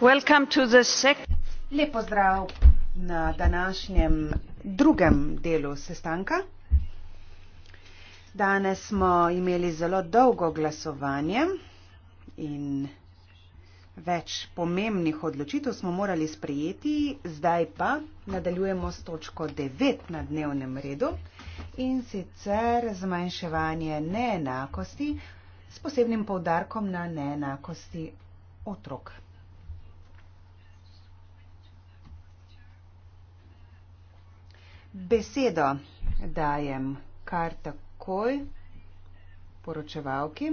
Lep pozdrav na današnjem drugem delu sestanka. Danes smo imeli zelo dolgo glasovanje in več pomembnih odločitev smo morali sprejeti. Zdaj pa nadaljujemo s točko 9 na dnevnem redu in sicer zmanjševanje neenakosti s posebnim povdarkom na neenakosti otrok. besedo dajem kar takoj poročevalki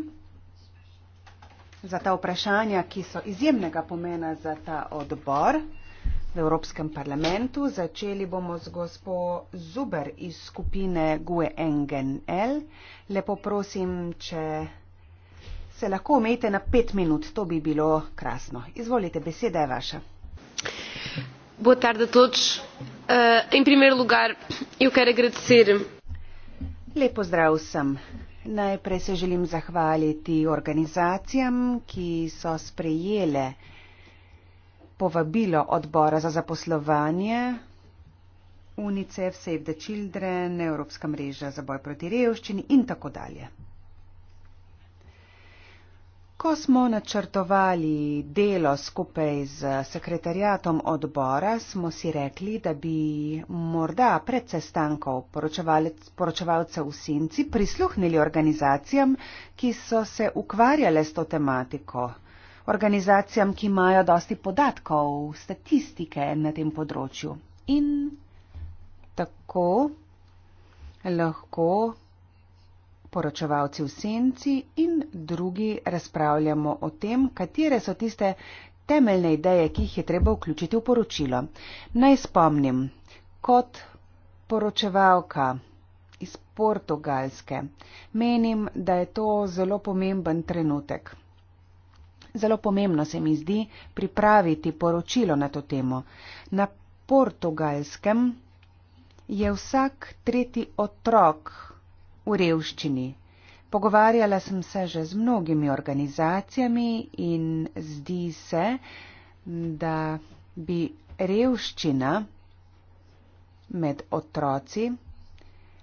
za ta vprašanja, ki so izjemnega pomena za ta odbor v Evropskem parlamentu. Začeli bomo z gospo Zuber iz skupine GUE NGNL. Lepo prosim, če se lahko omejite na pet minut, to bi bilo krasno. Izvolite, beseda je vaša. Boa tarde a todos. Eh, em primeiro lugar, eu quero agradecer. Lepo zdrav sem. Najprej se želim zahvaliti organizacijam, ki so sprejele povabilo odbora za zaposlovanje UNICEF, Save the Children, Evropska mreža za boj proti revščini in tako dalje. Ko smo načrtovali delo skupaj z sekretarjatom odbora, smo si rekli, da bi morda pred sestankom poročevalcev v Sinci prisluhnili organizacijam, ki so se ukvarjale s to tematiko, organizacijam, ki imajo dosti podatkov, statistike na tem področju. In tako lahko poročevalci v senci in drugi razpravljamo o tem, katere so tiste temeljne ideje, ki jih je treba vključiti v poročilo. Naj spomnim, kot poročevalka iz Portugalske menim, da je to zelo pomemben trenutek. Zelo pomembno se mi zdi pripraviti poročilo na to temo. Na portugalskem je vsak tretji otrok v revščini. Pogovarjala sem se že z mnogimi organizacijami in zdi se, da bi revščina med otroci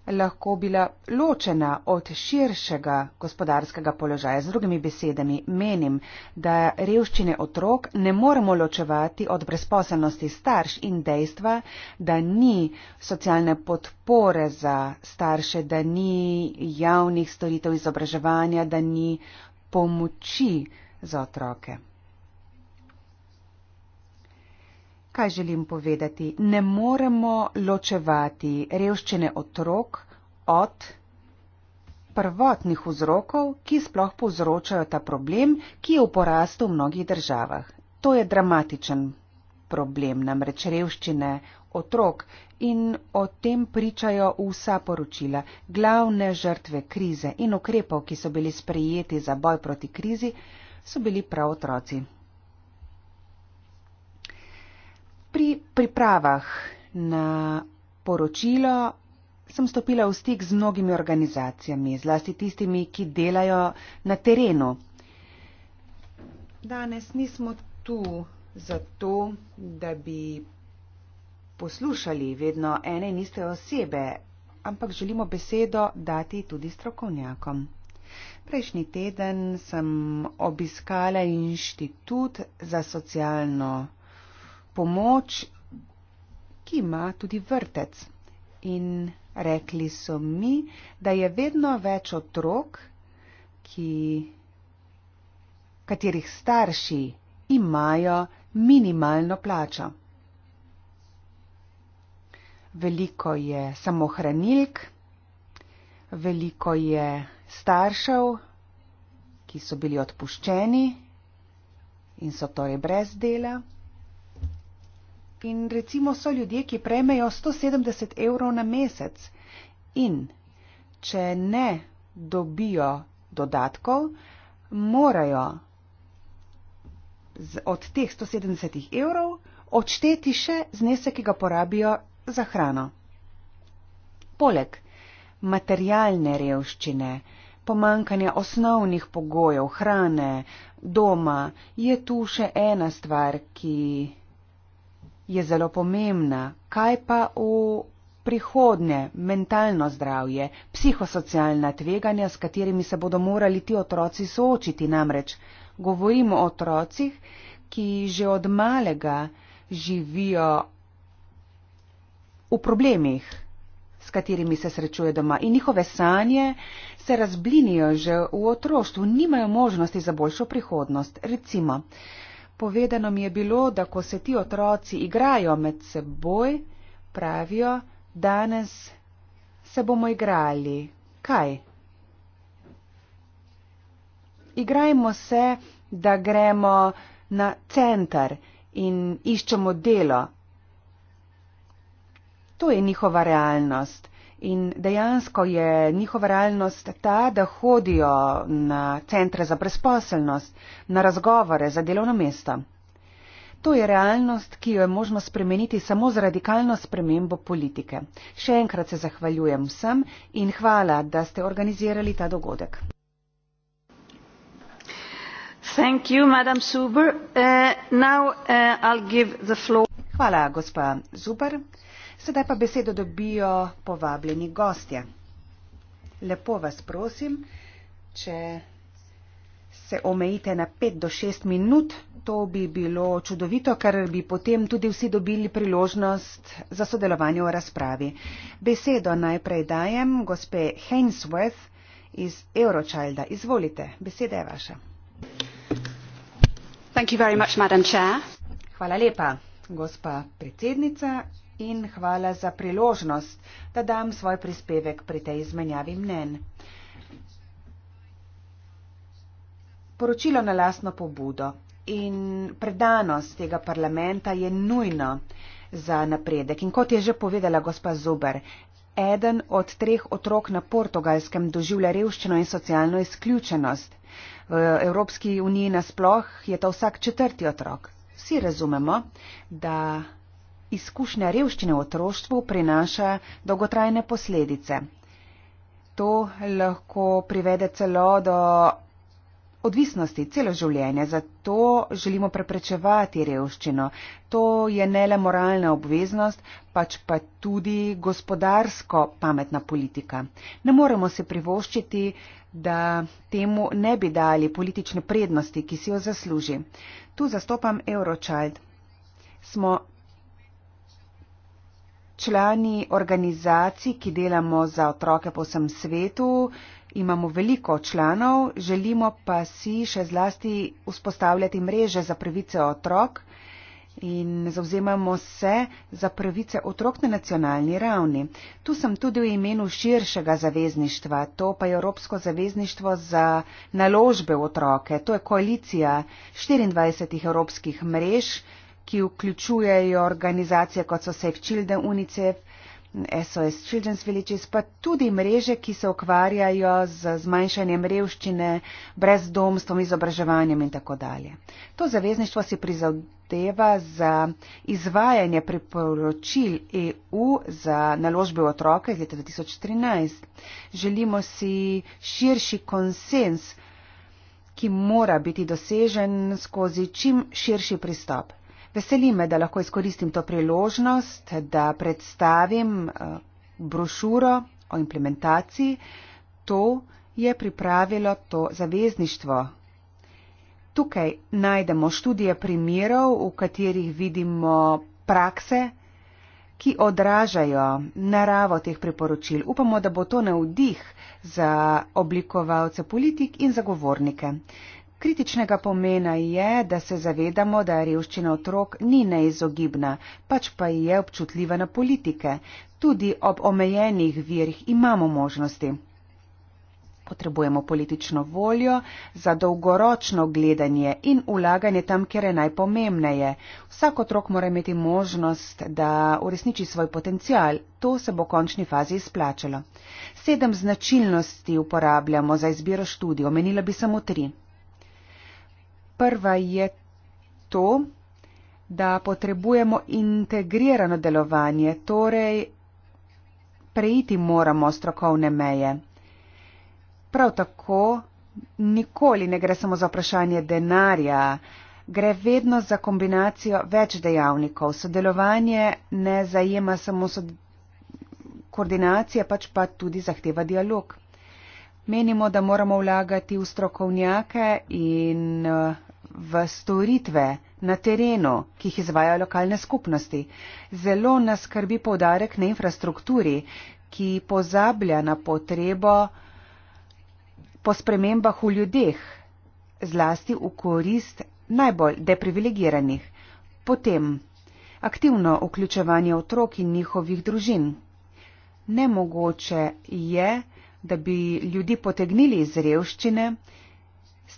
lahko bila ločena od širšega gospodarskega položaja. Z drugimi besedami menim, da revščine otrok ne moremo ločevati od brezposelnosti starš in dejstva, da ni socialne podpore za starše, da ni javnih storitev izobraževanja, da ni pomoči za otroke. Kaj želim povedati? Ne moremo ločevati revščine otrok od prvotnih vzrokov, ki sploh povzročajo ta problem, ki je v porastu v mnogih državah. To je dramatičen problem, namreč revščine otrok in o tem pričajo vsa poročila. Glavne žrtve krize in ukrepov, ki so bili sprejeti za boj proti krizi, so bili prav otroci. Pri pripravah na poročilo sem stopila v stik z mnogimi organizacijami, zlasti tistimi, ki delajo na terenu. Danes nismo tu zato, da bi poslušali vedno ene in iste osebe, ampak želimo besedo dati tudi strokovnjakom. Prejšnji teden sem obiskala inštitut za socialno pomoč, ki ima tudi vrtec. In rekli so mi, da je vedno več otrok, ki, katerih starši imajo minimalno plačo. Veliko je samohranilk, veliko je staršev, ki so bili odpuščeni in so torej brez dela. In recimo so ljudje, ki prejmejo 170 evrov na mesec in če ne dobijo dodatkov, morajo od teh 170 evrov odšteti še znesek, ki ga porabijo za hrano. Poleg materialne revščine, pomankanja osnovnih pogojev hrane, doma, je tu še ena stvar, ki je zelo pomembna. Kaj pa v prihodne mentalno zdravje, psihosocialna tveganja, s katerimi se bodo morali ti otroci soočiti? Namreč govorimo o otrocih, ki že od malega živijo v problemih s katerimi se srečuje doma. In njihove sanje se razblinijo že v otroštvu, nimajo možnosti za boljšo prihodnost. Recimo, Povedano mi je bilo, da ko se ti otroci igrajo med seboj, pravijo, danes se bomo igrali. Kaj? Igrajmo se, da gremo na centar in iščemo delo. To je njihova realnost. In dejansko je njihova realnost ta, da hodijo na centre za brezposelnost, na razgovore za delovna mesta. To je realnost, ki jo je možno spremeniti samo z radikalno spremembo politike. Še enkrat se zahvaljujem vsem in hvala, da ste organizirali ta dogodek. You, uh, now, uh, hvala, gospa Zuber. Sedaj pa besedo dobijo povabljeni gostje. Lepo vas prosim, če se omejite na 5 do 6 minut, to bi bilo čudovito, ker bi potem tudi vsi dobili priložnost za sodelovanje v razpravi. Besedo najprej dajem gospe Hainsworth iz Eurochilda. Izvolite, beseda je vaša. Much, Hvala lepa, gospa predsednica in hvala za priložnost, da dam svoj prispevek pri tej izmenjavi mnen. Poročilo na lasno pobudo in predanost tega parlamenta je nujno za napredek. In kot je že povedala gospa Zuber, eden od treh otrok na portugalskem doživlja revščino in socialno izključenost. V Evropski uniji nasploh je to vsak četrti otrok. Vsi razumemo, da izkušnja revščine v otroštvu prinaša dolgotrajne posledice. To lahko privede celo do odvisnosti celo življenje, zato želimo preprečevati revščino. To je ne le moralna obveznost, pač pa tudi gospodarsko pametna politika. Ne moremo se privoščiti, da temu ne bi dali politične prednosti, ki si jo zasluži. Tu zastopam Eurochild. Smo člani organizacij, ki delamo za otroke po vsem svetu. Imamo veliko članov, želimo pa si še zlasti vzpostavljati mreže za pravice otrok in zauzemamo se za pravice otrok na nacionalni ravni. Tu sem tudi v imenu širšega zavezništva, to pa je Evropsko zavezništvo za naložbe v otroke. To je koalicija 24 evropskih mrež, ki vključujejo organizacije kot so Safe Children, UNICEF, SOS Children's Villages, pa tudi mreže, ki se ukvarjajo z zmanjšanjem revščine, brezdomstvom, izobraževanjem in tako dalje. To zavezništvo si prizadeva za izvajanje priporočil EU za naložbe v otroke iz leta 2013. Želimo si širši konsens, ki mora biti dosežen skozi čim širši pristop. Veseli me, da lahko izkoristim to priložnost, da predstavim eh, brošuro o implementaciji. To je pripravilo to zavezništvo. Tukaj najdemo študije primerov, v katerih vidimo prakse, ki odražajo naravo teh priporočil. Upamo, da bo to navdih za oblikovalce politik in zagovornike. Kritičnega pomena je, da se zavedamo, da revščina otrok ni neizogibna, pač pa je občutljiva na politike. Tudi ob omejenih virih imamo možnosti. Potrebujemo politično voljo za dolgoročno gledanje in ulaganje tam, kjer je najpomembneje. Vsak otrok mora imeti možnost, da uresniči svoj potencial. To se bo v končni fazi izplačalo. Sedem značilnosti uporabljamo za izbiro študij, omenila bi samo tri. Prva je to, da potrebujemo integrirano delovanje, torej preiti moramo strokovne meje. Prav tako nikoli ne gre samo za vprašanje denarja, gre vedno za kombinacijo več dejavnikov. Sodelovanje ne zajema samo so koordinacije, pač pa tudi zahteva dialog. Menimo, da moramo vlagati v strokovnjake in eh, v storitve na terenu, ki jih izvajajo lokalne skupnosti. Zelo nas skrbi povdarek na infrastrukturi, ki pozablja na potrebo po spremembah v ljudeh, zlasti v korist najbolj deprivilegiranih. Potem aktivno vključevanje otrok in njihovih družin. Nemogoče je, da bi ljudi potegnili iz revščine,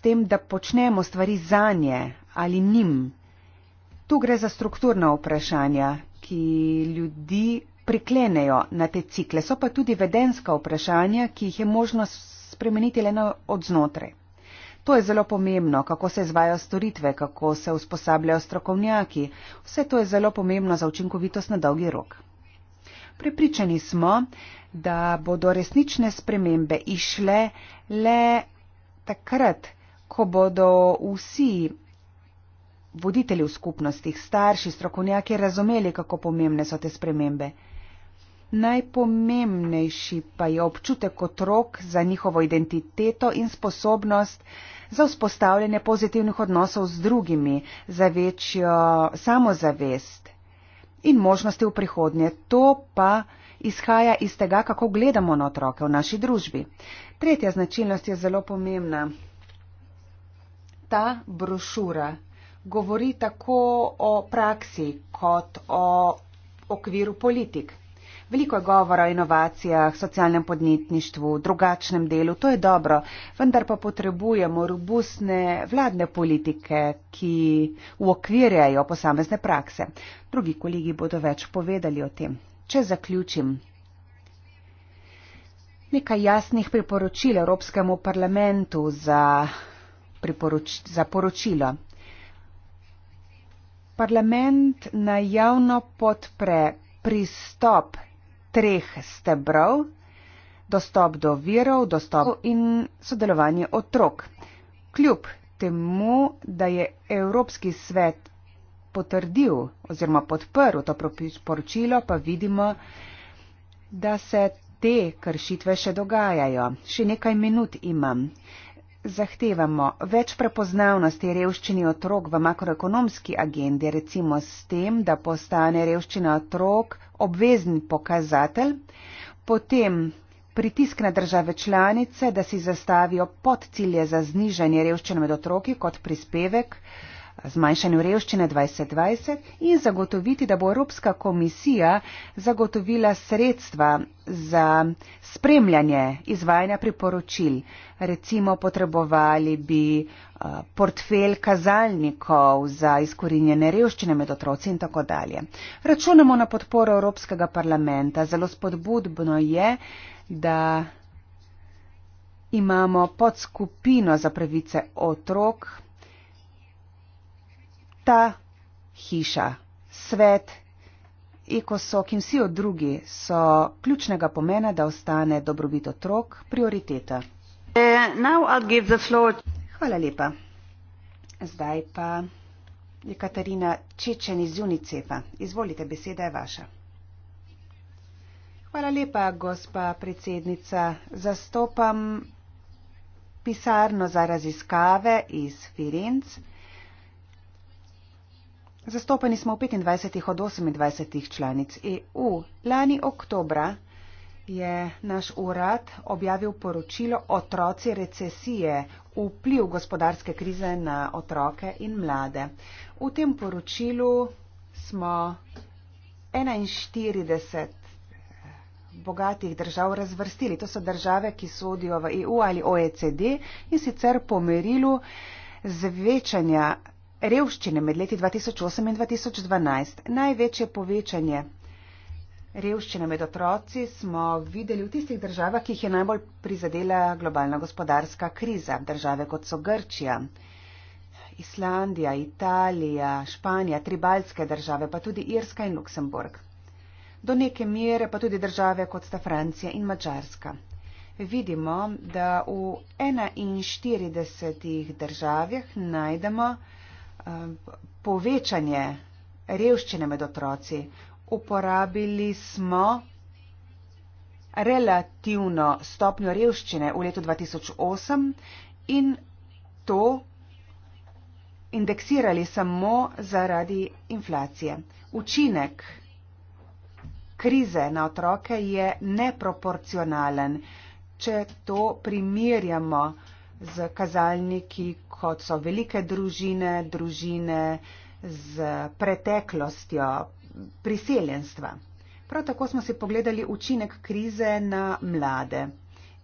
tem, da počnemo stvari za nje ali njim. Tu gre za strukturna vprašanja, ki ljudi priklenejo na te cikle, so pa tudi vedenska vprašanja, ki jih je možno spremeniti le od znotraj. To je zelo pomembno, kako se izvajo storitve, kako se usposabljajo strokovnjaki. Vse to je zelo pomembno za učinkovitost na dolgi rok. Prepričani smo, da bodo resnične spremembe išle le takrat, ko bodo vsi voditelji v skupnostih, starši, strokovnjaki razumeli, kako pomembne so te spremembe. Najpomembnejši pa je občutek otrok za njihovo identiteto in sposobnost za vzpostavljanje pozitivnih odnosov z drugimi, za večjo samozavest in možnosti v prihodnje. To pa izhaja iz tega, kako gledamo na otroke v naši družbi. Tretja značilnost je zelo pomembna ta brošura govori tako o praksi kot o okviru politik. Veliko je govora o inovacijah, socialnem podjetništvu, drugačnem delu, to je dobro, vendar pa potrebujemo robustne vladne politike, ki uokvirjajo posamezne prakse. Drugi kolegi bodo več povedali o tem. Če zaključim. Nekaj jasnih priporočil Evropskemu parlamentu za priporoč, za poročilo. Parlament najavno podpre pristop treh stebrov, dostop do virov, dostop in sodelovanje otrok. Kljub temu, da je Evropski svet potrdil oziroma podprl to poročilo, pa vidimo, da se te kršitve še dogajajo. Še nekaj minut imam zahtevamo več prepoznavnosti revščini otrok v makroekonomski agendi, recimo s tem, da postane revščina otrok obvezen pokazatelj, potem pritisk na države članice, da si zastavijo podcilje za znižanje revščine med otroki kot prispevek, zmanjšanju revščine 2020 in zagotoviti, da bo Evropska komisija zagotovila sredstva za spremljanje izvajanja priporočil. Recimo potrebovali bi eh, portfelj kazalnikov za izkorinjene revščine med otroci in tako dalje. Računamo na podporo Evropskega parlamenta. Zelo spodbudno je, da imamo podskupino za pravice otrok ta hiša, svet, ekosok in vsi od drugi so ključnega pomena, da ostane dobrobit otrok prioriteta. Uh, Hvala lepa. Zdaj pa je Katarina Čečen iz Unicefa. Izvolite, beseda je vaša. Hvala lepa, gospa predsednica. Zastopam pisarno za raziskave iz Firenze. Zastopani smo v 25 od 28 članic EU. Lani oktobra je naš urad objavil poročilo Otroci recesije, vpliv gospodarske krize na otroke in mlade. V tem poročilu smo 41 bogatih držav razvrstili. To so države, ki sodijo v EU ali OECD in sicer po merilu zvečanja Revščine med leti 2008 in 2012. Največje povečanje revščine med otroci smo videli v tistih državah, ki jih je najbolj prizadela globalna gospodarska kriza. Države kot so Grčija, Islandija, Italija, Španija, tribalske države, pa tudi Irska in Luksemburg. Do neke mere pa tudi države kot sta Francija in Mačarska. Vidimo, da v 41 državah najdemo Eh, povečanje revščine med otroci. Uporabili smo relativno stopnjo revščine v letu 2008 in to indeksirali samo zaradi inflacije. Učinek krize na otroke je neproporcionalen, če to primerjamo z kazalniki, kot so velike družine, družine z preteklostjo priseljenstva. Prav tako smo si pogledali učinek krize na mlade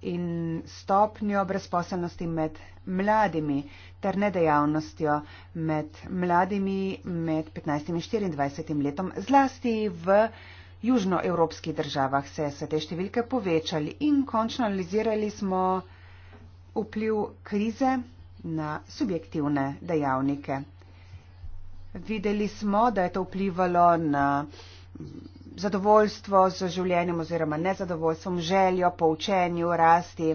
in stopnjo brezposelnosti med mladimi ter nedejavnostjo med mladimi med 15 in 24 letom. Zlasti v južnoevropskih državah se, se te številke povečali in končno analizirali smo vpliv krize na subjektivne dejavnike. Videli smo, da je to vplivalo na mm, zadovoljstvo z življenjem oziroma nezadovoljstvom, željo po učenju, rasti.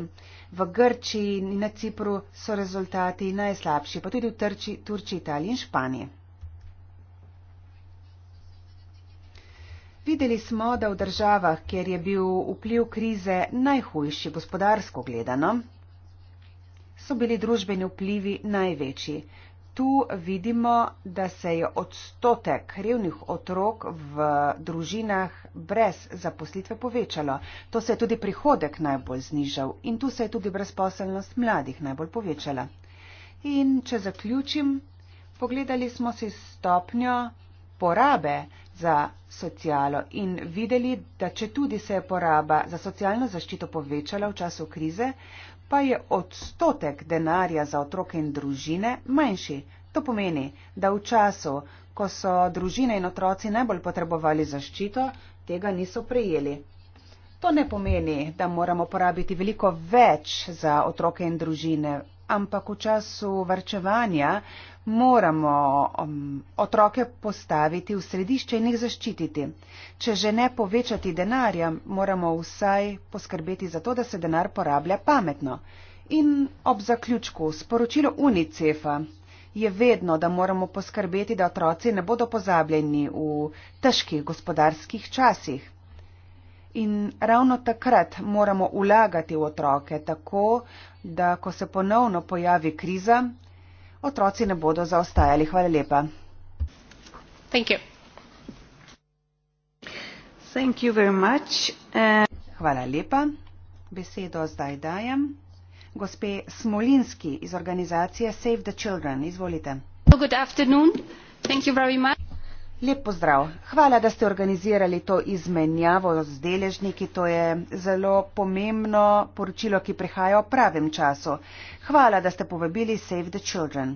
V Grčiji in na Cipru so rezultati najslabši, pa tudi v Turčiji, Italiji in Španiji. Videli smo, da v državah, kjer je bil vpliv krize najhujši gospodarsko gledano, so bili družbeni vplivi največji. Tu vidimo, da se je odstotek revnih otrok v družinah brez zaposlitve povečalo. To se je tudi prihodek najbolj znižal in tu se je tudi brezposelnost mladih najbolj povečala. In če zaključim, pogledali smo si stopnjo porabe za socialo in videli, da če tudi se je poraba za socialno zaščito povečala v času krize, pa je odstotek denarja za otroke in družine manjši. To pomeni, da v času, ko so družine in otroci najbolj potrebovali zaščito, tega niso prejeli. To ne pomeni, da moramo porabiti veliko več za otroke in družine, ampak v času varčevanja moramo um, otroke postaviti v središče in jih zaščititi. Če že ne povečati denarja, moramo vsaj poskrbeti za to, da se denar porablja pametno. In ob zaključku, sporočilo UNICEF-a je vedno, da moramo poskrbeti, da otroci ne bodo pozabljeni v težkih gospodarskih časih. In ravno takrat moramo vlagati v otroke, tako da, ko se ponovno pojavi kriza, otroci ne bodo zaostajali. Hvala lepa. Thank you. Thank you very much. Eh, Hvala lepa. Besedo zdaj dajem. Gospe Smolinski iz organizacije Save the Children. Izvolite. Good afternoon. Thank you very much. Lep pozdrav. Hvala, da ste organizirali to izmenjavo z deležniki. To je zelo pomembno poročilo, ki prihaja v pravem času. Hvala, da ste povabili Save the Children.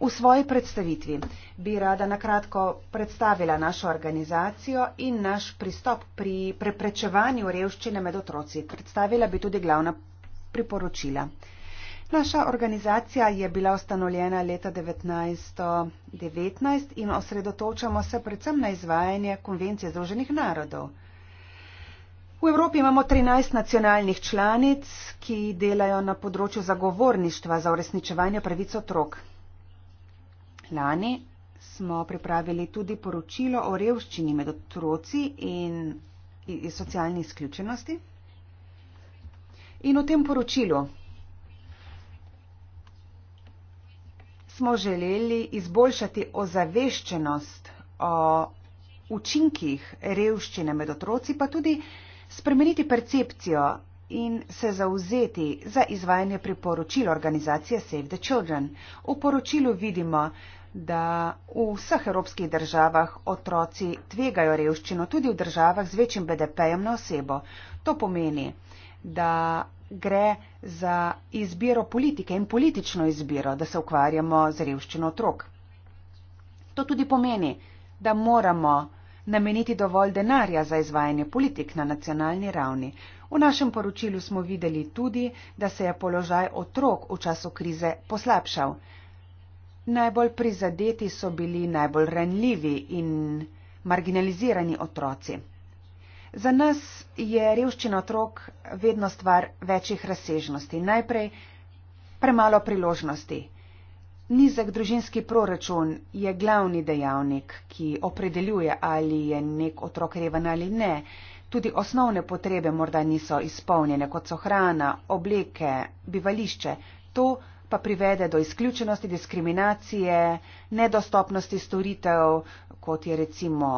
V svoji predstavitvi bi rada nakratko predstavila našo organizacijo in naš pristop pri preprečevanju revščine med otroci. Predstavila bi tudi glavna priporočila. Naša organizacija je bila ustanovljena leta 1919 in osredotočamo se predvsem na izvajanje konvencije Združenih narodov. V Evropi imamo 13 nacionalnih članic, ki delajo na področju zagovorništva za uresničevanje pravic otrok. Lani smo pripravili tudi poročilo o revščini med otroci in socialni izključenosti. In v tem poročilu smo želeli izboljšati ozaveščenost o učinkih revščine med otroci, pa tudi spremeniti percepcijo in se zauzeti za izvajanje priporočil organizacije Save the Children. V poročilu vidimo, da v vseh evropskih državah otroci tvegajo revščino, tudi v državah z večjim BDP-jem na osebo. To pomeni, da gre za izbiro politike in politično izbiro, da se ukvarjamo z revščino otrok. To tudi pomeni, da moramo nameniti dovolj denarja za izvajanje politik na nacionalni ravni. V našem poročilu smo videli tudi, da se je položaj otrok v času krize poslabšal. Najbolj prizadeti so bili najbolj ranljivi in marginalizirani otroci. Za nas je revščina otrok vedno stvar večjih razsežnosti. Najprej premalo priložnosti. Nizek družinski proračun je glavni dejavnik, ki opredeljuje, ali je nek otrok reven ali ne. Tudi osnovne potrebe morda niso izpolnjene, kot so hrana, obleke, bivališče. To pa privede do izključenosti, diskriminacije, nedostopnosti storitev, kot je recimo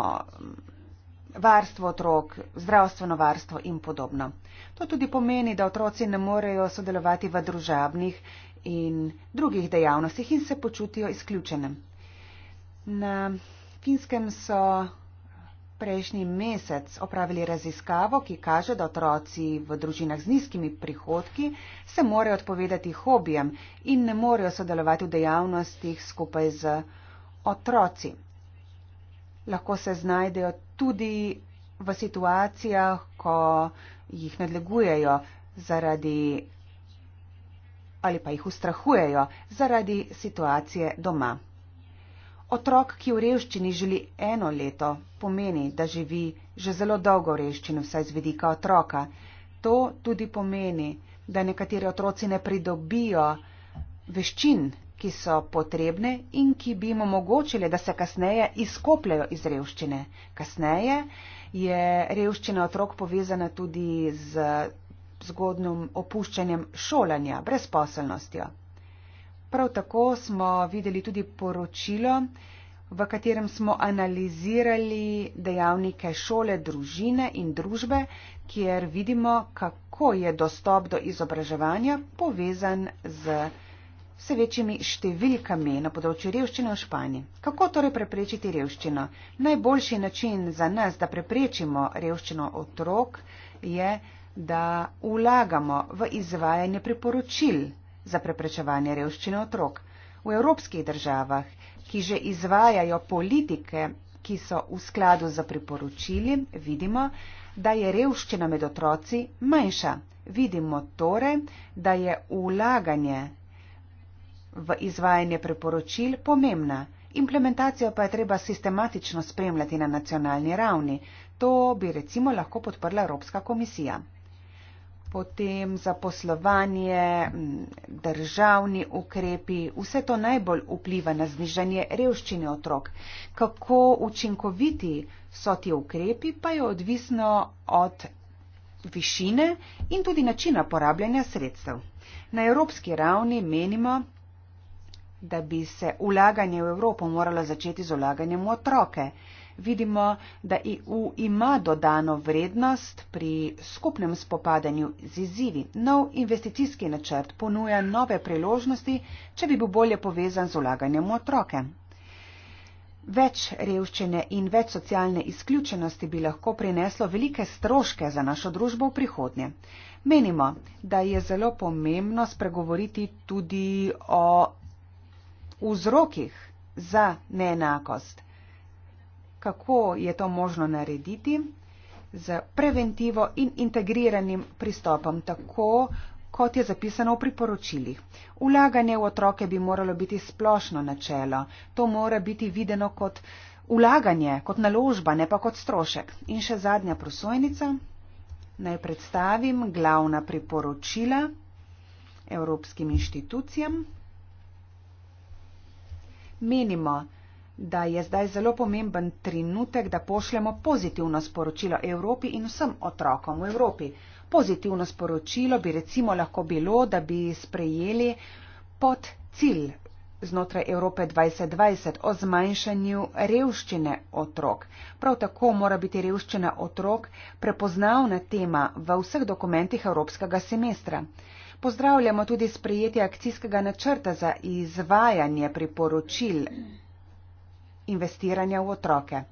varstvo otrok, zdravstveno varstvo in podobno. To tudi pomeni, da otroci ne morejo sodelovati v družabnih in drugih dejavnostih in se počutijo izključene. Na finskem so prejšnji mesec opravili raziskavo, ki kaže, da otroci v družinah z nizkimi prihodki se morajo odpovedati hobijem in ne morejo sodelovati v dejavnostih skupaj z otroci lahko se znajdejo tudi v situacijah, ko jih nadlegujejo zaradi ali pa jih ustrahujejo zaradi situacije doma. Otrok, ki v revščini želi eno leto, pomeni, da živi že zelo dolgo v revščini, vsaj z vidika otroka. To tudi pomeni, da nekateri otroci ne pridobijo veščin ki so potrebne in ki bi jim omogočile, da se kasneje izkopljajo iz revščine. Kasneje je revščina otrok povezana tudi z zgodnim opuščanjem šolanja, brezposelnostjo. Prav tako smo videli tudi poročilo, v katerem smo analizirali dejavnike šole, družine in družbe, kjer vidimo, kako je dostop do izobraževanja povezan z revščino vse večjimi številkami na področju revščine v Španiji. Kako torej preprečiti revščino? Najboljši način za nas, da preprečimo revščino otrok, je, da vlagamo v izvajanje priporočil za preprečevanje revščine otrok. V evropskih državah, ki že izvajajo politike, ki so v skladu z priporočili, vidimo, da je revščina med otroci manjša. Vidimo torej, da je ulaganje v izvajanje preporočil pomembna. Implementacijo pa je treba sistematično spremljati na nacionalni ravni. To bi recimo lahko podprla Evropska komisija. Potem zaposlovanje, državni ukrepi, vse to najbolj vpliva na znižanje revščine otrok. Kako učinkoviti so ti ukrepi, pa je odvisno od višine in tudi načina porabljanja sredstev. Na evropski ravni menimo, da bi se ulaganje v Evropo moralo začeti z ulaganjem v otroke. Vidimo, da EU ima dodano vrednost pri skupnem spopadanju z izzivi. Nov investicijski načrt ponuja nove priložnosti, če bi bil bolje povezan z ulaganjem v otroke. Več revščine in več socialne izključenosti bi lahko prineslo velike stroške za našo družbo v prihodnje. Menimo, da je zelo pomembno spregovoriti tudi o vzrokih za neenakost. Kako je to možno narediti? Z preventivo in integriranim pristopom, tako kot je zapisano v priporočilih. Ulaganje v otroke bi moralo biti splošno načelo. To mora biti videno kot ulaganje, kot naložba, ne pa kot strošek. In še zadnja prosojnica. Naj predstavim glavna priporočila Evropskim inštitucijam. Menimo, da je zdaj zelo pomemben trenutek, da pošljemo pozitivno sporočilo Evropi in vsem otrokom v Evropi. Pozitivno sporočilo bi recimo lahko bilo, da bi sprejeli pod cilj znotraj Evrope 2020 o zmanjšanju revščine otrok. Prav tako mora biti revščina otrok prepoznavna tema v vseh dokumentih Evropskega semestra. Pozdravljamo tudi sprejetje akcijskega načrta za izvajanje priporočil investiranja v otroke.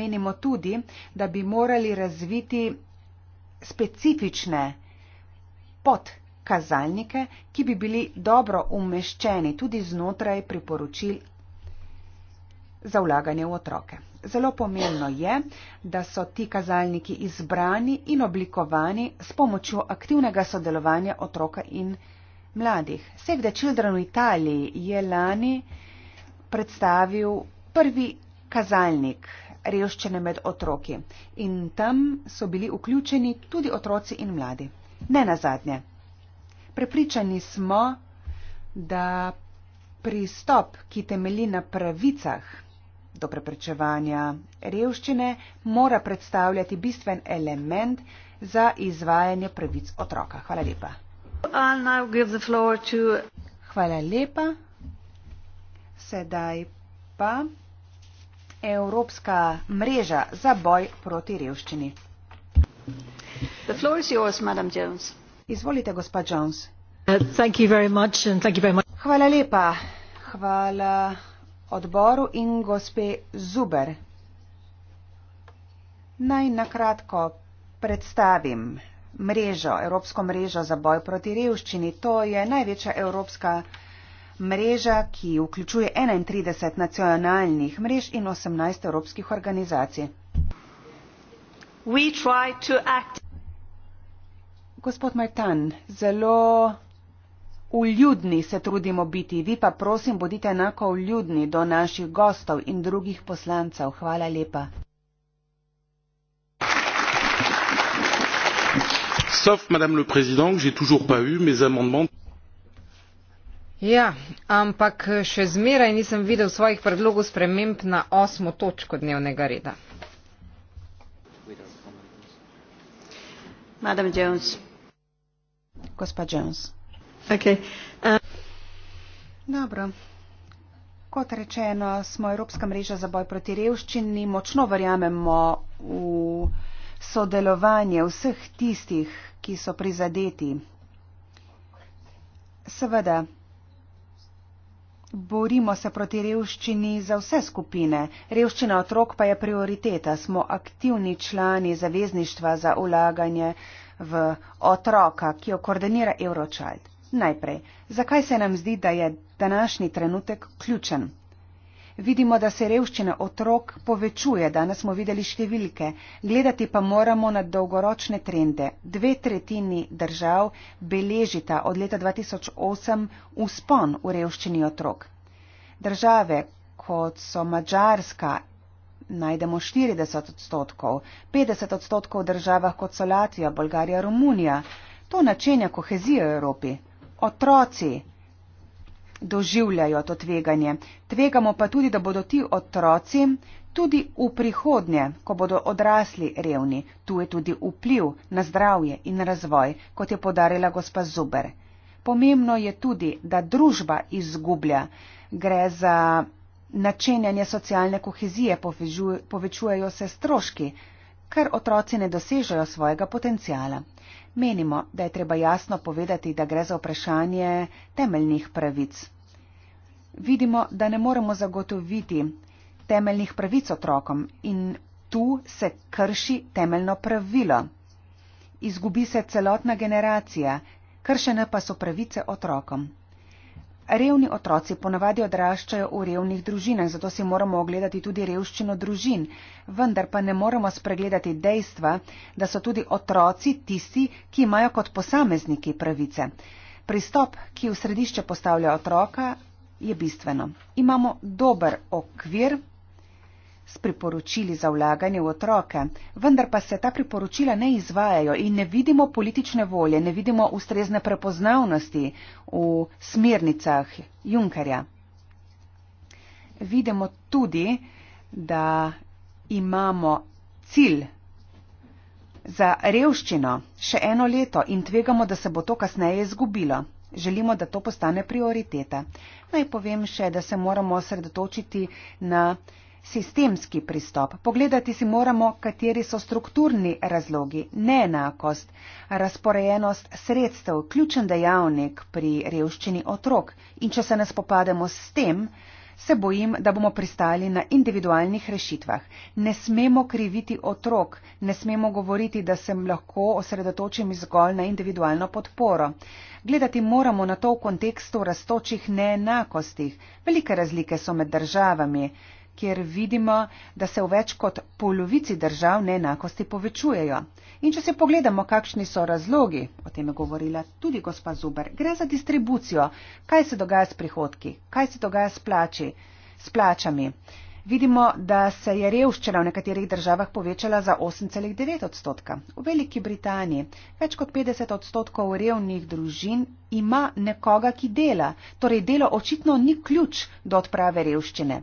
Menimo tudi, da bi morali razviti specifične podkazalnike, ki bi bili dobro umeščeni tudi znotraj priporočil za vlaganje v otroke. Zelo pomembno je, da so ti kazalniki izbrani in oblikovani s pomočjo aktivnega sodelovanja otroka in mladih. Save the Children v Italiji je lani predstavil prvi kazalnik revščine med otroki in tam so bili vključeni tudi otroci in mladi. Ne nazadnje. Prepričani smo, da pristop, ki temeli na pravicah, do preprečevanja revščine mora predstavljati bistven element za izvajanje pravic otroka. Hvala lepa. To... Hvala lepa. Sedaj pa Evropska mreža za boj proti revščini. Yours, Izvolite, gospod Jones. Uh, much, Hvala lepa. Hvala odboru in gospe Zuber. Naj nakratko predstavim mrežo, Evropsko mrežo za boj proti revščini. To je največja evropska mreža, ki vključuje 31 nacionalnih mrež in 18 evropskih organizacij. Gospod Martan, zelo Vljudni se trudimo biti, vi pa prosim bodite enako vljudni do naših gostov in drugih poslancev. Hvala lepa. Sauf, Ja, ampak še zmeraj nisem videl svojih predlogov sprememb na osmo točko dnevnega reda. Madame Jones. Gospa Jones. Okay. Um. Dobro. Kot rečeno, smo Evropska mreža za boj proti revščini. Močno verjamemo v sodelovanje vseh tistih, ki so prizadeti. Seveda, borimo se proti revščini za vse skupine. Revščina otrok pa je prioriteta. Smo aktivni člani zavezništva za ulaganje v otroka, ki jo koordinira Eurochild. Najprej, zakaj se nam zdi, da je današnji trenutek ključen? Vidimo, da se revščina otrok povečuje, danes smo videli številke, gledati pa moramo na dolgoročne trende. Dve tretjini držav beležita od leta 2008 uspon v revščini otrok. Države, kot so Mačarska, najdemo 40 odstotkov, 50 odstotkov v državah, kot so Latvija, Bolgarija, Romunija. To načenja kohezijo Evropi, otroci doživljajo to tveganje. Tvegamo pa tudi, da bodo ti otroci tudi v prihodnje, ko bodo odrasli revni. Tu je tudi vpliv na zdravje in razvoj, kot je podarila gospa Zuber. Pomembno je tudi, da družba izgublja. Gre za načenjanje socialne kohezije, povečujejo se stroški, ker otroci ne dosežejo svojega potencijala. Menimo, da je treba jasno povedati, da gre za vprašanje temeljnih pravic. Vidimo, da ne moremo zagotoviti temeljnih pravic otrokom in tu se krši temeljno pravilo. Izgubi se celotna generacija, kršene pa so pravice otrokom. Revni otroci ponavadi odraščajo v revnih družinah, zato si moramo ogledati tudi revščino družin, vendar pa ne moramo spregledati dejstva, da so tudi otroci tisti, ki imajo kot posamezniki pravice. Pristop, ki v središče postavlja otroka, je bistveno. Imamo dober okvir, s priporočili za vlaganje v otroke, vendar pa se ta priporočila ne izvajajo in ne vidimo politične volje, ne vidimo ustrezne prepoznavnosti v smernicah Junkerja. Vidimo tudi, da imamo cilj za revščino še eno leto in tvegamo, da se bo to kasneje izgubilo. Želimo, da to postane prioriteta. Naj povem še, da se moramo osredotočiti na sistemski pristop. Pogledati si moramo, kateri so strukturni razlogi, neenakost, razporejenost sredstev, ključen dejavnik pri revščini otrok. In če se ne spopademo s tem, se bojim, da bomo pristali na individualnih rešitvah. Ne smemo kriviti otrok, ne smemo govoriti, da se lahko osredotočim zgolj na individualno podporo. Gledati moramo na to v kontekstu rastočih neenakostih. Velike razlike so med državami kjer vidimo, da se v več kot polovici držav neenakosti povečujejo. In če se pogledamo, kakšni so razlogi, o tem je govorila tudi gospa Zuber, gre za distribucijo, kaj se dogaja s prihodki, kaj se dogaja s, plači, s plačami. Vidimo, da se je revščina v nekaterih državah povečala za 8,9 odstotka. V Veliki Britaniji več kot 50 odstotkov revnih družin ima nekoga, ki dela. Torej, delo očitno ni ključ do odprave revščine.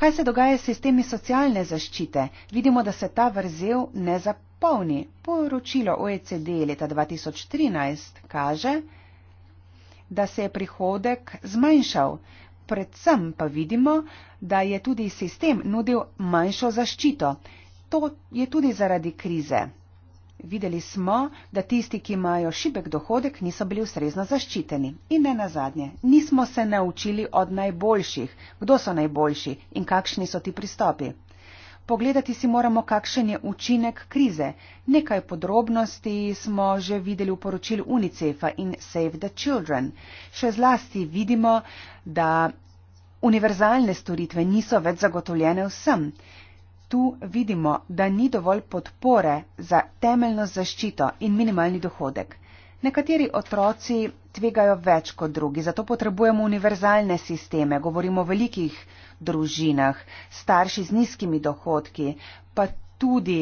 Kaj se dogaja s sistemi socialne zaščite? Vidimo, da se ta vrzel ne zapolni. Poročilo OECD leta 2013 kaže, da se je prihodek zmanjšal. Predvsem pa vidimo, da je tudi sistem nudil manjšo zaščito. To je tudi zaradi krize. Videli smo, da tisti, ki imajo šibek dohodek, niso bili ustrezno zaščiteni. In ne nazadnje, nismo se naučili od najboljših, kdo so najboljši in kakšni so ti pristopi. Pogledati si moramo, kakšen je učinek krize. Nekaj podrobnosti smo že videli v poročilu UNICEF-a in Save the Children. Še zlasti vidimo, da univerzalne storitve niso več zagotovljene vsem tu vidimo, da ni dovolj podpore za temeljno zaščito in minimalni dohodek. Nekateri otroci tvegajo več kot drugi, zato potrebujemo univerzalne sisteme, govorimo o velikih družinah, starši z nizkimi dohodki, pa tudi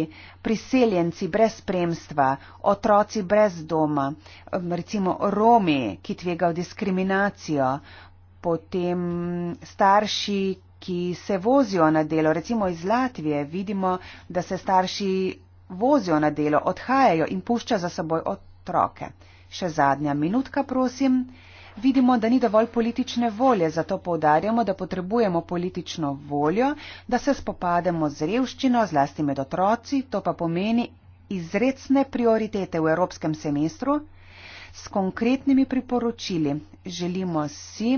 priseljenci brez spremstva, otroci brez doma, recimo Romi, ki tvegajo diskriminacijo, potem starši, ki se vozijo na delo, recimo iz Latvije, vidimo, da se starši vozijo na delo, odhajajo in pušča za seboj otroke. Še zadnja minutka, prosim. Vidimo, da ni dovolj politične volje, zato povdarjamo, da potrebujemo politično voljo, da se spopademo z revščino, zlasti med otroci, to pa pomeni izredne prioritete v evropskem semestru. S konkretnimi priporočili želimo si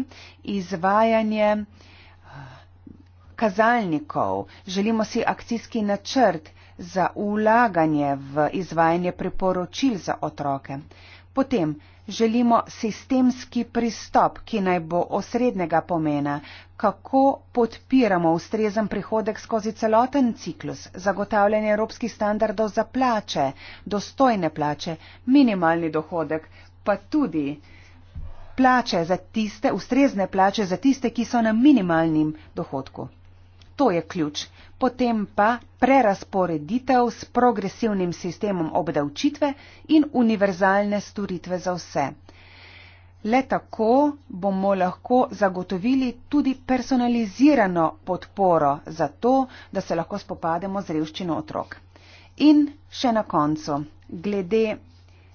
izvajanje eh, kazalnikov, želimo si akcijski načrt za ulaganje v izvajanje priporočil za otroke. Potem želimo sistemski pristop, ki naj bo osrednjega pomena, kako podpiramo ustrezen prihodek skozi celoten ciklus, zagotavljanje evropskih standardov za plače, dostojne plače, minimalni dohodek, pa tudi plače za tiste, ustrezne plače za tiste, ki so na minimalnem dohodku. To je ključ. Potem pa prerasporeditev s progresivnim sistemom obdavčitve in univerzalne storitve za vse. Le tako bomo lahko zagotovili tudi personalizirano podporo za to, da se lahko spopademo z revščino otrok. In še na koncu, glede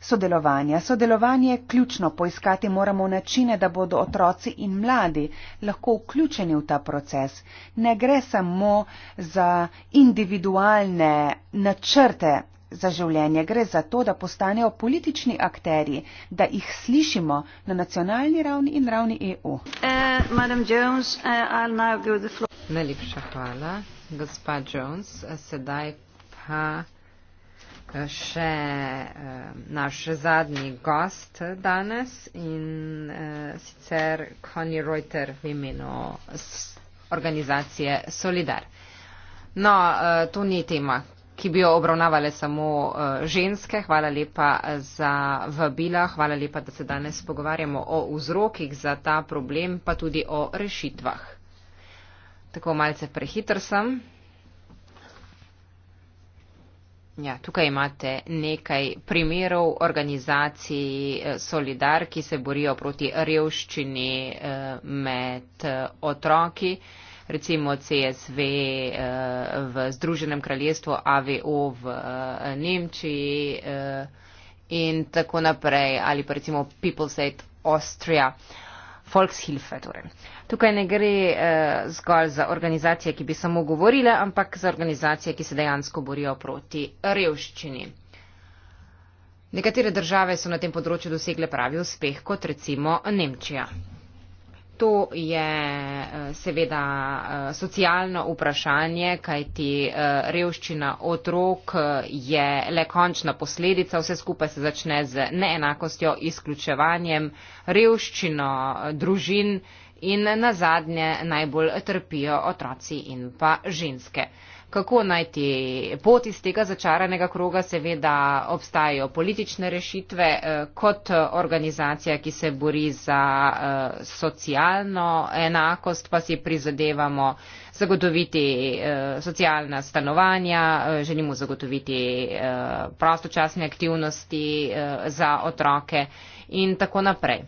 Sodelovanje. Sodelovanje je ključno. Poiskati moramo načine, da bodo otroci in mladi lahko vključeni v ta proces. Ne gre samo za individualne načrte za življenje, gre za to, da postanejo politični akteri, da jih slišimo na nacionalni ravni in ravni EU. Uh, eh, eh, Najlepša uh, hvala, gospa Jones. Sedaj pa še eh, naš zadnji gost danes in eh, sicer Conny Reuter v imenu organizacije Solidar. No, eh, to ni tema, ki bi jo obravnavale samo ženske. Hvala lepa za vabila, hvala lepa, da se danes pogovarjamo o vzrokih za ta problem, pa tudi o rešitvah. Tako malce prehitr sem. Ja, tukaj imate nekaj primerov organizacij eh, Solidar, ki se borijo proti revščini eh, med eh, otroki, recimo CSV v Združenem kraljestvu, AVO v Nemčiji in tako naprej, ali pa recimo People's Aid Austria. Volkshilfe. Torej. Tukaj ne gre eh, zgolj za organizacije, ki bi samo govorile, ampak za organizacije, ki se dejansko borijo proti revščini. Nekatere države so na tem področju dosegle pravi uspeh, kot recimo Nemčija to je eh, seveda eh, socialno vprašanje, kajti eh, revščina otrok je le končna posledica, vse skupaj se začne z neenakostjo, izključevanjem, revščino družin in na zadnje najbolj trpijo otroci in pa ženske kako najti pot iz tega začaranega kroga. Seveda obstajajo politične rešitve eh, kot organizacija, ki se bori za eh, socialno enakost, pa si prizadevamo zagotoviti eh, socialna stanovanja, želimo zagotoviti prostočasne aktivnosti za otroke in tako naprej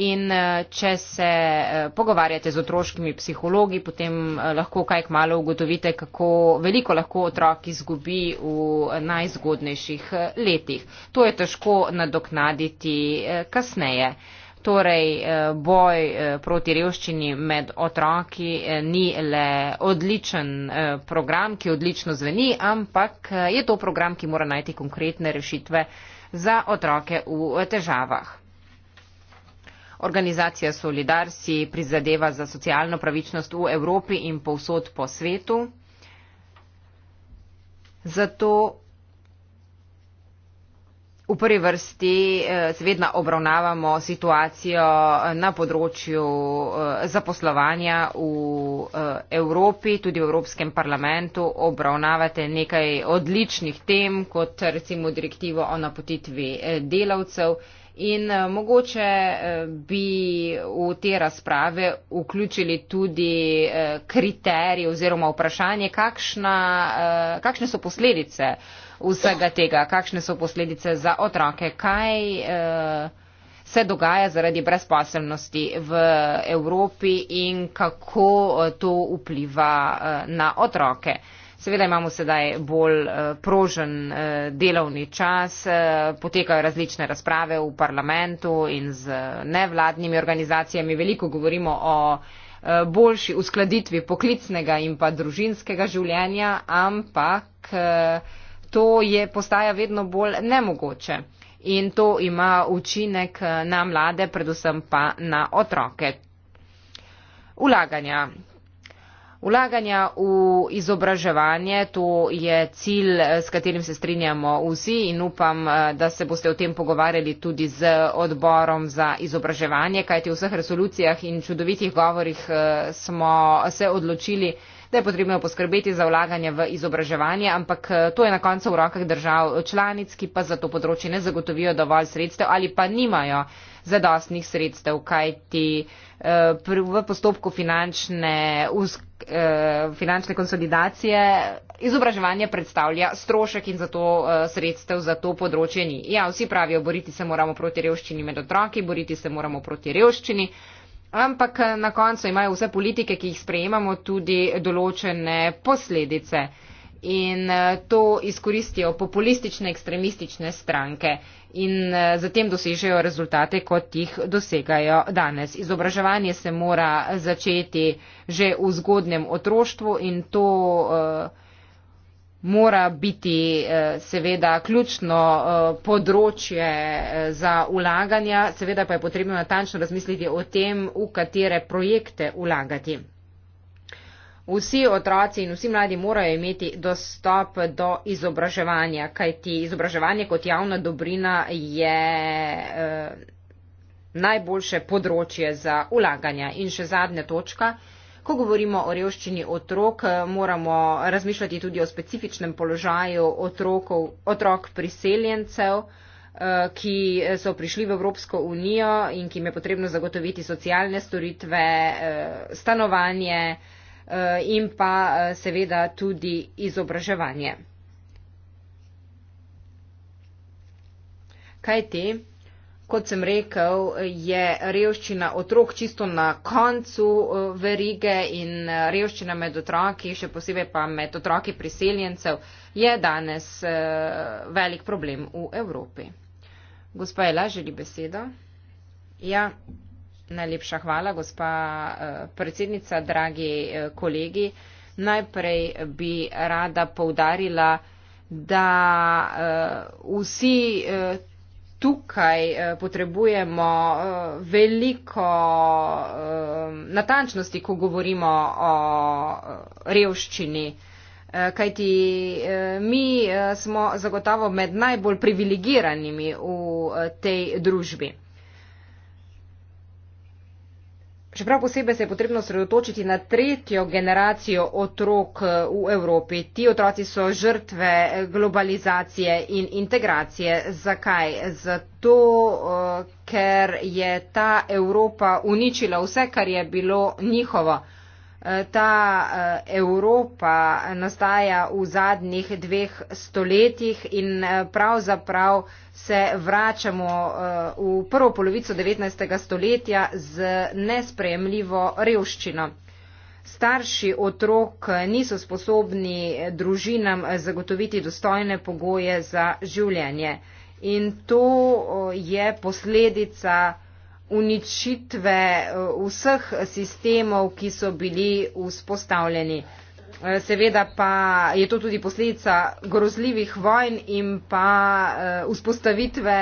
in eh, če se eh, pogovarjate z otroškimi psihologi, potem eh, lahko kajk malo ugotovite, kako veliko lahko otrok izgubi v najzgodnejših letih. To je težko nadoknaditi kasneje. Torej, boj proti revščini med otroki ni le odličen program, ki odlično zveni, ampak je to program, ki mora najti konkretne rešitve za otroke v težavah. Organizacija Solidar si prizadeva za socialno pravičnost v Evropi in povsod po svetu. Zato v prvi vrsti eh, vedno obravnavamo situacijo eh, na področju eh, zaposlovanja v Evropi, tudi v Evropskem parlamentu. Obravnavate nekaj odličnih tem, kot recimo direktivo o napotitvi delavcev In eh, mogoče eh, bi v te razprave vključili tudi eh, kriterij oziroma vprašanje, kakšna, kakšne so posledice vsega tega, kakšne so posledice za otroke, kaj se dogaja zaradi brezposelnosti v Evropi in kako to vpliva na otroke. Seveda imamo sedaj bolj eh, prožen eh, delovni čas, eh, potekajo različne razprave v parlamentu in z nevladnimi organizacijami. Veliko govorimo o boljši uskladitvi poklicnega in pa družinskega življenja, ampak to je postaja vedno bolj nemogoče. In to ima učinek na mlade, predvsem pa na otroke. Ulaganja. Ulaganja v izobraževanje, to je cilj, s katerim se strinjamo vsi in upam, eh, da se boste o tem pogovarjali tudi z odborom za izobraževanje, kajti v vseh resolucijah in čudovitih govorih eh, smo se odločili, da je potrebno poskrbeti za ulaganje v izobraževanje, ampak eh, to je na koncu v rokah držav članic, ki pa za to področje ne zagotovijo dovolj sredstev ali pa nimajo zadostnih sredstev, kajti eh, v postopku finančne, eh, finančne konsolidacije izobraževanje predstavlja strošek in zato eh, sredstev za to področje ni. Ja, vsi pravijo, boriti se moramo proti revščini med otroki, boriti se moramo proti revščini. Ampak na koncu imajo vse politike, ki jih sprejemamo, tudi določene posledice. In to izkoristijo populistične, ekstremistične stranke in eh, zatem dosežejo rezultate, kot jih dosegajo danes. Izobraževanje se mora začeti že v zgodnem otroštvu in to eh, mora biti eh, seveda ključno področje za ulaganja, seveda pa je potrebno natančno razmisliti o tem, v katere projekte ulagati. Vsi otroci in vsi mladi morajo imeti dostop do izobraževanja, kajti izobraževanje kot javna dobrina je eh, najboljše področje za ulaganja. In še zadnja točka. Ko govorimo o revščini otrok, moramo razmišljati tudi o specifičnem položaju otrokov, otrok priseljencev, eh, ki so prišli v Evropsko unijo in ki jim je potrebno zagotoviti socialne storitve, eh, stanovanje, Eh, in pa eh, seveda tudi izobraževanje. Kaj ti? Kot sem rekel, je revščina otrok čisto na koncu eh, verige in revščina med otroki, še posebej pa med otroki priseljencev, je danes velik problem v Evropi. Gospa Ela, želi besedo? Ja. Najlepša hvala, gospa eh, predsednica, dragi eh, kolegi. Najprej bi rada povdarila, da eh, vsi tukaj potrebujemo veliko natančnosti, ko govorimo o revščini. Kajti mi smo zagotovo med najbolj privilegiranimi v tej družbi. Še prav posebej se je potrebno sredotočiti na tretjo generacijo otrok eh, v Evropi. Ti otroci so žrtve eh, globalizacije in integracije. Zakaj? Zato, eh, ker je ta Evropa uničila vse, kar je bilo njihovo. Eh, ta eh, Evropa nastaja v zadnjih dveh stoletjih in eh, pravzaprav se vračamo v prvo polovico 19. stoletja z nespremljivo revščino. Starši otrok niso sposobni družinam zagotoviti dostojne pogoje za življenje. In to je posledica uničitve eh, vseh sistemov, ki so bili vzpostavljeni. Eh, seveda pa je to tudi posledica grozljivih vojn in pa eh, vzpostavitve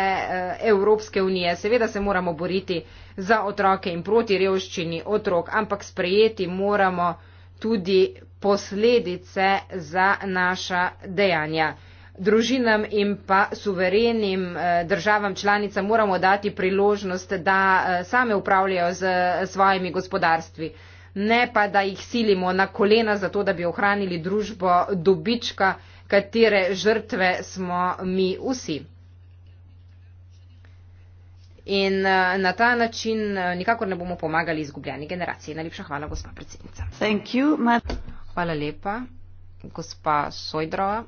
Evropske unije. Seveda se moramo boriti za otroke in proti revščini otrok, ampak sprejeti moramo tudi posledice za naša dejanja družinam in pa suverenim eh, državam članicam moramo dati priložnost, da eh, same upravljajo z eh, svojimi gospodarstvi. Ne pa, da jih silimo na kolena za to, da bi ohranili družbo dobička, katere žrtve smo mi vsi. In na ta način nikakor ne bomo pomagali izgubljeni generaciji. Najlepša hvala, gospa predsednica. Hvala lepa, gospa Sojdrova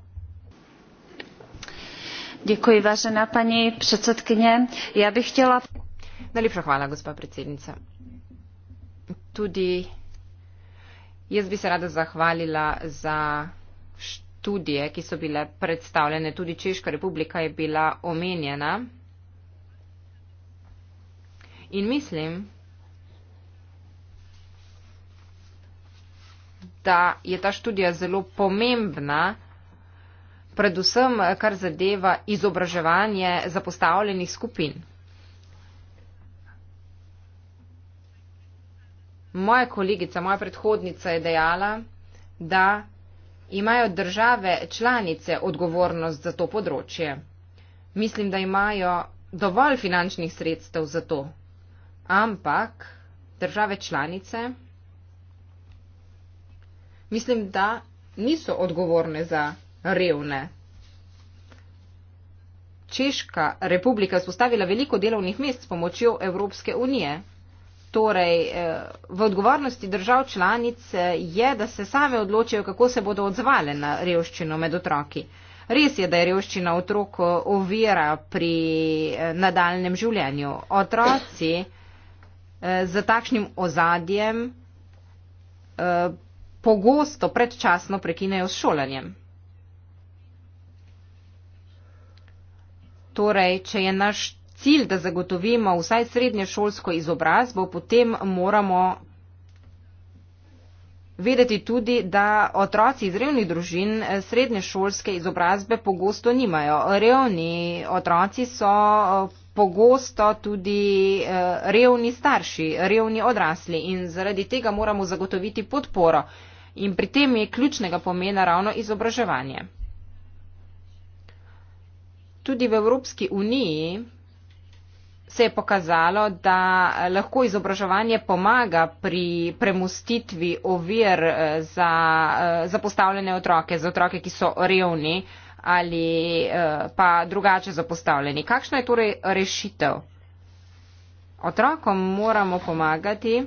najlepša hvala gospa predsednica tudi jaz bi se rada zahvalila za študije ki so bile predstavljene tudi češka republika je bila omenjena in mislim da je ta študija zelo pomembna predvsem kar zadeva izobraževanje zapostavljenih skupin. Moja kolegica, moja predhodnica je dejala, da imajo države članice odgovornost za to področje. Mislim, da imajo dovolj finančnih sredstev za to. Ampak države članice, mislim, da niso odgovorne za revne. Češka republika je spostavila veliko delovnih mest s pomočjo Evropske unije. Torej, eh, v odgovornosti držav članice eh, je, da se same odločijo, kako se bodo odzvale na revščino med otroki. Res je, da je revščina otrok eh, ovira pri nadaljem življenju. Otroci z takšnim ozadjem pogosto predčasno prekinejo s šolanjem. Torej, če je naš cilj, da zagotovimo vsaj srednješolsko izobrazbo, potem moramo vedeti tudi, da otroci iz revnih družin eh, srednješolske izobrazbe pogosto nimajo. Revni otroci so eh, pogosto tudi eh, revni starši, revni odrasli in zaradi tega moramo zagotoviti podporo. In pri tem je ključnega pomena ravno izobraževanje. Tudi v Evropski uniji se je pokazalo, da lahko izobraževanje pomaga pri premustitvi ovir eh, za, eh, za postavljene otroke, za otroke, ki so revni ali eh, pa drugače zapostavljeni. Kakšna je torej rešitev? Otrokom moramo pomagati.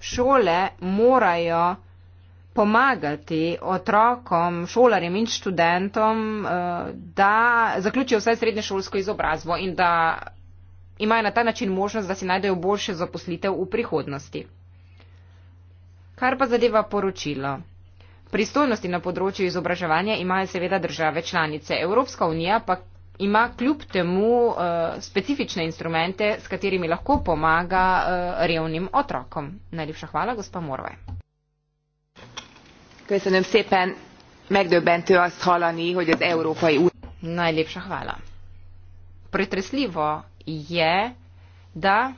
Šole morajo pomagati otrokom, šolarjem in študentom, eh, da zaključijo vse srednje šolsko izobrazbo in da imajo na ta način možnost, da si najdejo boljše zaposlitev v prihodnosti. Kar pa zadeva poročilo. Pristojnosti na področju izobraževanja imajo seveda države članice. Evropska unija pa ima kljub temu uh, specifične instrumente, s katerimi lahko pomaga uh, revnim otrokom. Najlepša hvala, gospa Morve megdöbbentő azt hallani hogy az európai unió. pretresljivo je da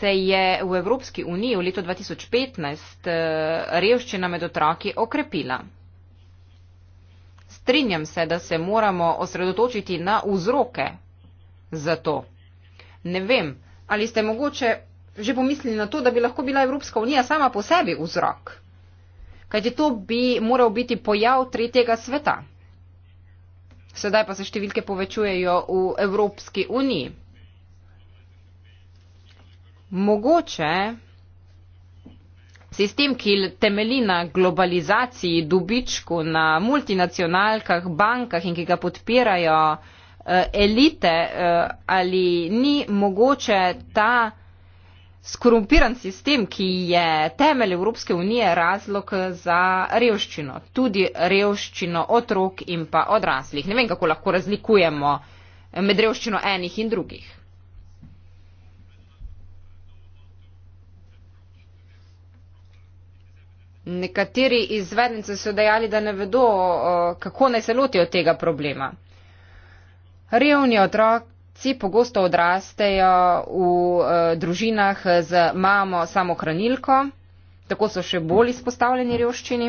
se je v evropski uniji v letu dva tisoč petnajst eh, revščina med otroki okrepila strinjam se da se moramo osredotočiti na vzroke za to ne vem ali ste mogoče že pomislili na to, da bi lahko bila Evropska unija sama po sebi vzrok. Kajti to bi moral biti pojav tretjega sveta. Sedaj pa se številke povečujejo v Evropski uniji. Mogoče sistem, ki temeli na globalizaciji, dobičku, na multinacionalkah, bankah in ki ga podpirajo eh, elite, eh, ali ni mogoče ta skorumpiran sistem, ki je temelj Evropske unije razlog za revščino, tudi revščino otrok in pa odraslih. Ne vem, kako lahko razlikujemo med revščino enih in drugih. Nekateri izvednice so dejali, da ne vedo, kako naj se lotijo tega problema. Revni otrok otroci pogosto odrastejo v eh, družinah z mamo samohranilko, tako so še bolj izpostavljeni revščini.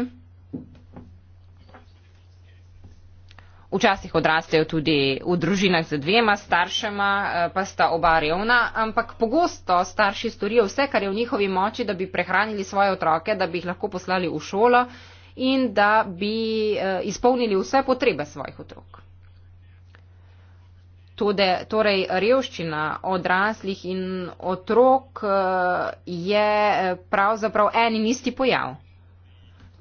Včasih odrastejo tudi v družinah z dvema staršema, eh, pa sta oba revna, ampak pogosto starši storijo vse, kar je v njihovi moči, da bi prehranili svoje otroke, da bi jih lahko poslali v šolo in da bi eh, izpolnili vse potrebe svojih otrok. Tode, torej, revščina odraslih in otrok eh, je eh, pravzaprav en in isti pojav.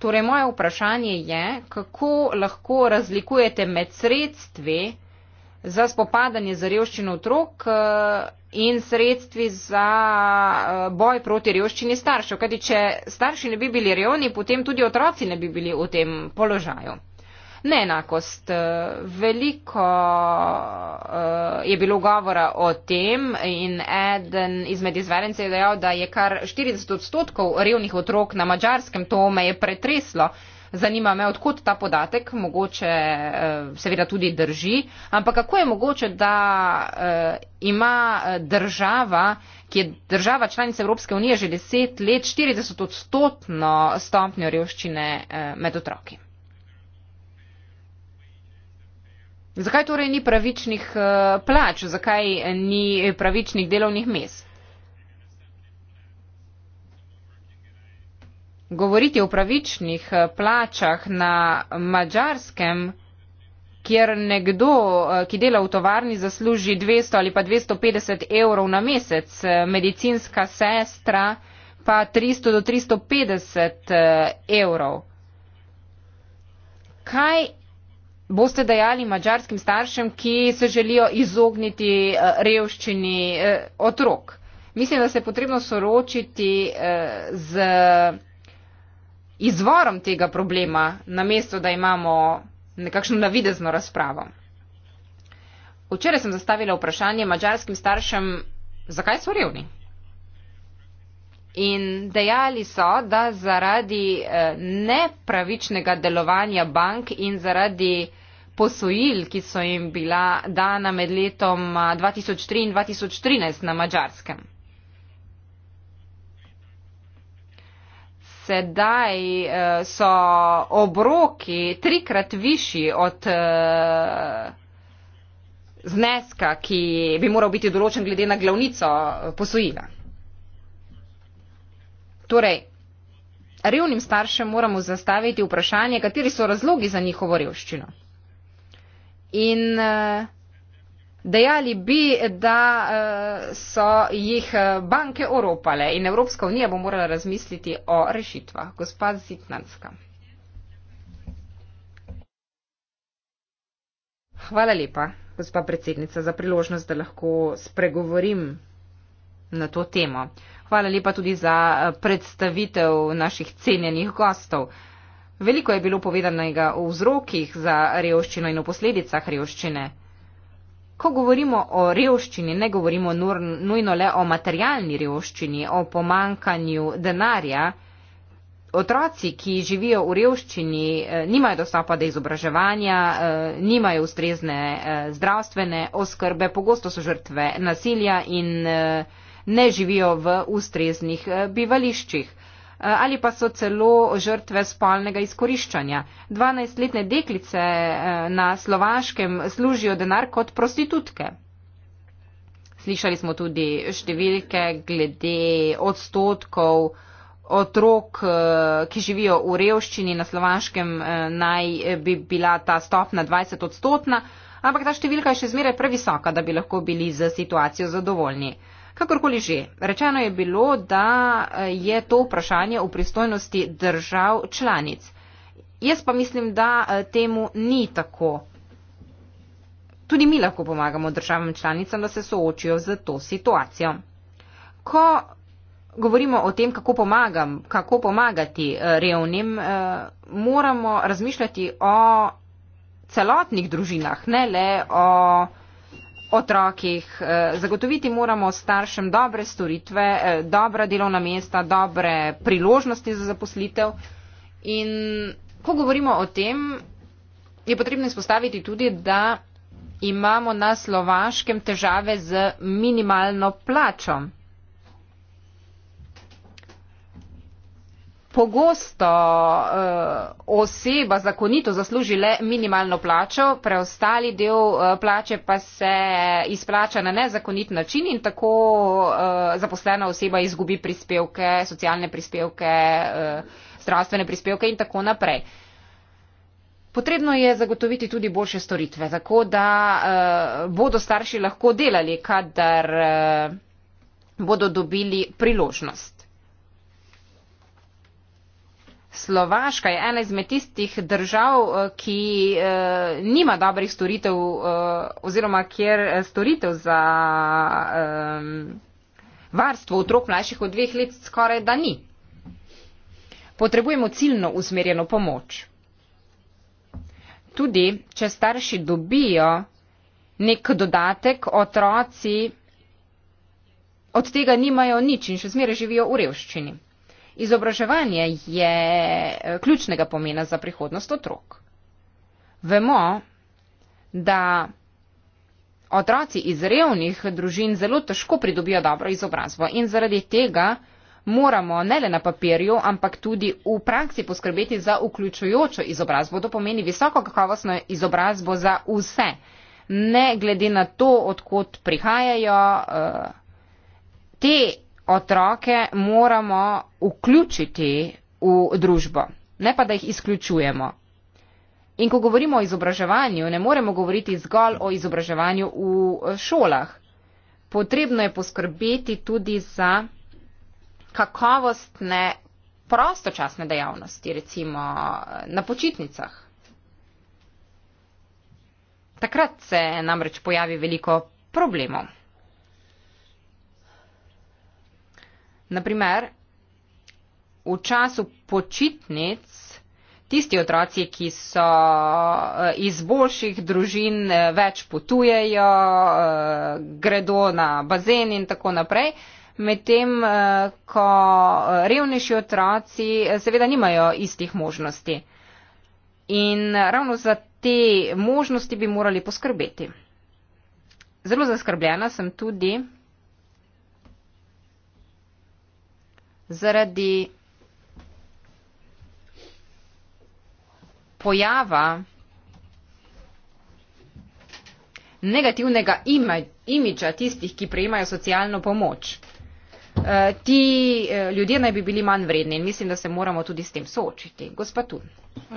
Torej, moje vprašanje je, kako lahko razlikujete med sredstvi za spopadanje z revščino otrok eh, in sredstvi za boj proti revščini staršev. Kajti, če starši ne bi bili revni, potem tudi otroci ne bi bili v tem položaju neenakost. Veliko eh, je bilo govora o tem in eden izmed izvedencev je dejal, da je kar 40 odstotkov revnih otrok na mačarskem tome je pretreslo. Zanima me, odkot ta podatek, mogoče eh, seveda tudi drži, ampak kako je mogoče, da eh, ima država, ki je država članica Evropske unije že deset let, 40 odstotno stopnjo revščine med otroki? Zakaj torej ni pravičnih uh, plač, zakaj ni pravičnih delovnih mest? Govoriti o pravičnih eh, plačah na mačarskem, kjer nekdo, eh, ki dela v tovarni, zasluži 200 ali pa 250 evrov na mesec, medicinska sestra pa 300 do 350 evrov. Kaj boste dejali mađarskim staršem, ki se želijo izogniti eh, revščini eh, otrok? Mislim, da se je potrebno soročiti eh, z izvorom tega problema, namesto da imamo nekakšno navidezno razpravo. Včeraj sem zastavila vprašanje mađarskim staršem, zakaj so revni. In dejali so, da zaradi nepravičnega delovanja bank in zaradi eh, posojil, ki so jim bila dana med letom 2003 in 2013 na Mačarskem. Sedaj e, so obroki trikrat višji od e, zneska, ki bi moral biti določen glede na glavnico e, posojila. Torej, revnim staršem moramo zastaviti vprašanje, kateri so razlogi za njihovo revščino in eh, dejali bi, da eh, so jih eh, banke oropale in Evropska unija bo morala razmisliti o rešitvah. Gospa Zitnanska. Hvala lepa, gospa predsednica, za priložnost, da lahko spregovorim na to temo. Hvala lepa tudi za predstavitev naših cenjenih gostov. Veliko je bilo povedanega o vzrokih za revščino in o posledicah revščine. Ko govorimo o revščini, ne govorimo nujno le o materialni revščini, o pomankanju denarja. Otroci, ki živijo v revščini, eh, nimajo dostopa do izobraževanja, eh, nimajo ustrezne eh, zdravstvene oskrbe, pogosto so žrtve nasilja in ne živijo v ustreznih bivališčih. Eh, ali pa so celo žrtve spolnega izkoriščanja. 12-letne deklice eh, na slovaškem služijo denar kot prostitutke. Slišali smo tudi številke glede odstotkov otrok, eh, ki živijo v revščini na slovaškem, naj bi bila ta stopna 20 odstotna, ampak ta številka je še zmeraj previsoka, da bi lahko bili z situacijo zadovoljni. Kakorkoli že, rečeno je bilo, da eh, je to vprašanje v pristojnosti držav članic. Jaz pa mislim, da eh, temu ni tako. Tudi mi lahko pomagamo državam članicam, da se soočijo z to situacijo. Ko govorimo o tem, kako, pomagam, kako pomagati eh, revnim, moramo razmišljati o celotnih družinah, ne le o otrokih. Eh, zagotoviti moramo staršem dobre storitve, eh, dobra delovna mesta, dobre priložnosti za zaposlitev. In ko govorimo o tem, je potrebno izpostaviti tudi, da imamo na slovaškem težave z minimalno plačo. pogosto uh, oseba zakonito zasluži le minimalno plačo, preostali del uh, plače pa se izplača na nezakonit način in tako uh, zaposlena oseba izgubi prispevke, socialne prispevke, uh, zdravstvene prispevke in tako naprej. Potrebno je zagotoviti tudi boljše storitve, tako da uh, bodo starši lahko delali, kadar uh, bodo dobili priložnost. Slovaška je ena izmed tistih držav, eh, ki eh, nima dobrih storitev eh, oziroma kjer eh, storitev za eh, varstvo otrok mlajših od dveh let skoraj da ni. Potrebujemo ciljno usmerjeno pomoč. Tudi, če starši dobijo nek dodatek, otroci od tega nimajo nič in še zmeraj živijo v revščini. Izobraževanje je eh, ključnega pomena za prihodnost otrok. Vemo, da otroci iz revnih družin zelo težko pridobijo dobro izobrazbo in zaradi tega moramo ne le na papirju, ampak tudi v praksi poskrbeti za vključujočo izobrazbo. To pomeni visoko kakovostno izobrazbo za vse, ne glede na to, odkot prihajajo. Eh, te otroke moramo vključiti v družbo, ne pa da jih izključujemo. In ko govorimo o izobraževanju, ne moremo govoriti zgolj o izobraževanju v eh, šolah. Potrebno je poskrbeti tudi za kakovostne prostočasne dejavnosti, recimo eh, na počitnicah. Takrat se namreč pojavi veliko problemov. Naprimer, v času počitnic. Tisti otroci, ki so eh, iz boljših družin, eh, več potujejo, eh, gredo na bazen in tako naprej, medtem ko revnejši otroci seveda nimajo istih možnosti. In ravno za te možnosti bi morali poskrbeti. Zelo zaskrbljena sem tudi, zaradi pojava negativnega imidža tistih, ki prejemajo socialno pomoč. Eh, ti eh, ljudje naj bi bili manj vredni in mislim, da se moramo tudi s tem soočiti. Gospa Tun. Uh,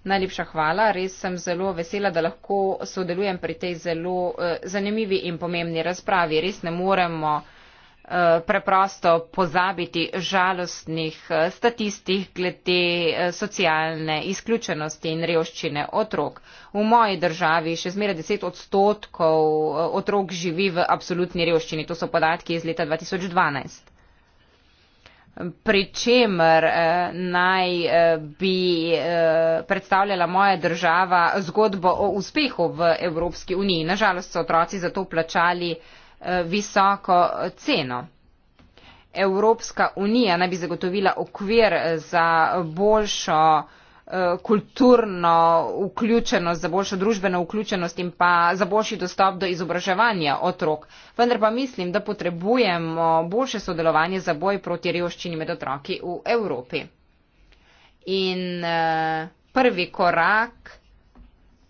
Najlepša hvala, res sem zelo vesela, da lahko sodelujem pri tej zelo eh, zanimivi in pomembni razpravi. Res ne moremo eh, preprosto pozabiti žalostnih eh, statistik glede eh, socialne izključenosti in revščine otrok. V moji državi še zmeraj 10 odstotkov eh, otrok živi v absolutni revščini, to so podatki iz leta 2012 pri čemer eh, naj eh, bi eh, predstavljala moja država zgodbo o uspehu v Evropski uniji. Nažalost so otroci za to plačali visoko ceno. Evropska unija naj bi zagotovila okvir za boljšo Eh, kulturno vključenost, za boljšo družbeno vključenost in pa za boljši dostop do izobraževanja otrok. Vendar pa mislim, da potrebujemo boljše sodelovanje za boj proti revščini med otroki v Evropi. In eh, prvi korak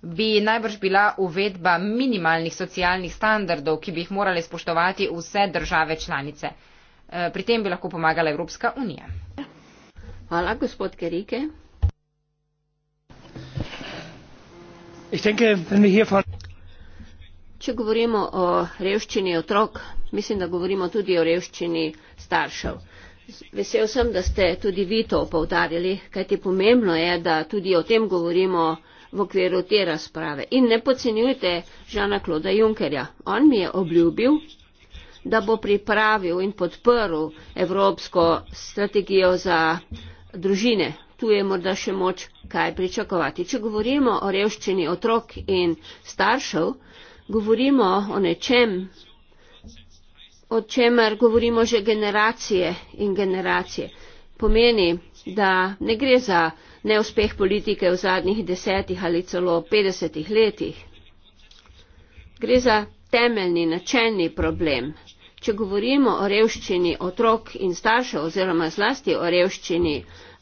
bi najbrž bila uvedba minimalnih socialnih standardov, ki bi jih morali spoštovati vse države članice. Eh, pri tem bi lahko pomagala Evropska unija. Hvala, gospod Kerike. če govorimo o revščini otrok mislim da govorimo tudi o revščini staršev. vesel sem da ste tudi vi to poudarjali kajti pomembno je da tudi o tem govorimo v okviru te razprave in ne podcenjujte žana kloda junkerja on mi je obljubil da bo pripravil in podprl evropsko strategijo za družine tu je morda še moč kaj pričakovati. Če govorimo o revščini otrok in staršev, govorimo o nečem, o čemer govorimo že generacije in generacije. Pomeni, da ne gre za neuspeh politike v zadnjih desetih ali celo petdesetih letih. Gre za temeljni, načelni problem. Če govorimo o revščini otrok in staršev oziroma zlasti o revščini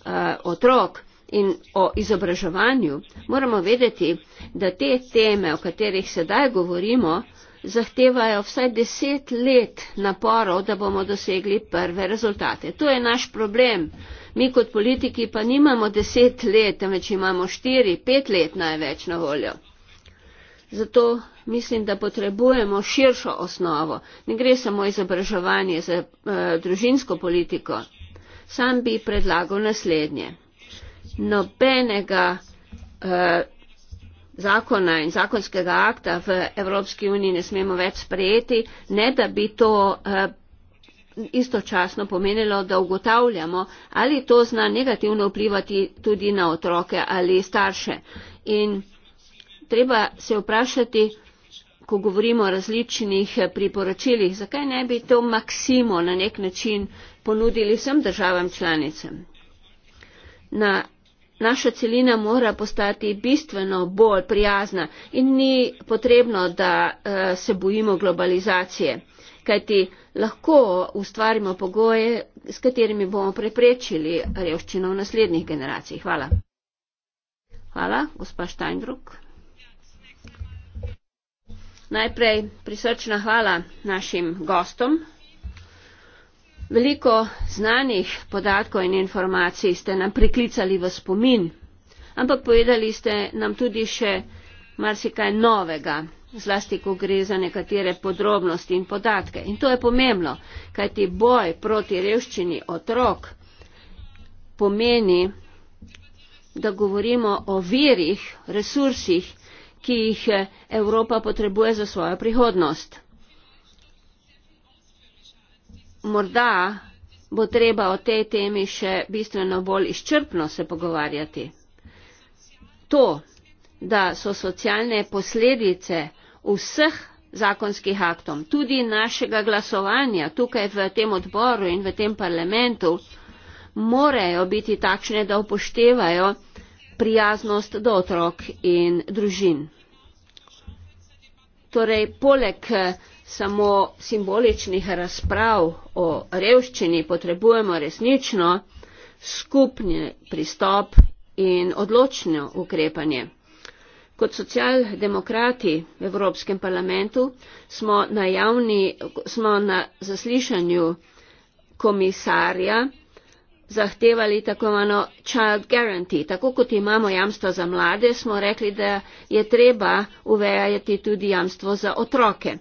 uh, otrok in o izobraževanju, moramo vedeti, da te teme, o katerih sedaj govorimo, zahtevajo vsaj deset let naporov, da bomo dosegli prve rezultate. To je naš problem. Mi kot politiki pa nimamo deset let, temveč imamo štiri, pet let največ na voljo. Zato mislim, da potrebujemo širšo osnovo. Ne gre samo izobraževanje za e, družinsko politiko, sam bi predlagal naslednje. Nobenega eh, zakona in zakonskega akta v Evropski uniji ne smemo več sprejeti, ne da bi to eh, istočasno pomenilo, da ugotavljamo, ali to zna negativno vplivati tudi na otroke ali starše. In treba se vprašati, ko govorimo o različnih eh, priporočilih, zakaj ne bi to maksimo na nek način ponudili vsem državam članicam. Na Naša celina mora postati bistveno bolj prijazna in ni potrebno, da eh, se bojimo globalizacije, kajti lahko ustvarimo pogoje, s katerimi bomo preprečili revščino v naslednjih generacijah. Hvala. Hvala, gospa Steinbrück. Najprej prisrčna hvala našim gostom veliko znanih podatkov in informacij ste nam priklicali v spomin ampak povedali ste nam tudi še marsikaj novega zlasti ko gre za nekatere podrobnosti in podatke in to je pomembno kajti boj proti revščini otrok pomeni da govorimo o virih resursih ki jih evropa potrebuje za svojo prihodnost morda bo treba o tej temi še bistveno bolj izčrpno se pogovarjati. To, da so socialne posledice vseh zakonskih aktom, tudi našega glasovanja tukaj v tem odboru in v tem parlamentu, morajo biti takšne, da upoštevajo prijaznost do otrok in družin. Torej, poleg samo simboličnih razprav o revščini, potrebujemo resnično skupni pristop in odločno ukrepanje. Kot socialdemokrati v Evropskem parlamentu smo na, javni, smo na zaslišanju komisarja zahtevali tako imano child guarantee. Tako kot imamo jamstvo za mlade, smo rekli, da je treba uvejati tudi jamstvo za otroke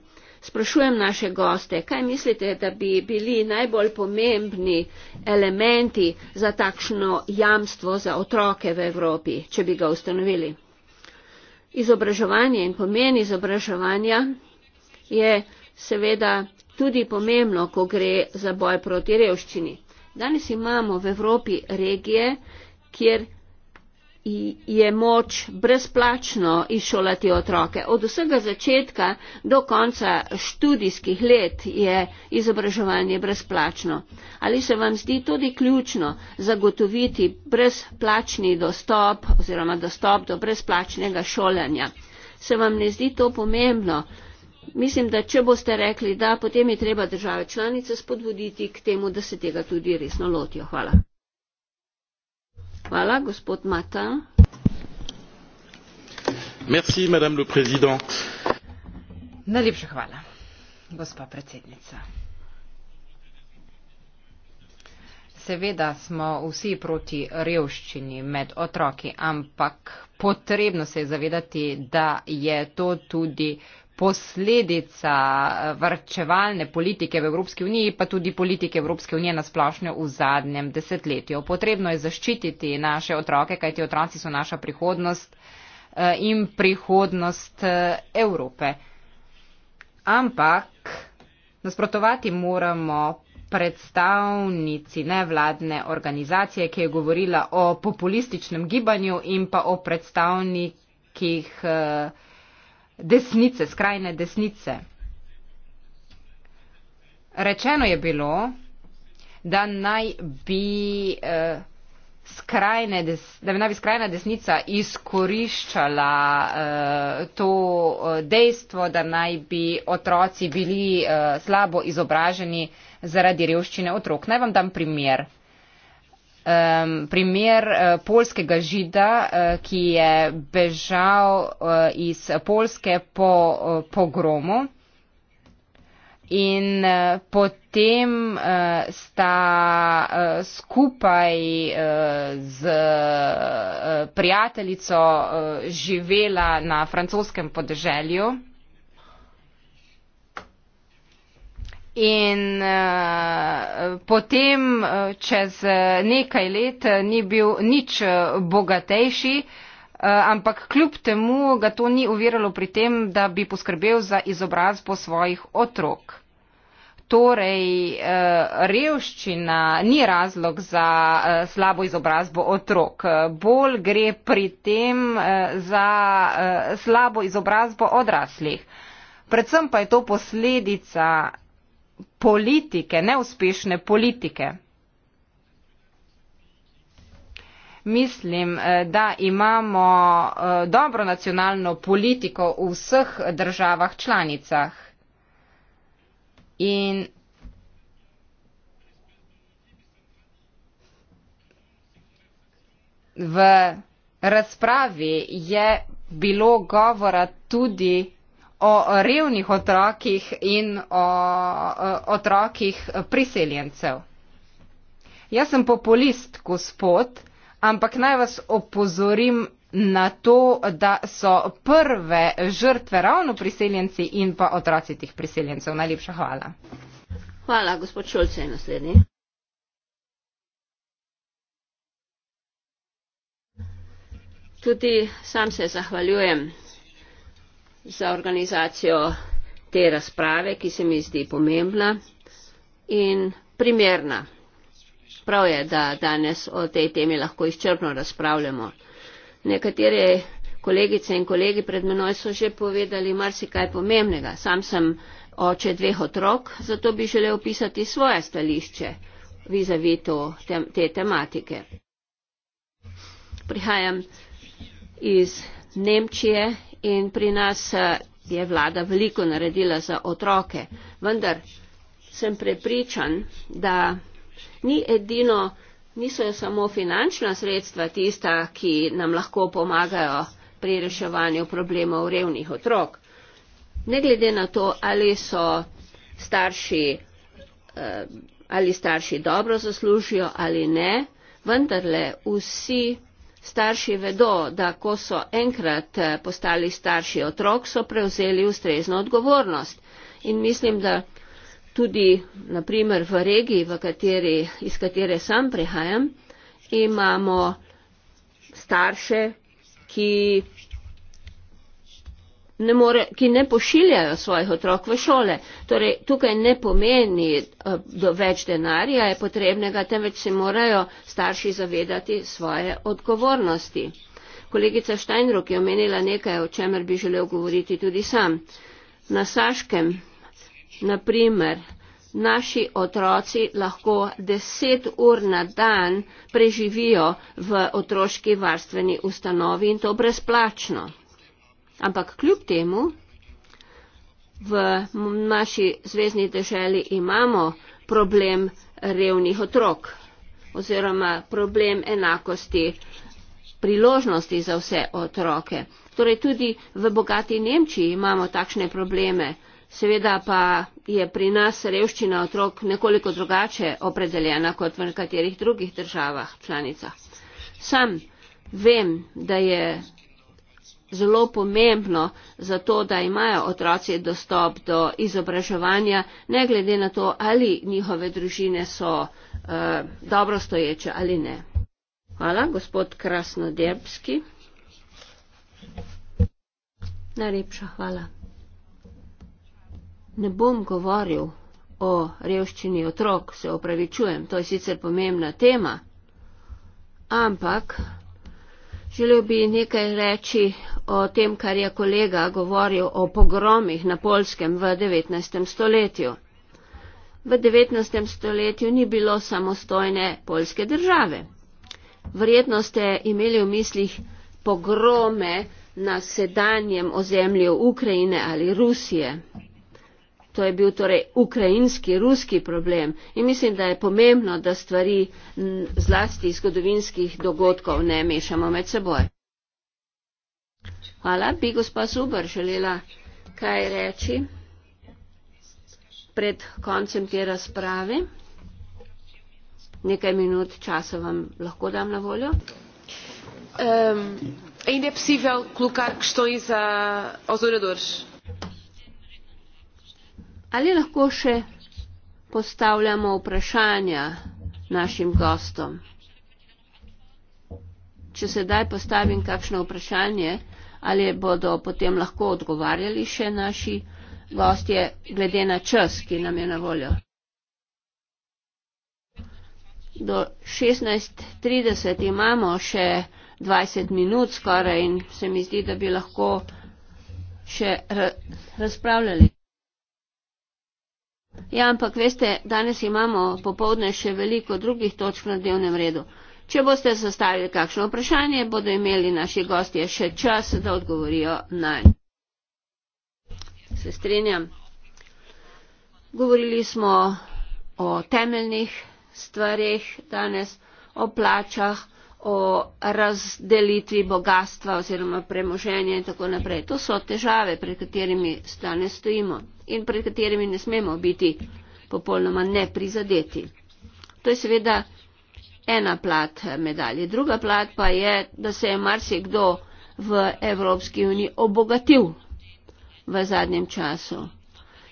sprašujem naše goste, kaj mislite, da bi bili najbolj pomembni elementi za takšno jamstvo za otroke v Evropi, če bi ga ustanovili. Izobraževanje in pomen izobraževanja je seveda tudi pomembno, ko gre za boj proti revščini. Danes imamo v Evropi regije, kjer je moč brezplačno izšolati otroke. Od vsega začetka do konca študijskih let je izobraževanje brezplačno. Ali se vam zdi tudi ključno zagotoviti brezplačni dostop oziroma dostop do brezplačnega šolanja? Se vam ne zdi to pomembno? Mislim, da če boste rekli, da potem je treba države članice spodbuditi k temu, da se tega tudi resno lotijo. Hvala najlepša hvala gospa predsednica seveda smo vsi proti revščini med otroki ampak potrebno se je zavedati da je to tudi posledica nekih drugih politik posledica eh, vrčevalne politike v Evropski uniji, pa tudi politike Evropske unije nasplošno v zadnjem desetletju. Potrebno je zaščititi naše otroke, kajti otroci so naša prihodnost eh, in prihodnost eh, Evrope. Ampak nasprotovati moramo predstavnici nevladne organizacije, ki je govorila o populističnem gibanju in pa o predstavnikih eh, desnice, skrajne desnice. Rečeno je bilo, da naj bi, eh, des, da naj bi skrajna desnica izkoriščala eh, to eh, dejstvo, da naj bi otroci bili eh, slabo izobraženi zaradi revščine otrok. Naj vam dam primer. Eh, um, primer uh, eh, polskega žida, uh, ki je bežal uh, iz Polske po uh, pogromu. In uh, potem uh, sta uh, skupaj uh, z uh, prijateljico uh, živela na francoskem podeželju. In uh, potem, uh, čez eh, nekaj let, uh, ni bil nič uh, bogatejši, uh, ampak kljub temu ga to ni uviralo pri tem, da bi poskrbel za izobrazbo svojih otrok. Torej, uh, revščina ni razlog za uh, slabo izobrazbo otrok. Uh, bolj gre pri tem uh, za uh, slabo izobrazbo odraslih. Predvsem pa je to posledica politike, neuspešne politike. Mislim, eh, da imamo eh, dobro nacionalno politiko v vseh državah članicah. In v razpravi je bilo govora tudi o o revnih otrokih in o, o e, otrokih priseljencev. Jaz sem populist, gospod, ampak naj vas opozorim na to, da so prve žrtve ravno priseljenci in pa otroci tih priseljencev. Najlepša hvala. Hvala, gospod Šolce je naslednji. Tudi sam se zahvaljujem za organizacijo te razprave, ki se mi zdi pomembna in primerna. Prav je, da danes o tej temi lahko izčrpno razpravljamo. Nekatere kolegice in kolegi pred menoj so že povedali marsikaj pomembnega. Sam sem oče dveh otrok, zato bi želel opisati svoje stališče vizavi to, te, te tematike. Prihajam iz Nemčije, in pri nas eh, je vlada veliko naredila za otroke. Vendar sem prepričan, da ni edino, niso samo finančna sredstva tista, ki nam lahko pomagajo pri reševanju problemov revnih otrok. Ne glede na to, ali so starši, eh, ali starši dobro zaslužijo ali ne, vendarle vsi Starši vedo, da ko so enkrat eh, postali starši otrok, so prevzeli ustrezno odgovornost. In mislim, da tudi naprimer v regiji, v kateri, iz katere sam prihajam, imamo starše, ki ne more, ki ne pošiljajo svojih otrok v šole. Torej, tukaj ne pomeni, eh, da več denarja je potrebnega, temveč se morajo starši zavedati svoje odgovornosti. Kolegica Steinruck je omenila nekaj, o čemer bi želel govoriti tudi sam. Na Saškem, naprimer, naši otroci lahko deset ur na dan preživijo v otroški varstveni ustanovi in to brezplačno. Ampak kljub temu v naši zvezdni državi imamo problem revnih otrok oziroma problem enakosti priložnosti za vse otroke. Torej tudi v bogati Nemčiji imamo takšne probleme. Seveda pa je pri nas revščina otrok nekoliko drugače opredeljena kot v nekaterih drugih državah članicah. Sam vem, da je zelo pomembno za to, da imajo otroci dostop do izobraževanja, ne glede na to, ali njihove družine so uh, dobro stoječe ali ne. Hvala, gospod Krasnoderbski. Najlepša hvala. Ne bom govoril o revščini otrok, se opravičujem, to je sicer pomembna tema, ampak Želel bi nekaj reči o tem, kar je kolega govoril o pogromih na polskem v 19. stoletju. V 19. stoletju ni bilo samostojne polske države. Verjetno ste imeli v mislih pogrome na sedanjem ozemlju Ukrajine ali Rusije to je bil torej ukrajinski, ruski problem in mislim, da je pomembno, da stvari zlasti zgodovinskih dogodkov ne mešamo med seboj. Hvala, bi gospa Zubar želela kaj reči pred koncem te razprave. Nekaj minut časa vam lahko dam na voljo. Um, Ainda é possível colocar questões a, aos oradores? Ali lahko še postavljamo vprašanja našim gostom? Če sedaj postavim kakšno vprašanje, ali bodo potem lahko odgovarjali še naši gostje, glede na čas, ki nam je na voljo. Do 16.30 imamo še 20 minut skoraj in se mi zdi, da bi lahko še razpravljali. Ja, ampak veste, danes imamo popovdne še veliko drugih točk na dnevnem redu. Če boste zastavili kakšno vprašanje, bodo imeli naši gostje še čas, da odgovorijo na nje. Se strinjam. Govorili smo o temeljnih stvarih danes, o plačah, o razdelitvi bogatstva oziroma premoženja in tako naprej. To so težave, pred katerimi danes stojimo in pred katerimi ne smemo biti popolnoma neprizadeti. To je seveda ena plat medalje. Druga plat pa je, da se je marsikdo v Evropski uniji obogatil v zadnjem času.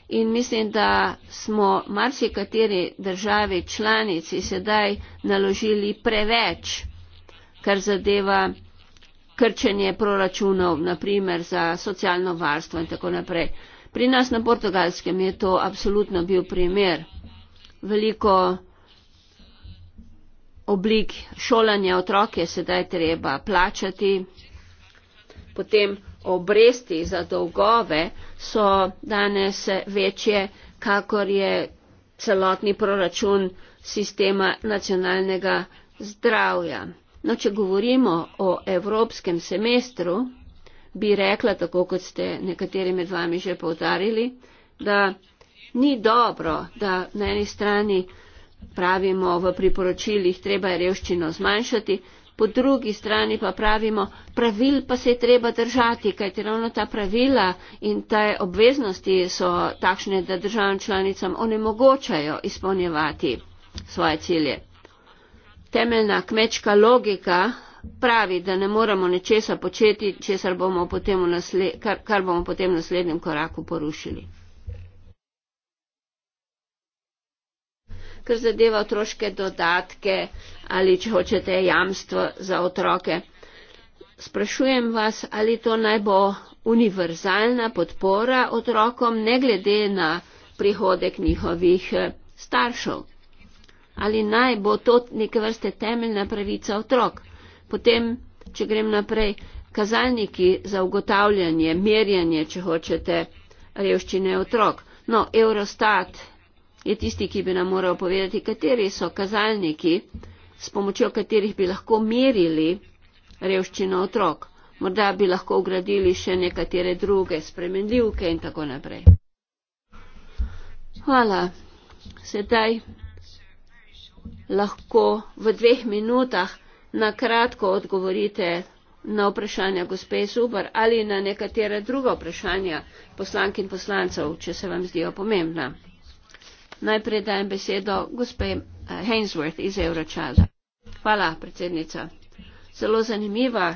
In mislim, da smo marsikateri državi članici sedaj naložili preveč kar zadeva krčenje proračunov, naprimer za socialno varstvo in tako naprej. Pri nas na portugalskem je to absolutno bil primer. Veliko oblik šolanja otroke sedaj treba plačati. Potem obresti za dolgove so danes večje, kakor je celotni proračun sistema nacionalnega zdravja. No, če govorimo o evropskem semestru, bi rekla, tako kot ste nekateri med vami že povdarili, da ni dobro, da na eni strani pravimo v priporočilih, treba je revščino zmanjšati, po drugi strani pa pravimo, pravil pa se je treba držati, kajti ravno ta pravila in te obveznosti so takšne, da državam članicam onemogočajo izpolnjevati svoje cilje temeljna kmečka logika pravi, da ne moremo nečesa početi, bomo nasle, kar, kar bomo potem v naslednjem koraku porušili. Kar zadeva otroške dodatke ali, če hočete, jamstvo za otroke, sprašujem vas, ali to naj bo univerzalna podpora otrokom, ne glede na prihodek njihovih eh, staršev ali naj bo to neke vrste temeljna pravica otrok. Potem, če grem naprej, kazalniki za ugotavljanje, merjanje, če hočete, revščine otrok. No, Eurostat je tisti, ki bi nam moral povedati, kateri so kazalniki, s pomočjo katerih bi lahko merili revščino otrok. Morda bi lahko ugradili še nekatere druge spremenljivke in tako naprej. Hvala. Sedaj lahko v dveh minutah na kratko odgovorite na vprašanja gospe Zubar ali na nekatere druga vprašanja poslank in poslancev, če se vam zdijo pomembna. Najprej dajem besedo gospe eh, Hainsworth iz Euročaza. Hvala, predsednica. Zelo zanimiva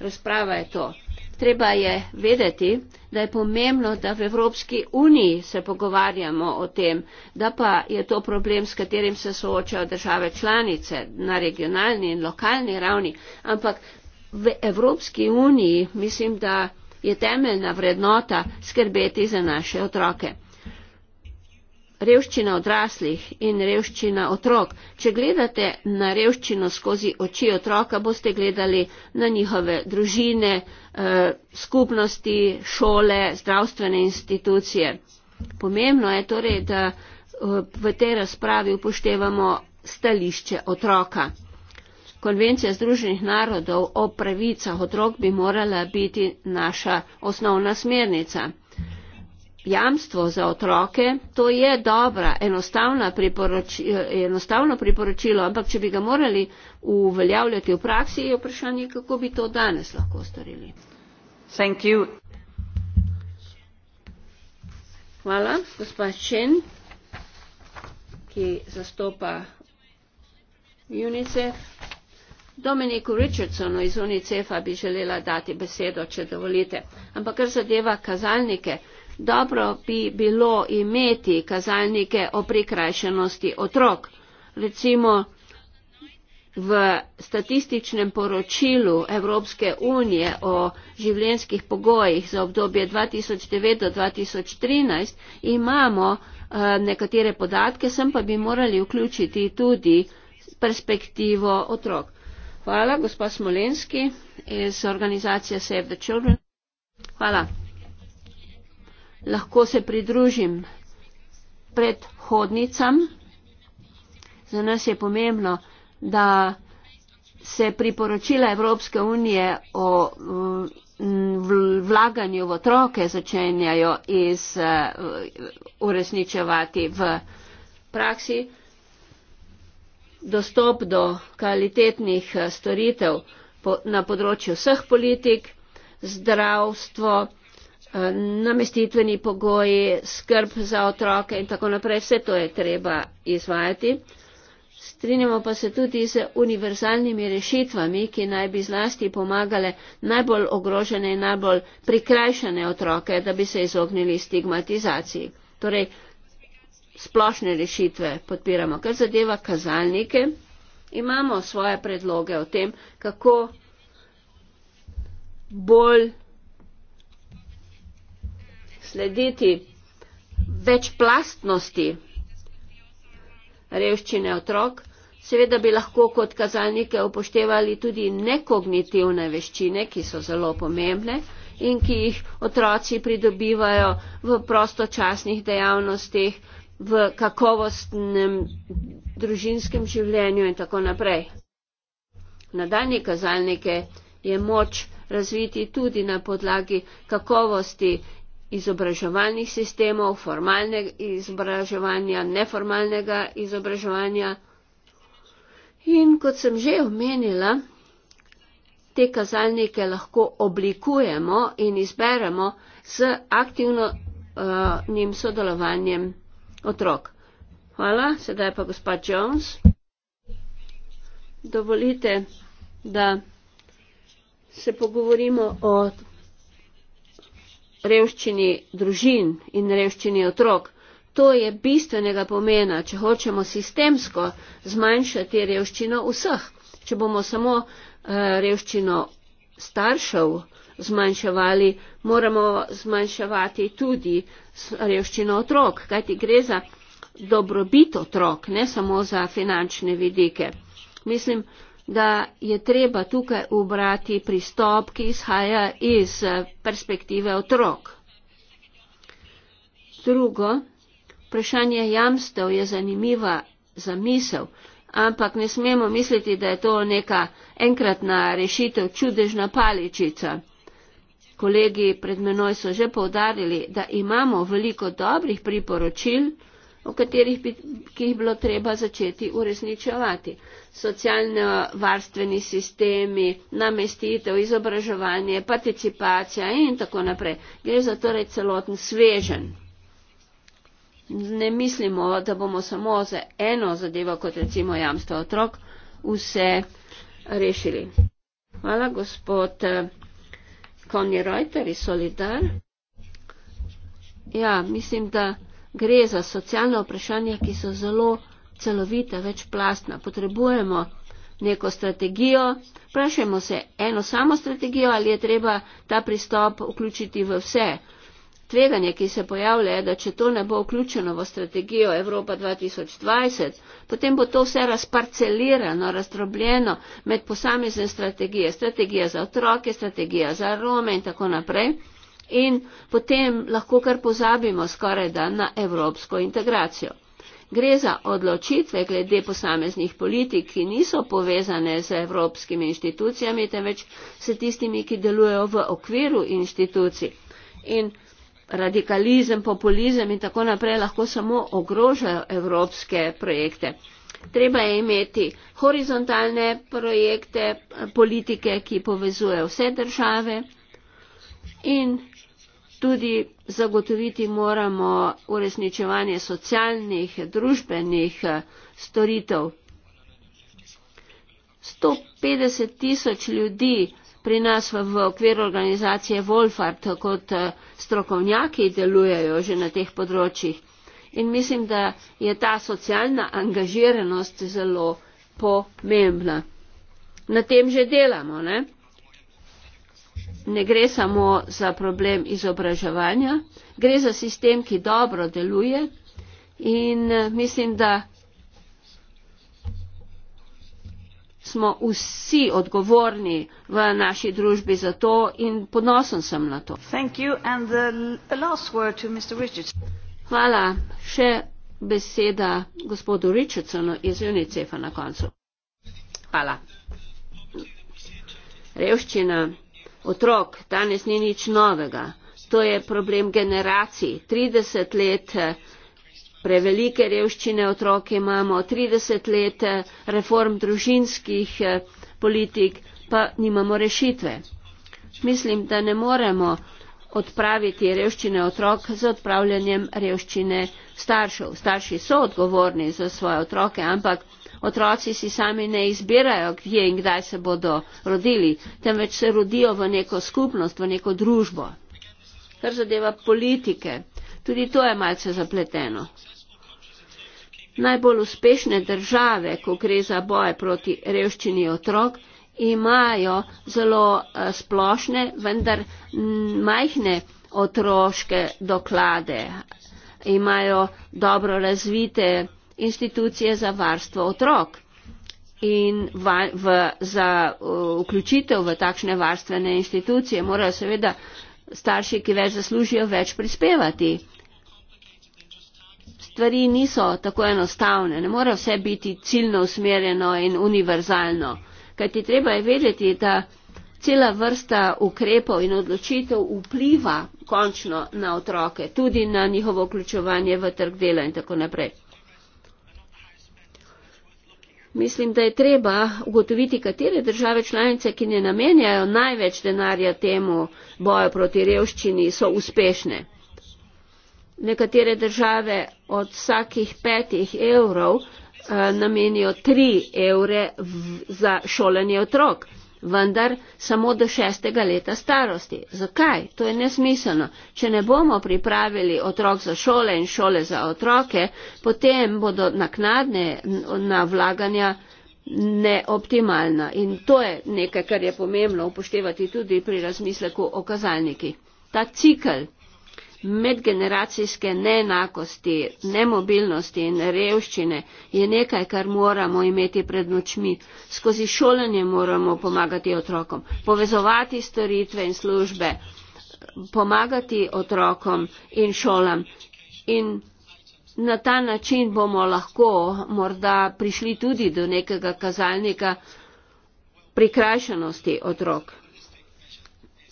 razprava je to treba je vedeti, da je pomembno, da v Evropski uniji se pogovarjamo o tem, da pa je to problem, s katerim se soočajo države članice na regionalni in lokalni ravni, ampak v Evropski uniji mislim, da je temeljna vrednota skrbeti za naše otroke revščina odraslih in revščina otrok. Če gledate na revščino skozi oči otroka, boste gledali na njihove družine, eh, skupnosti, šole, zdravstvene institucije. Pomembno je torej, da eh, v tej razpravi upoštevamo stališče otroka. Konvencija Združenih narodov o pravicah otrok bi morala biti naša osnovna smernica. Jamstvo za otroke, to je dobra, priporočilo, enostavno priporočilo, ampak če bi ga morali uveljavljati v praksi, je vprašanje, kako bi to danes lahko storili. Hvala, gospa Čen, ki zastopa UNICEF. Dominiku Richardsonu iz UNICEF-a bi želela dati besedo, če dovolite. Ampak kar zadeva kazalnike, dobro bi bilo imeti kazalnike o prikrajšanosti otrok. Recimo v statističnem poročilu Evropske unije o življenjskih pogojih za obdobje 2009 do 2013 imamo eh, nekatere podatke, sem pa bi morali vključiti tudi perspektivo otrok. Hvala, gospod Smolenski iz organizacije Save the Children. Hvala lahko se pridružim predhodnicam. Za nas je pomembno, da se priporočila Evropske unije o mm, vlaganju v otroke začenjajo iz, eh, uresničevati v praksi. Dostop do kvalitetnih eh, storitev na področju vseh politik, zdravstvo, Eh, namestitveni pogoji, skrb za otroke in tako naprej, vse to je treba izvajati. Strinjamo pa se tudi z univerzalnimi rešitvami, ki naj bi zlasti pomagale najbolj ogrožene in najbolj prikrajšane otroke, da bi se izognili stigmatizaciji. Torej, splošne rešitve podpiramo. Kar zadeva kazalnike, imamo svoje predloge o tem, kako bolj slediti večplastnosti revščine otrok. Seveda bi lahko kot kazalnike upoštevali tudi nekognitivne veščine, ki so zelo pomembne in ki jih otroci pridobivajo v prostočasnih dejavnostih, v kakovostnem družinskem življenju in tako naprej. Nadaljne kazalnike je moč razviti tudi na podlagi kakovosti izobraževalnih sistemov, formalnega izobraževanja, neformalnega izobraževanja. In kot sem že omenila, te kazalnike lahko oblikujemo in izberemo z aktivnim eh, uh, sodelovanjem otrok. Hvala, sedaj pa gospod Jones. Dovolite, da se pogovorimo o revščini družin in revščini otrok. To je bistvenega pomena, če hočemo sistemsko zmanjšati revščino vseh. Če bomo samo eh, revščino staršev zmanjševali, moramo zmanjševati tudi revščino otrok, kajti gre za dobrobit otrok, ne samo za finančne vidike. Mislim, da je treba tukaj ubrati pristop, ki izhaja iz eh, perspektive otrok. Drugo, vprašanje jamstev je zanimiva za misel, ampak ne smemo misliti, da je to neka enkratna rešitev, čudežna paličica. Kolegi pred menoj so že povdarili, da imamo veliko dobrih priporočil, o katerih bi ki jih bilo treba začeti uresničevati. Socialno varstveni sistemi, namestitev, izobraževanje, participacija in tako naprej. Gre za torej celoten svežen. Ne mislimo, da bomo samo za eno zadevo, kot recimo jamstvo otrok, vse rešili. Hvala, gospod Konji eh, Reuter iz Solidar. Ja, mislim, da gre za socialna vprašanja, ki so zelo celovita, večplastna. Potrebujemo neko strategijo, vprašajmo se eno samo strategijo ali je treba ta pristop vključiti v vse. Tveganje, ki se pojavlja, je, da če to ne bo vključeno v strategijo Evropa 2020, potem bo to vse razparcelirano, razdrobljeno med posamezne strategije, strategija za otroke, strategija za Rome in tako naprej in potem lahko kar pozabimo skoraj da na evropsko integracijo. Gre za odločitve glede posameznih politik, ki niso povezane z evropskimi inštitucijami, temveč s tistimi, ki delujejo v okviru inštitucij. In radikalizem, populizem in tako naprej lahko samo ogrožajo evropske projekte. Treba je imeti horizontalne projekte, politike, ki povezujejo vse države in tudi zagotoviti moramo uresničevanje socialnih, družbenih eh, storitev. 150 tisoč ljudi pri nas v okviru organizacije Wolfart kot eh, strokovnjaki delujejo že na teh področjih. In mislim, da je ta socialna angažiranost zelo pomembna. Na tem že delamo. Ne? ne gre samo za problem izobraževanja, gre za sistem, ki dobro deluje in eh, mislim, da smo vsi odgovorni v naši družbi za to in ponosen sem na to. Hvala. Še beseda gospodu Richardsonu iz UNICEF-a na koncu. Hvala. Revščina otrok danes ni nič novega. To je problem generacij. 30 let eh, prevelike revščine otrok imamo, 30 let eh, reform družinskih eh, politik, pa nimamo rešitve. Mislim, da ne moremo odpraviti revščine otrok z odpravljanjem revščine staršev. Starši so odgovorni za svoje otroke, ampak otroci si sami ne izbirajo, kje in kdaj se bodo rodili, temveč se rodijo v neko skupnost, v neko družbo. Kar zadeva politike, tudi to je malce zapleteno. Najbolj uspešne države, ko gre za boj proti revščini otrok, imajo zelo eh, splošne, vendar majhne otroške doklade, imajo dobro razvite institucije za varstvo otrok in va, v, za uh, vključitev v takšne varstvene institucije morajo seveda starši, ki več zaslužijo, več prispevati. Stvari niso tako enostavne, ne more vse biti ciljno usmerjeno in univerzalno, kajti treba je vedeti, da cela vrsta ukrepov in odločitev vpliva končno na otroke, tudi na njihovo vključovanje v trg dela in tako naprej. Mislim, da je treba ugotoviti, katere države članice, ki ne namenjajo največ denarja temu boju proti revščini, so uspešne. Nekatere države od vsakih petih evrov eh, namenijo tri evre v, za šolanje otrok vendar samo do šestega leta starosti. Zakaj? To je nesmiselno. Če ne bomo pripravili otrok za šole in šole za otroke, potem bodo naknadne na vlaganja neoptimalna. In to je nekaj, kar je pomembno upoštevati tudi pri razmisleku o kazalniki. Ta cikl medgeneracijske neenakosti, nemobilnosti in revščine je nekaj, kar moramo imeti pred nočmi. Skozi šolanje moramo pomagati otrokom, povezovati storitve in službe, pomagati otrokom in šolam. In na ta način bomo lahko morda prišli tudi do nekega kazalnika prikrajšanosti otrok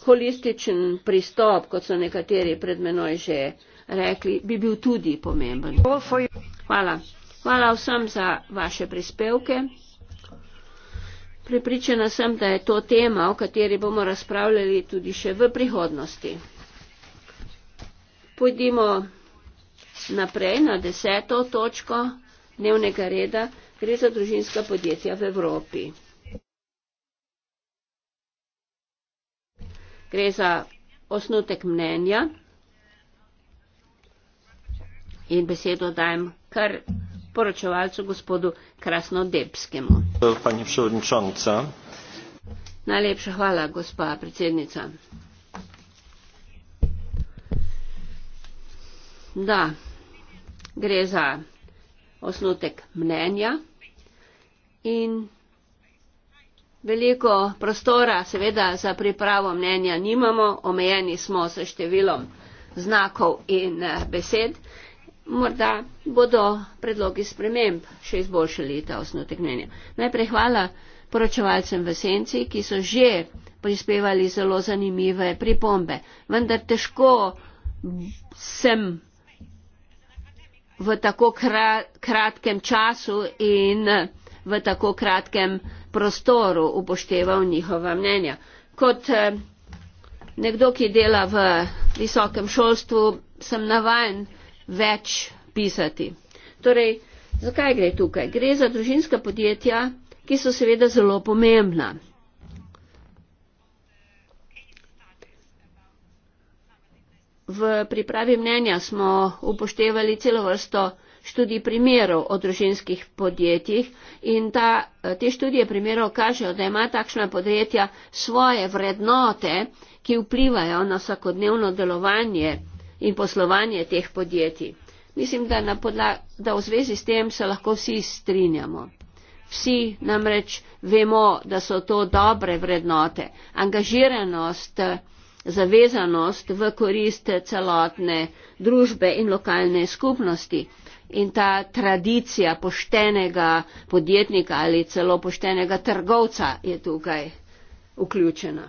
holističen pristop, kot so nekateri pred menoj že rekli, bi bil tudi pomemben. Hvala. Hvala vsem za vaše prispevke. Pripričana sem, da je to tema, o kateri bomo razpravljali tudi še v prihodnosti. Pojdimo naprej na deseto točko dnevnega reda, gre za družinska podjetja v Evropi. gre za osnutek mnenja in besedo dajem kar poročevalcu gospodu Krasnodebskemu. Pani predsednica. Najlepša hvala, gospa predsednica. Da, gre za osnutek mnenja in Veliko prostora seveda za pripravo mnenja nimamo, omejeni smo s številom znakov in eh, besed. Morda bodo predlogi sprememb še izboljšali ta osnutek mnenja. Najprej hvala poročevalcem v senci, ki so že prispevali zelo zanimive pripombe. Vendar težko sem v tako kratkem času in eh, v tako kratkem času prostoru upošteval njihova mnenja. Kot eh, nekdo, ki dela v visokem šolstvu, sem navajen več pisati. Torej, zakaj gre tukaj? Gre za družinska podjetja, ki so seveda zelo pomembna. V pripravi mnenja smo upoštevali celo vrsto študij primerov o družinskih podjetjih in ta, eh, te študije primerov kažejo, da ima takšna podjetja svoje vrednote, ki vplivajo na vsakodnevno delovanje in poslovanje teh podjetij. Mislim, da, podla, da v zvezi s tem se lahko vsi strinjamo. Vsi namreč vemo, da so to dobre vrednote. Angažiranost, zavezanost v korist celotne družbe in lokalne skupnosti in ta tradicija poštenega podjetnika ali celo poštenega trgovca je tukaj vključena.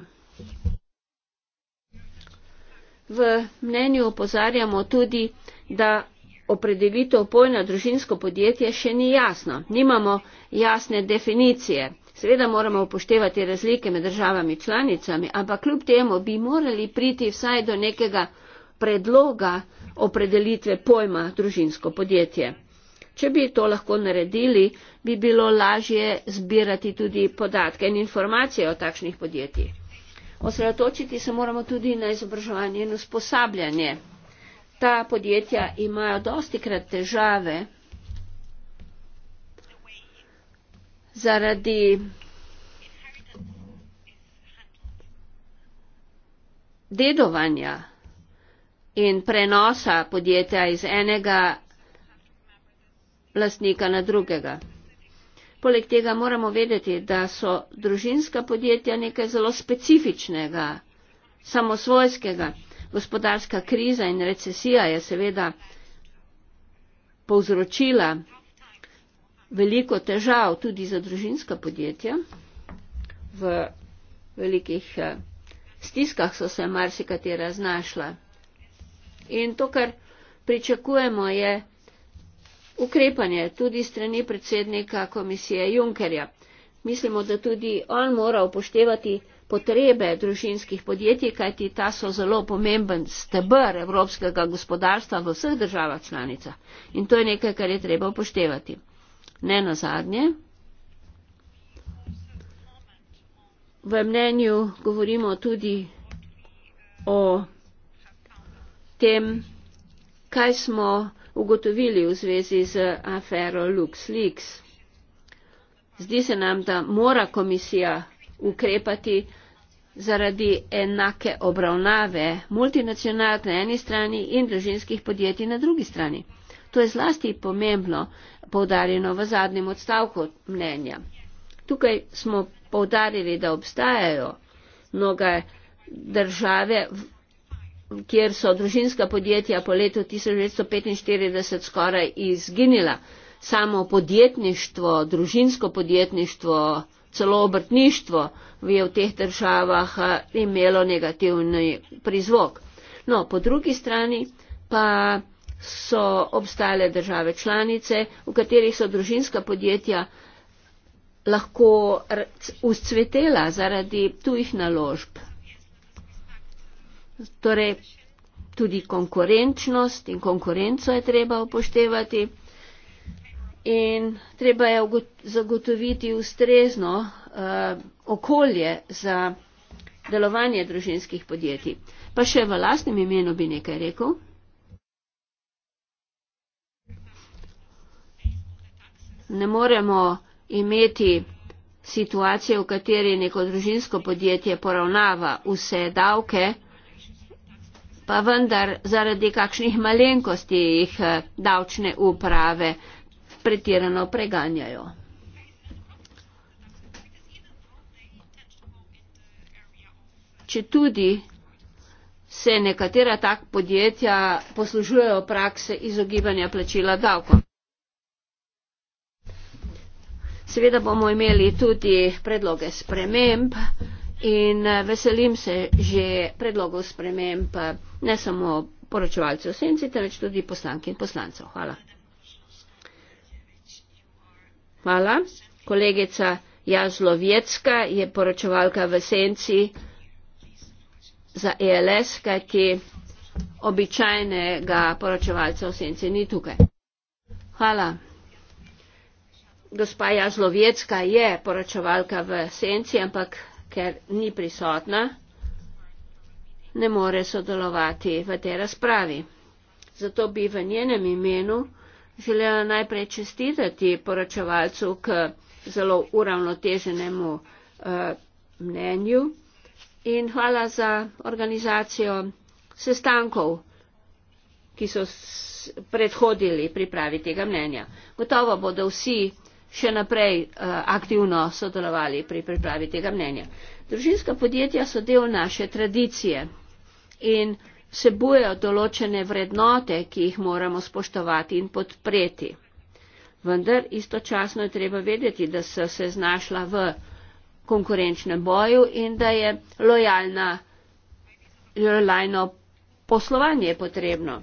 V mnenju opozarjamo tudi, da opredelitev pojna družinsko podjetje še ni jasna. Nimamo jasne definicije. Seveda moramo upoštevati razlike med državami članicami, ampak kljub temu bi morali priti vsaj do nekega predloga, opredelitve pojma družinsko podjetje. Če bi to lahko naredili, bi bilo lažje zbirati tudi podatke in informacije o takšnih podjetjih. Osredotočiti se moramo tudi na izobraževanje in usposabljanje. Ta podjetja imajo dosti krat težave zaradi dedovanja in prenosa podjetja iz enega lastnika na drugega. Poleg tega moramo vedeti, da so družinska podjetja nekaj zelo specifičnega, samosvojskega. Gospodarska kriza in recesija je seveda povzročila veliko težav tudi za družinska podjetja. V velikih eh, stiskah so se marsikatera znašla. In to, kar pričakujemo, je ukrepanje tudi strani predsednika komisije Junkerja. Mislimo, da tudi on mora upoštevati potrebe družinskih podjetij, kajti ta so zelo pomemben stebr evropskega gospodarstva v vseh državah članica. In to je nekaj, kar je treba upoštevati. Ne na zadnje. V mnenju govorimo tudi o tem, kaj smo ugotovili v zvezi z afero LuxLeaks. Zdi se nam, da mora komisija ukrepati zaradi enake obravnave multinacionalk na eni strani in družinskih podjetij na drugi strani. To je zlasti pomembno poudarjeno v zadnjem odstavku mnenja. Tukaj smo poudarili, da obstajajo mnoge države kjer so družinska podjetja po letu 1945 skoraj izginila. Samo podjetništvo, družinsko podjetništvo, celo obrtništvo je v teh državah eh, imelo negativni prizvok. No, po drugi strani pa so obstale države članice, v katerih so družinska podjetja lahko vzcvetela zaradi tujih naložb, torej tudi konkurenčnost in konkurenco je treba upoštevati in treba je zagotoviti ustrezno uh, okolje za delovanje družinskih podjetij. Pa še v lastnem imenu bi nekaj rekel. Ne moremo imeti situacije, v kateri neko družinsko podjetje poravnava vse davke, uh, pa vendar zaradi kakšnih malenkosti jih eh, davčne uprave pretirano preganjajo. Če tudi se nekatera tak podjetja poslužujejo prakse izogibanja plačila davkom. Seveda bomo imeli tudi predloge sprememb in eh, veselim se že predlogov sprememb eh, ne samo poročevalcev senci, temveč tudi poslank in poslancev. Hvala. Hvala. Kolegica Jazlovjecka je poročevalka v senci za ELS, kajti običajnega poročevalca v senci ni tukaj. Hvala. Gospa Jazlovjecka je poročevalka v senci, ampak ker ni prisotna, ne more sodelovati v tej razpravi. Zato bi v njenem imenu želela najprej čestitati poročevalcu k zelo uravnoteženemu uh, mnenju in hvala za organizacijo sestankov, ki so predhodili pripravi tega mnenja. Gotovo bodo vsi še naprej eh, aktivno sodelovali pri pripravi tega mnenja. Družinska podjetja so del naše tradicije in vsebujejo določene vrednote, ki jih moramo spoštovati in podpreti. Vendar istočasno je treba vedeti, da so se znašla v konkurenčnem boju in da je lojalna, lojalno poslovanje potrebno.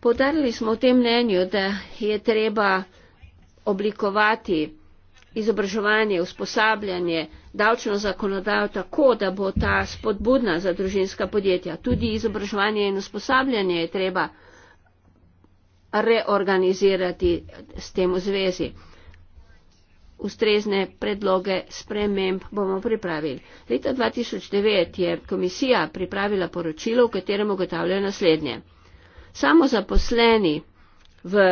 Podarili smo v tem mnenju, da je treba oblikovati izobraževanje, usposabljanje, davčno zakonodajo tako, da bo ta spodbudna za družinska podjetja. Tudi izobraževanje in usposabljanje je treba reorganizirati s tem v zvezi. Ustrezne predloge sprememb bomo pripravili. Leta 2009 je komisija pripravila poročilo, v katerem ugotavlja naslednje. Samo zaposleni v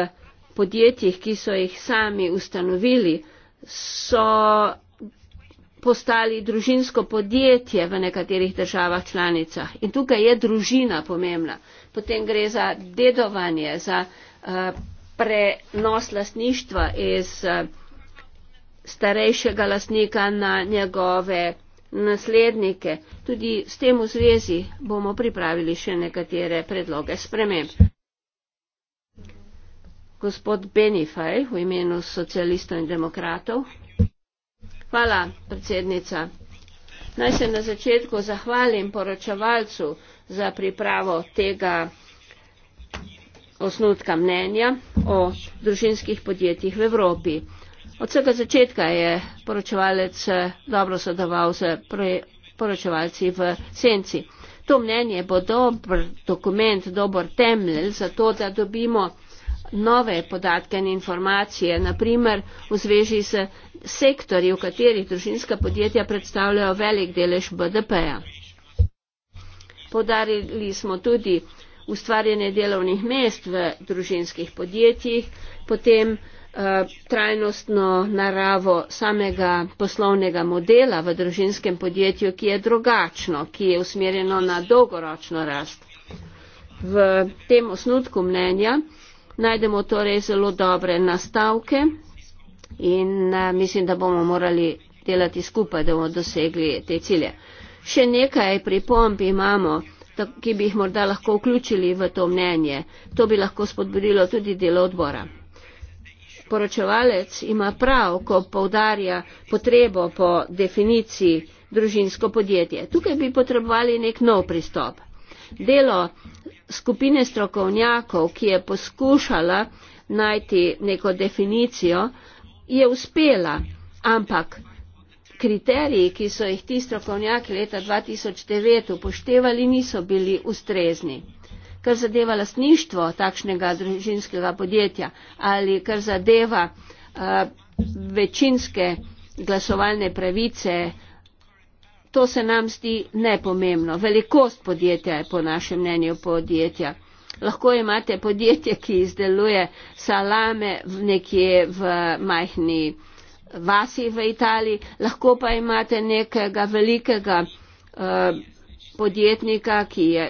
podjetjih, ki so jih sami ustanovili, so postali družinsko podjetje v nekaterih državah članicah. In tukaj je družina pomembna. Potem gre za dedovanje, za uh, prenos lastništva iz uh, starejšega lastnika na njegove naslednike. Tudi s tem v zvezi bomo pripravili še nekatere predloge sprememb. Gospod Benifaj v imenu socialistov in demokratov. Hvala, predsednica. Naj se na začetku zahvalim poročevalcu za pripravo tega osnutka mnenja o družinskih podjetjih v Evropi. Od vsega začetka je poročevalec eh, dobro sodeloval z poročevalci v senci. To mnenje bo dober dokument, dober temelj za to, da dobimo nove podatke in informacije, naprimer v zvezi s sektorji, v katerih družinska podjetja predstavljajo velik delež BDP-ja. Podarili smo tudi ustvarjanje delovnih mest v družinskih podjetjih, potem eh, trajnostno naravo samega poslovnega modela v družinskem podjetju, ki je drugačno, ki je usmerjeno na dolgoročno rast. V tem osnutku mnenja najdemo torej zelo dobre nastavke in eh, mislim, da bomo morali delati skupaj, da bomo dosegli te cilje. Še nekaj pripomb imamo, ki bi jih morda lahko vključili v to mnenje. To bi lahko spodbudilo tudi delo odbora. Poročevalec ima prav, ko povdarja potrebo po definiciji družinsko podjetje. Tukaj bi potrebovali nek nov pristop delo skupine strokovnjakov, ki je poskušala najti neko definicijo, je uspela, ampak kriteriji, ki so jih ti strokovnjaki leta 2009 upoštevali, niso bili ustrezni. Kar zadeva lasništvo takšnega družinskega podjetja ali kar zadeva uh, večinske glasovalne pravice uh, To se nam zdi nepomembno. Velikost podjetja je po našem mnenju podjetja. Lahko imate podjetje, ki izdeluje salame v nekje v majhni vasi v Italiji, lahko pa imate nekega velikega uh, podjetnika, ki je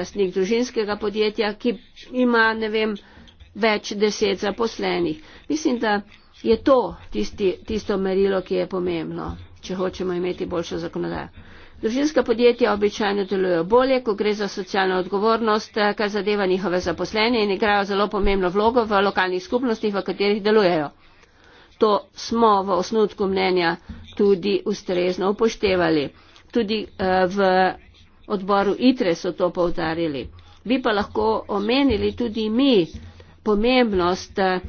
lastnik družinskega podjetja, ki ima ne vem več deset zaposlenih. Mislim, da je to tisti, tisto merilo, ki je pomembno če hočemo imeti boljšo zakonodajo. Družinska podjetja običajno delujejo bolje, ko gre za socialno odgovornost, eh, kar zadeva njihove zaposlene in igrajo zelo pomembno vlogo v lokalnih skupnostih, v katerih delujejo. To smo v osnutku mnenja tudi ustrezno upoštevali. Tudi eh, v odboru ITRE so to poudarili. Bi pa lahko omenili tudi mi pomembnost eh,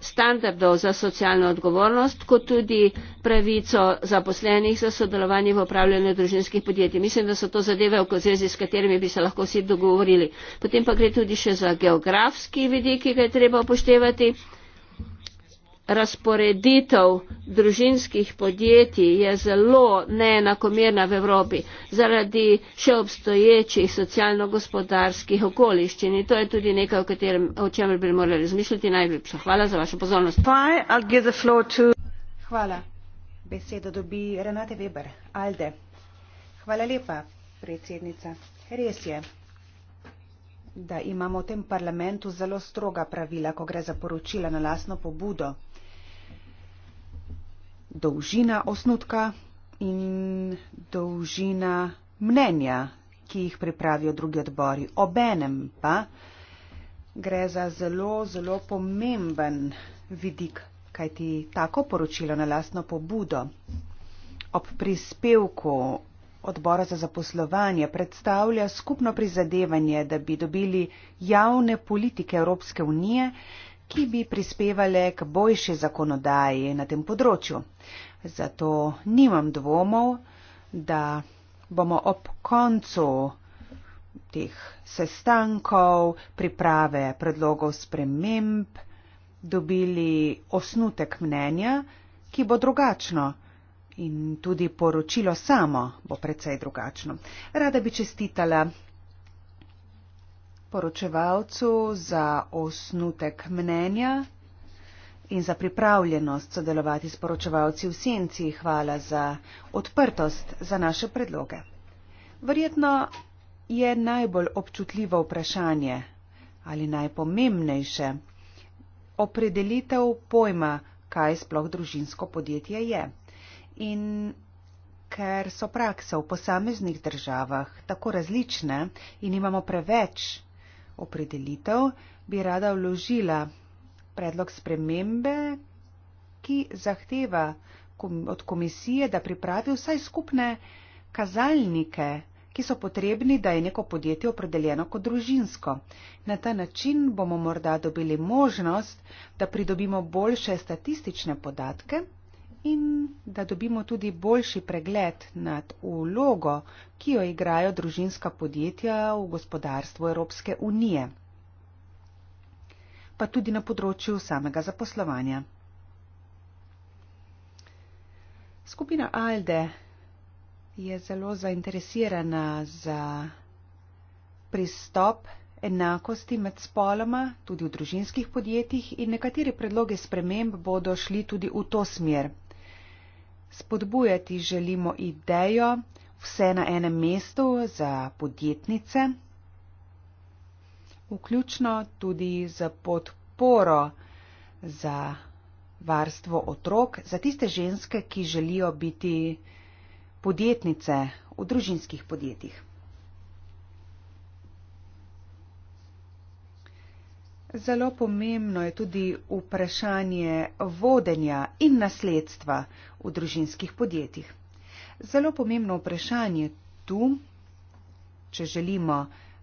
standardov za socialno odgovornost, kot tudi pravico zaposlenih za sodelovanje v upravljanju družinskih podjetij. Mislim, da so to zadeve, v zvezi s katerimi bi se lahko vsi dogovorili. Potem pa gre tudi še za geografski vidik, ki ga je treba upoštevati razporeditev družinskih podjetij je zelo neenakomerna v Evropi zaradi še obstoječih socialno-gospodarskih okoliščin. In to je tudi nekaj, o, katerem, o čemer bi morali razmišljati najlepša. Hvala za vašo pozornost. Hvala. Besedo dobi Renate Weber, Alde. Hvala lepa, predsednica. Res je, da imamo v tem parlamentu zelo stroga pravila, ko gre za poročila na lasno pobudo dolžina osnutka in dolžina mnenja, ki jih pripravijo drugi odbori. Obenem pa gre za zelo, zelo pomemben vidik, kajti tako poročilo na lastno pobudo ob prispevku odbora za zaposlovanje predstavlja skupno prizadevanje, da bi dobili javne politike Evropske unije, ki bi prispevale k boljši zakonodaji na tem področju. Zato nimam dvomov, da bomo ob koncu teh sestankov, priprave predlogov sprememb, dobili osnutek mnenja, ki bo drugačno. In tudi poročilo samo bo precej drugačno. Rada bi čestitala poročevalcu za osnutek mnenja in za pripravljenost sodelovati s poročevalci v senci. Hvala za odprtost za naše predloge. Verjetno je najbolj občutljivo vprašanje ali najpomembnejše opredelitev pojma, kaj sploh družinsko podjetje je. In ker so prakse v posameznih državah tako različne in imamo preveč opredelitev, bi rada vložila predlog spremembe, ki zahteva od komisije, da pripravi vsaj skupne kazalnike, ki so potrebni, da je neko podjetje opredeljeno kot družinsko. Na ta način bomo morda dobili možnost, da pridobimo boljše statistične podatke in da dobimo tudi boljši pregled nad ulogo, ki jo igrajo družinska podjetja v gospodarstvu Evropske unije, pa tudi na področju samega zaposlovanja. Skupina Alde je zelo zainteresirana za pristop enakosti med spoloma tudi v družinskih podjetjih in nekateri predloge sprememb bodo šli tudi v to smer spodbujati želimo idejo vse na enem mestu za podjetnice, vključno tudi z podporo za varstvo otrok, za tiste ženske, ki želijo biti podjetnice v družinskih podjetjih. Zelo pomembno je tudi vprašanje vodenja in nasledstva v družinskih podjetjih. Zelo pomembno vprašanje tu, če želimo,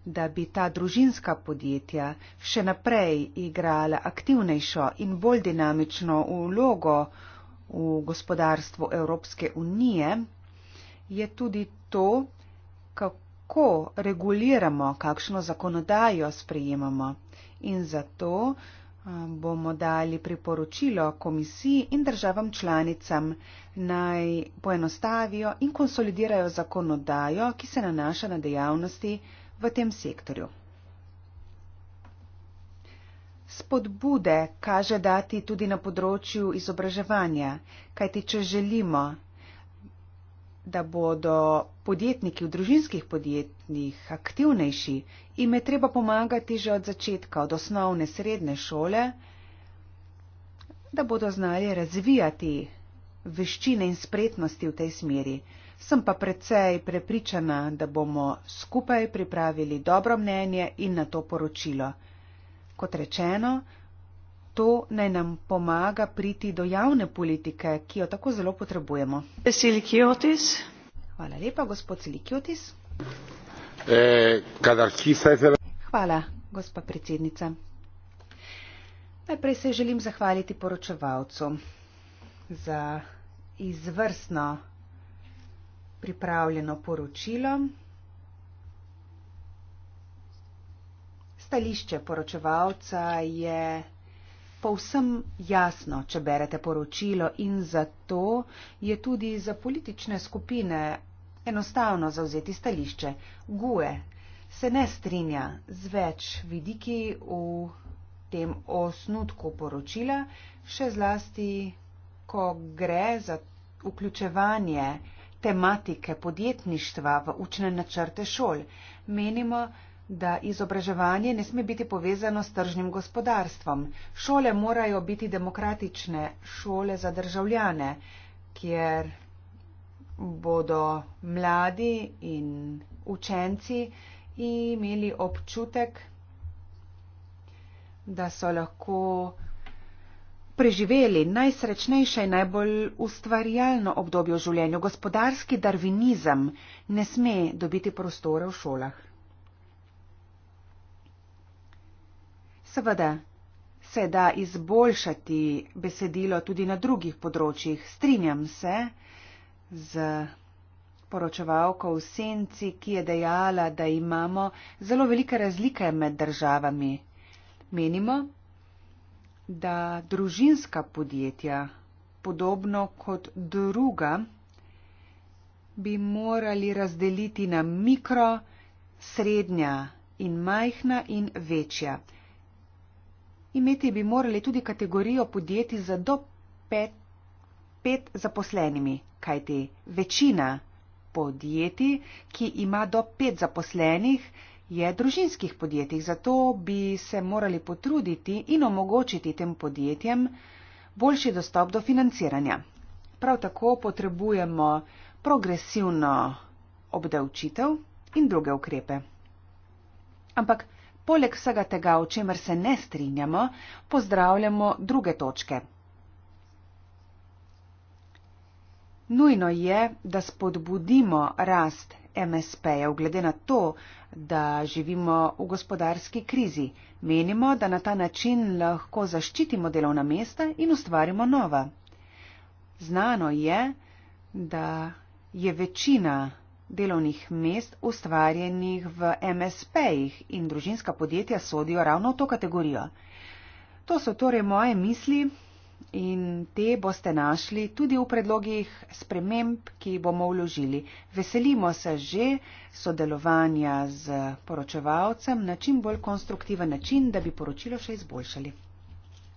da bi ta družinska podjetja še naprej igrala aktivnejšo in bolj dinamično vlogo v gospodarstvu Evropske unije, je tudi to, kako reguliramo, kakšno zakonodajo sprejemamo in zato eh, bomo dali priporočilo komisiji in državam članicam naj poenostavijo in konsolidirajo zakonodajo, ki se nanaša na dejavnosti v tem sektorju. Spodbude kaže dati tudi na področju izobraževanja, kajti če želimo, da bodo podjetniki v družinskih podjetjih aktivnejši, jim je treba pomagati že od začetka, od osnovne srednje šole, da bodo znali razvijati veščine in spretnosti v tej smeri. Sem pa precej prepričana, da bomo skupaj pripravili dobro mnenje in na to poročilo. Kot rečeno, To naj nam pomaga priti do javne politike, ki jo tako zelo potrebujemo. Silikiotis. Hvala lepa, gospod Silikiotis. E, Hvala, gospa predsednica. Najprej se želim zahvaliti poročevalcu za izvrstno pripravljeno poročilo. Stališče poročevalca je povsem jasno, če berete poročilo in zato je tudi za politične skupine enostavno zauzeti stališče. Gue se ne strinja z več vidiki v tem osnutku poročila, še zlasti, ko gre za vključevanje tematike podjetništva v učne načrte šol. Menimo, da izobraževanje ne sme biti povezano s tržnim gospodarstvom. Šole morajo biti demokratične, šole za državljane, kjer bodo mladi in učenci imeli občutek, da so lahko preživeli najsrečnejše in najbolj ustvarjalno obdobje v življenju. Gospodarski darvinizem ne sme dobiti prostora v šolah. Seveda se da izboljšati besedilo tudi na drugih področjih. Strinjam se z poročevalko v senci, ki je dejala, da imamo zelo velike razlike med državami. Menimo, da družinska podjetja, podobno kot druga, bi morali razdeliti na mikro, srednja in majhna in večja. Imeti bi morali tudi kategorijo podjetij za do pet, pet zaposlenimi, kajti večina podjetij, ki ima do pet zaposlenih, je družinskih podjetij. Zato bi se morali potruditi in omogočiti tem podjetjem boljši dostop do financiranja. Prav tako potrebujemo progresivno obdavčitev in druge ukrepe. Ampak poleg vsega tega, o čemer se ne strinjamo, pozdravljamo druge točke. Nujno je, da spodbudimo rast MSP-jev glede na to, da živimo v gospodarski krizi. Menimo, da na ta način lahko zaščitimo delovna mesta in ustvarimo nova. Znano je, da je večina delovnih mest ustvarjenih v MSP-jih in družinska podjetja sodijo ravno v to kategorijo. To so torej moje misli in te boste našli tudi v predlogih sprememb, ki bomo vložili. Veselimo se že sodelovanja z poročevalcem na čim bolj konstruktiven način, da bi poročilo še izboljšali.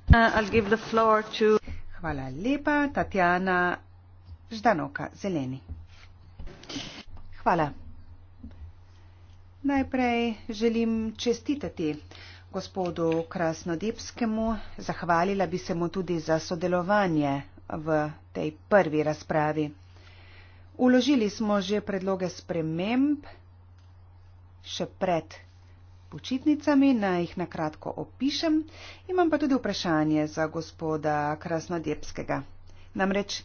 Uh, to... Hvala lepa, Tatjana Ždanoka, zeleni. Hvala. Najprej želim čestitati gospodu Krasnodepskemu. Zahvalila bi se mu tudi za sodelovanje v tej prvi razpravi. Uložili smo že predloge sprememb še pred počitnicami, naj jih nakratko opišem. Imam pa tudi vprašanje za gospoda Krasnodepskega. Namreč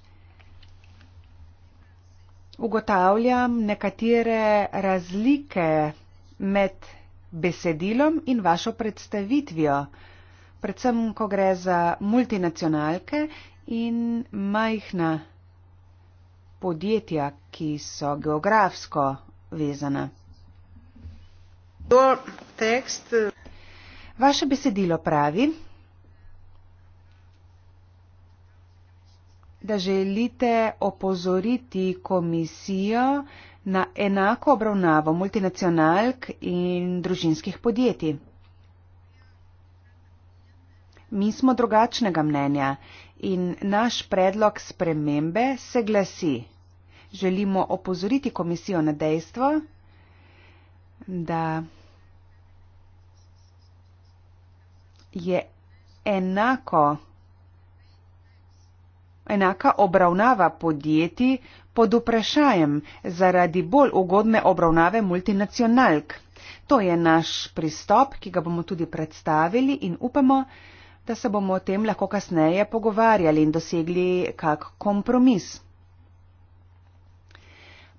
ugotavljam nekatere razlike med besedilom in vašo predstavitvijo, predvsem ko gre za multinacionalke in majhna podjetja, ki so geografsko vezana. Eh, Vaše besedilo pravi, da želite opozoriti komisijo na enako obravnavo multinacionalk in družinskih podjetij. Mi smo drugačnega mnenja in naš predlog spremembe se glasi. Želimo opozoriti komisijo na dejstvo, da je enako enaka obravnava podjetij pod vprašajem zaradi bolj ugodne obravnave multinacionalk. To je naš pristop, ki ga bomo tudi predstavili in upamo, da se bomo o tem lahko kasneje pogovarjali in dosegli kak kompromis.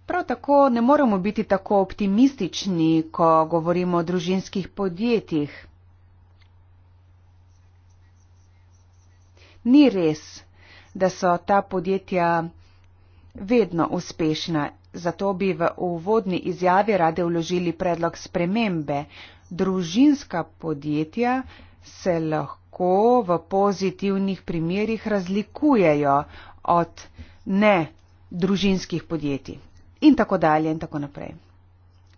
Prav tako ne moremo biti tako optimistični, ko govorimo o družinskih podjetjih. Ni res, da so ta podjetja vedno uspešna. Zato bi v uvodni izjavi rade vložili predlog spremembe. Družinska podjetja se lahko v pozitivnih primerjih razlikujejo od ne družinskih podjetij in tako dalje in tako naprej.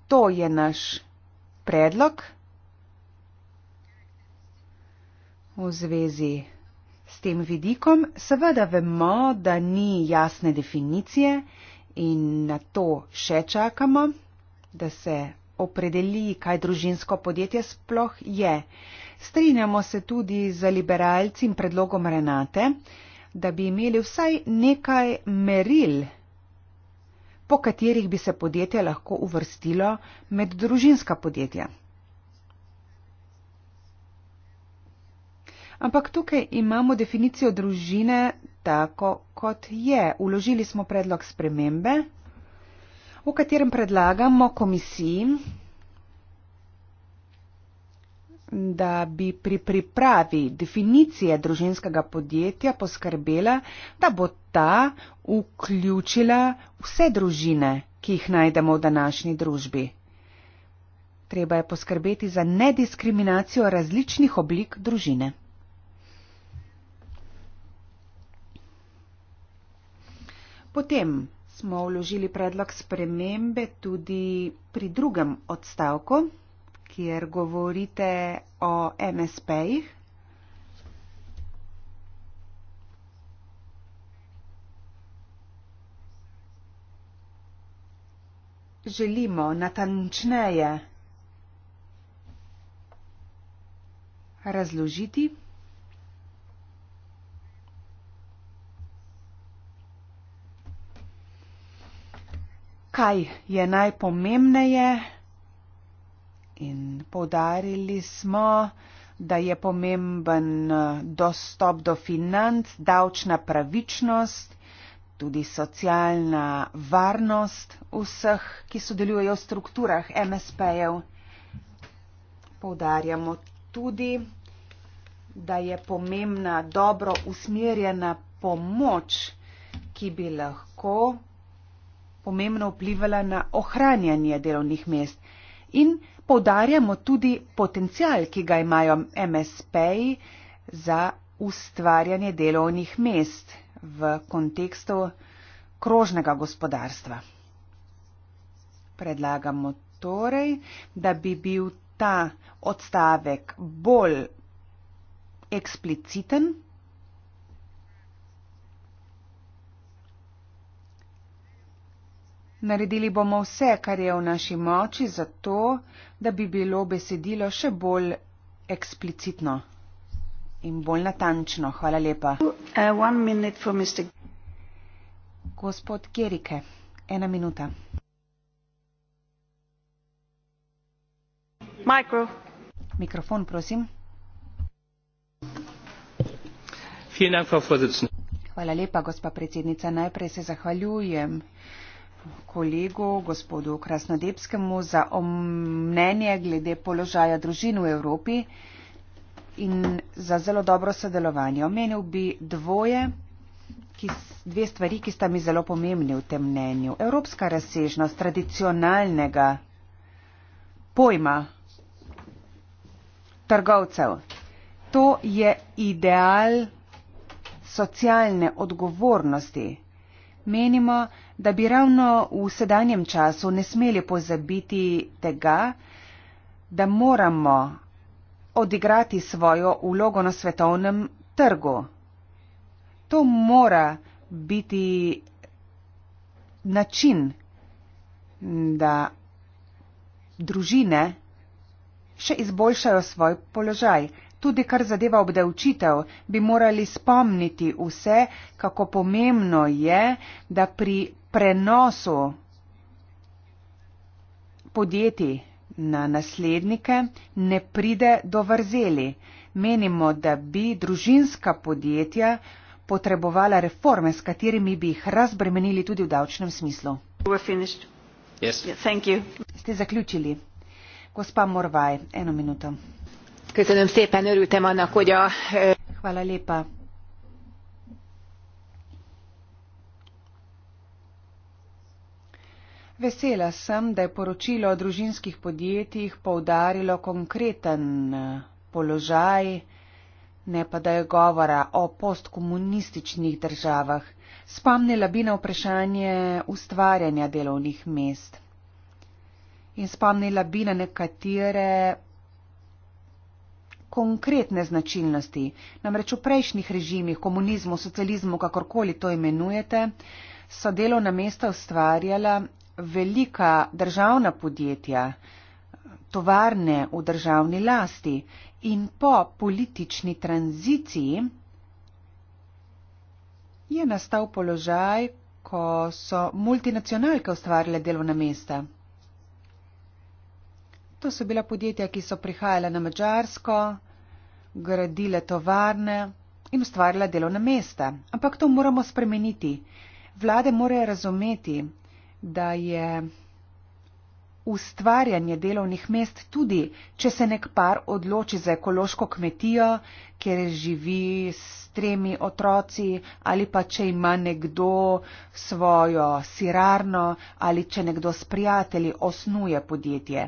To je naš predlog v zvezi S tem vidikom seveda vemo, da ni jasne definicije in na to še čakamo, da se opredeli, kaj družinsko podjetje sploh je. Strinjamo se tudi z liberalci in predlogom Renate, da bi imeli vsaj nekaj meril, po katerih bi se podjetje lahko uvrstilo med družinska podjetja. Ampak tukaj imamo definicijo družine tako, kot je. Uložili smo predlog spremembe, v katerem predlagamo komisiji, da bi pri pripravi definicije družinskega podjetja poskrbela, da bo ta vključila vse družine, ki jih najdemo v današnji družbi. Treba je poskrbeti za nediskriminacijo različnih oblik družine. Potem smo vložili predlog spremembe tudi pri drugem odstavku, kjer govorite o MSP-jih. Želimo natančneje razložiti. kaj je najpomembneje. In povdarili smo, da je pomemben eh, dostop do financ, davčna pravičnost, tudi socialna varnost vseh, ki sodelujejo v strukturah MSP-jev. Povdarjamo tudi, da je pomembna dobro usmerjena pomoč, ki bi lahko pomembno vplivala na ohranjanje delovnih mest. In poudarjamo tudi potencial, ki ga imajo MSP-ji za ustvarjanje delovnih mest v kontekstu krožnega gospodarstva. Predlagamo torej, da bi bil ta odstavek bolj ekspliciten. Naredili bomo vse, kar je v naši moči, zato, da bi bilo besedilo še bolj eksplicitno in bolj natančno. Hvala lepa. Uh, Gospod Gerike, ena minuta. Micro. Mikrofon, prosim. Hvala lepa, gospa predsednica. Najprej se zahvaljujem kolegu, gospodu Krasnodebskemu, za mnenje glede položaja družin v Evropi in za zelo dobro sodelovanje. Omenil bi dvoje, ki, dve stvari, ki sta mi zelo pomembni v tem mnenju. Evropska razsežnost tradicionalnega pojma trgovcev. To je ideal socialne odgovornosti. Menimo, da bi ravno v sedanjem času ne smeli pozabiti tega, da moramo odigrati svojo vlogo na svetovnem trgu. To mora biti način, da družine še izboljšajo svoj položaj. Tudi kar zadeva obdavčitev, bi morali spomniti vse, kako pomembno je, da pri prenosu podjetij na naslednike ne pride do vrzeli. Menimo, da bi družinska podjetja potrebovala reforme, s katerimi bi jih razbremenili tudi v davčnem smislu. Yes. Yeah, Ste zaključili. Gospa Morvaj, eno minuto. Hvala lepa. Vesela sem, da je poročilo o družinskih podjetjih poudarilo konkreten eh, položaj, ne pa da je govora o postkomunističnih državah. Spomnila bi na vprašanje ustvarjanja delovnih mest in spomnila bi na nekatere konkretne značilnosti. Namreč v prejšnjih režimih, komunizmu, socializmu, kakorkoli to imenujete, so delovna mesta ustvarjala velika državna podjetja, tovarne v državni lasti in po politični tranziciji je nastal položaj, ko so multinacionalke ustvarile delovna mesta. To so bila podjetja, ki so prihajala na Mačarsko, gradile tovarne in ustvarila delovna mesta. Ampak to moramo spremeniti. Vlade morajo razumeti, da je ustvarjanje delovnih mest tudi, če se nek par odloči za ekološko kmetijo, kjer živi s tremi otroci ali pa če ima nekdo svojo sirarno ali če nekdo s prijatelji osnuje podjetje.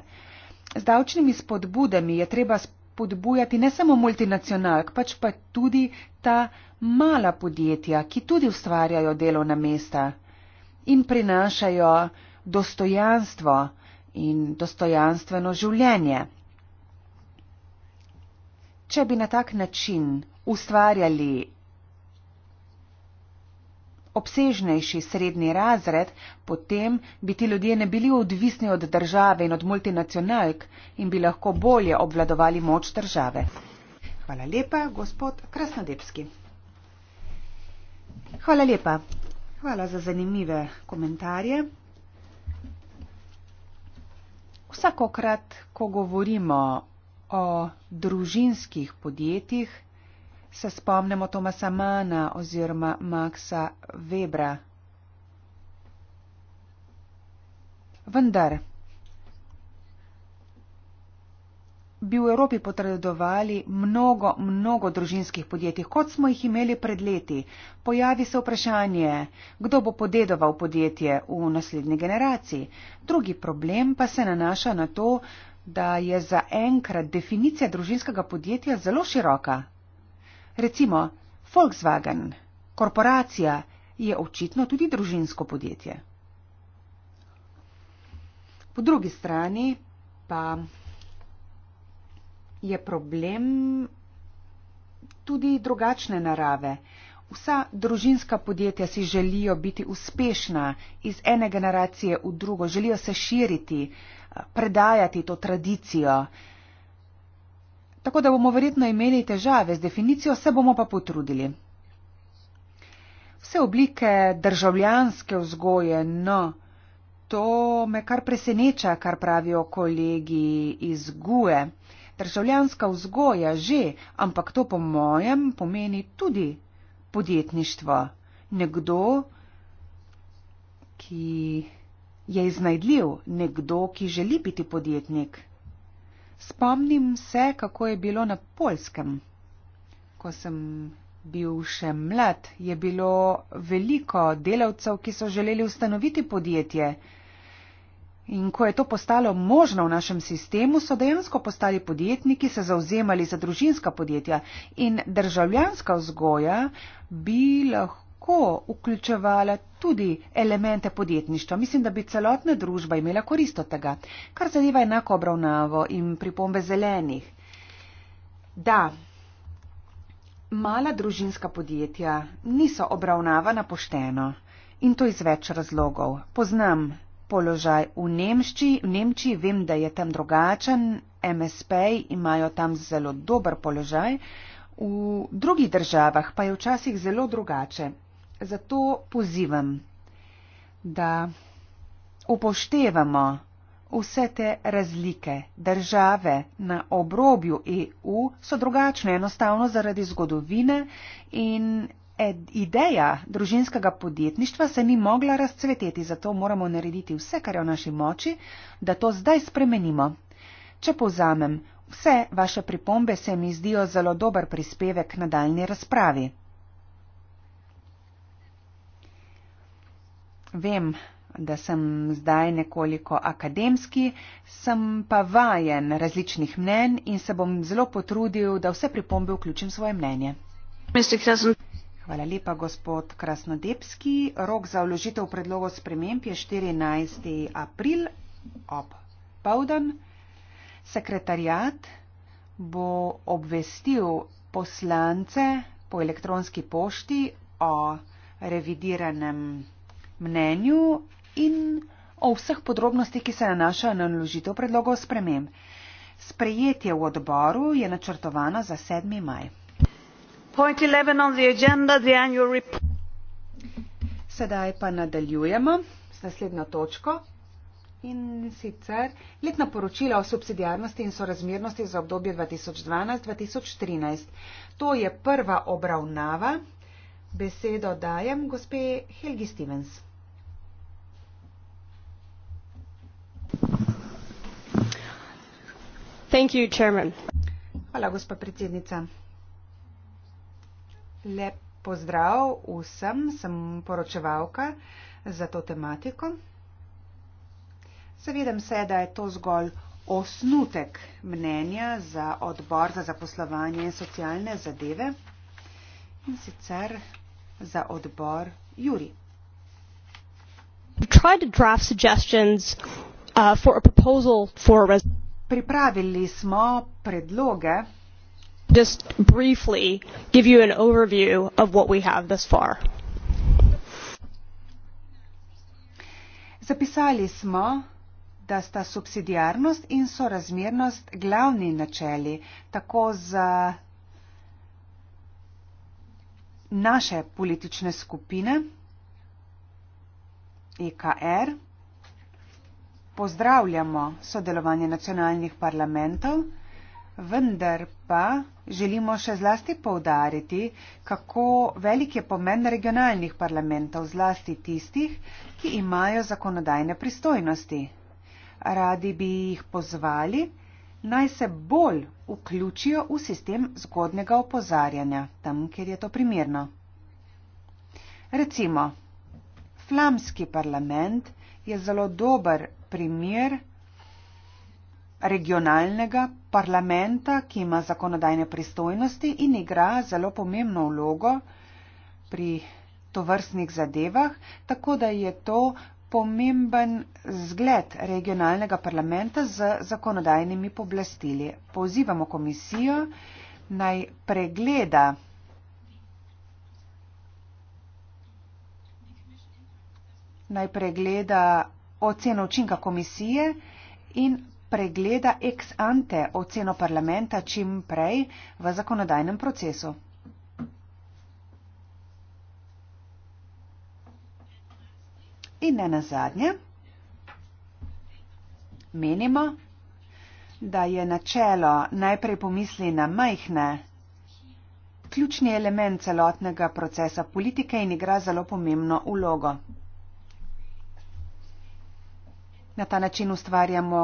Z davčnimi spodbudami je treba spodbujati ne samo multinacionalk, pač pa tudi ta mala podjetja, ki tudi ustvarjajo delovna mesta in prinašajo dostojanstvo in dostojanstveno življenje. Če bi na tak način ustvarjali obsežnejši srednji razred, potem bi ti ljudje ne bili odvisni od države in od multinacionalk in bi lahko bolje obvladovali moč države. Hvala lepa, gospod Krasnodebski. Hvala lepa. Hvala za zanimive komentarje. Vsakokrat, ko govorimo o družinskih podjetjih, se spomnimo Tomasa Mana oziroma Maxa Webra. Vendar bi v Evropi potredovali mnogo, mnogo družinskih podjetij, kot smo jih imeli pred leti. Pojavi se vprašanje, kdo bo podedoval podjetje v naslednji generaciji. Drugi problem pa se nanaša na to, da je zaenkrat definicija družinskega podjetja zelo široka. Recimo, Volkswagen, korporacija je očitno tudi družinsko podjetje. Po drugi strani pa je problem tudi drugačne narave. Vsa družinska podjetja si želijo biti uspešna iz ene generacije v drugo, želijo se širiti, eh, predajati to tradicijo. Tako da bomo verjetno imeli težave z definicijo, se bomo pa potrudili. Vse oblike državljanske vzgoje, no, to me kar preseneča, kar pravijo kolegi iz GUE državljanska vzgoja že, ampak to po mojem pomeni tudi podjetništvo. Nekdo, ki je iznajdljiv, nekdo, ki želi biti podjetnik. Spomnim se, kako je bilo na Polskem. Ko sem bil še mlad, je bilo veliko delavcev, ki so želeli ustanoviti podjetje. In ko je to postalo možno v našem sistemu, so dejansko postali podjetniki, se zauzemali za družinska podjetja in državljanska vzgoja bi lahko vključevala tudi elemente podjetništva. Mislim, da bi celotna družba imela korist od tega, kar zadeva enako obravnavo in pripombe zelenih. Da, mala družinska podjetja niso obravnavana pošteno. In to iz več razlogov. Poznam položaj v Nemčiji. V Nemčiji vem, da je tam drugačen, MSP imajo tam zelo dober položaj, v drugih državah pa je včasih zelo drugače. Zato pozivam, da upoštevamo vse te razlike. Države na obrobju EU so drugačne enostavno zaradi zgodovine in ed, ideja družinskega podjetništva se ni mogla razcveteti, zato moramo narediti vse, kar je v naši moči, da to zdaj spremenimo. Če povzamem, vse vaše pripombe se mi zdijo zelo dober prispevek na daljni razpravi. Vem, da sem zdaj nekoliko akademski, sem pa vajen različnih mnen in se bom zelo potrudil, da vse pripombe vključim svoje mnenje. Mr. Cousin. Hvala lepa, gospod Krasnodebski. Rok za vložitev predlogov sprememb je 14. april ob povdan. Sekretarjat bo obvestil poslance po elektronski pošti o revidiranem mnenju in o vseh podrobnostih, ki se nanašajo na vložitev predlogov sprememb. Sprejetje v odboru je načrtovano za 7. maj sedaj pa nadaljujemo z naslednjo točko in sicer letna poročila o subsidijarnosti in sorazmernosti za obdobje 2012-2013. To je prva obravnava. Besedo dajem gospe Helgi Stevens. Thank you, Hvala, gospa predsednica. Lep pozdrav vsem, sem poročevalka za to tematiko. Zavedam se, da je to zgolj osnutek mnenja za odbor za zaposlovanje in socialne zadeve in sicer za odbor Juri. Uh, Pripravili smo predloge just briefly give you an overview of what we have thus far. Zapisali smo, da sta subsidiarnost in sorazmernost glavni načeli tako za naše politične skupine EKR. Pozdravljamo sodelovanje nacionalnih parlamentov. Vendar pa želimo še zlasti povdariti, kako velik je pomen regionalnih parlamentov, zlasti tistih, ki imajo zakonodajne pristojnosti. Radi bi jih pozvali, naj se bolj vključijo v sistem zgodnega opozarjanja, tam, kjer je to primerno. Recimo, flamski parlament je zelo dober primer, regionalnega parlamenta, ki ima zakonodajne pristojnosti in igra zelo pomembno vlogo pri tovrstnih zadevah, tako da je to pomemben zgled regionalnega parlamenta z zakonodajnimi poblastili. Pozivamo komisijo naj pregleda naj pregleda oceno učinka komisije in pregleda ex ante oceno parlamenta čim prej v zakonodajnem procesu. In ne na zadnje, menimo, da je načelo najprej pomisli na majhne, ključni element celotnega procesa politike in igra zelo pomembno ulogo. Na ta način ustvarjamo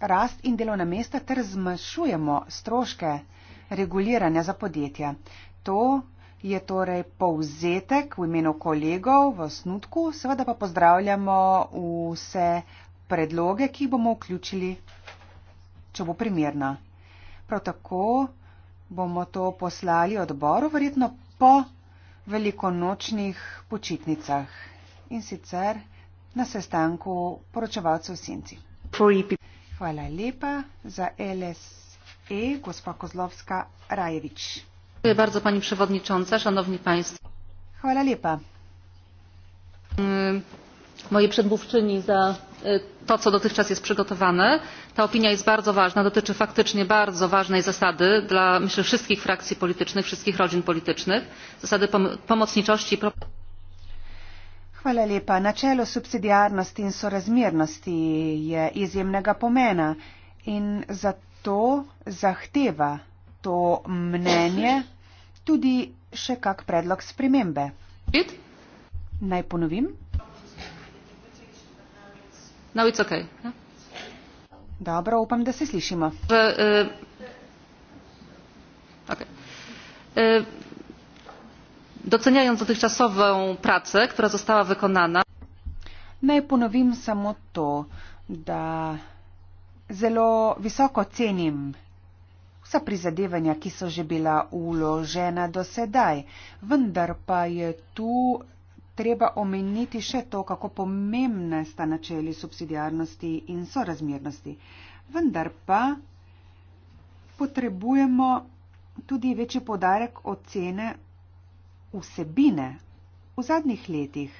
rast in delovna mesta ter zmanjšujemo stroške reguliranja za podjetja. To je torej povzetek v imenu kolegov v snutku, seveda pa pozdravljamo vse predloge, ki jih bomo vključili, če bo primerna. Prav tako bomo to poslali odboru, verjetno po velikonočnih počitnicah. In sicer na sestanku poročevalcev Sinci. Hvala lepa za LSE, gospa Kozlovska Rajevič. Hvala bardzo, pani przewodnicząca, szanowni państwo. Hvala lepa. Mm, Moje predmówczyni za e, to, co dotychczas jest przygotowane. Ta opinia jest bardzo ważna, dotyczy faktycznie bardzo ważnej zasady dla, myślę, wszystkich frakcji politycznych, wszystkich rodzin politycznych, zasady pom pomocniczości i proponowania. Hvala lepa. Načelo subsidijarnosti in sorazmernosti je izjemnega pomena in zato zahteva to mnenje tudi še kak predlog spremembe. Pet? Naj ponovim. No, it's okay. Yeah. No. Dobro, upam, da se slišimo. Uh, uh, okay. uh, doceniając dotychczasową pracę, która została wykonana. Naj ponovim samo to, da zelo visoko cenim vsa prizadevanja, ki so že bila uložena do sedaj, vendar pa je tu treba omeniti še to, kako pomembne sta načeli subsidijarnosti in sorazmernosti. Vendar pa potrebujemo tudi večji podarek ocene vsebine. V zadnjih letih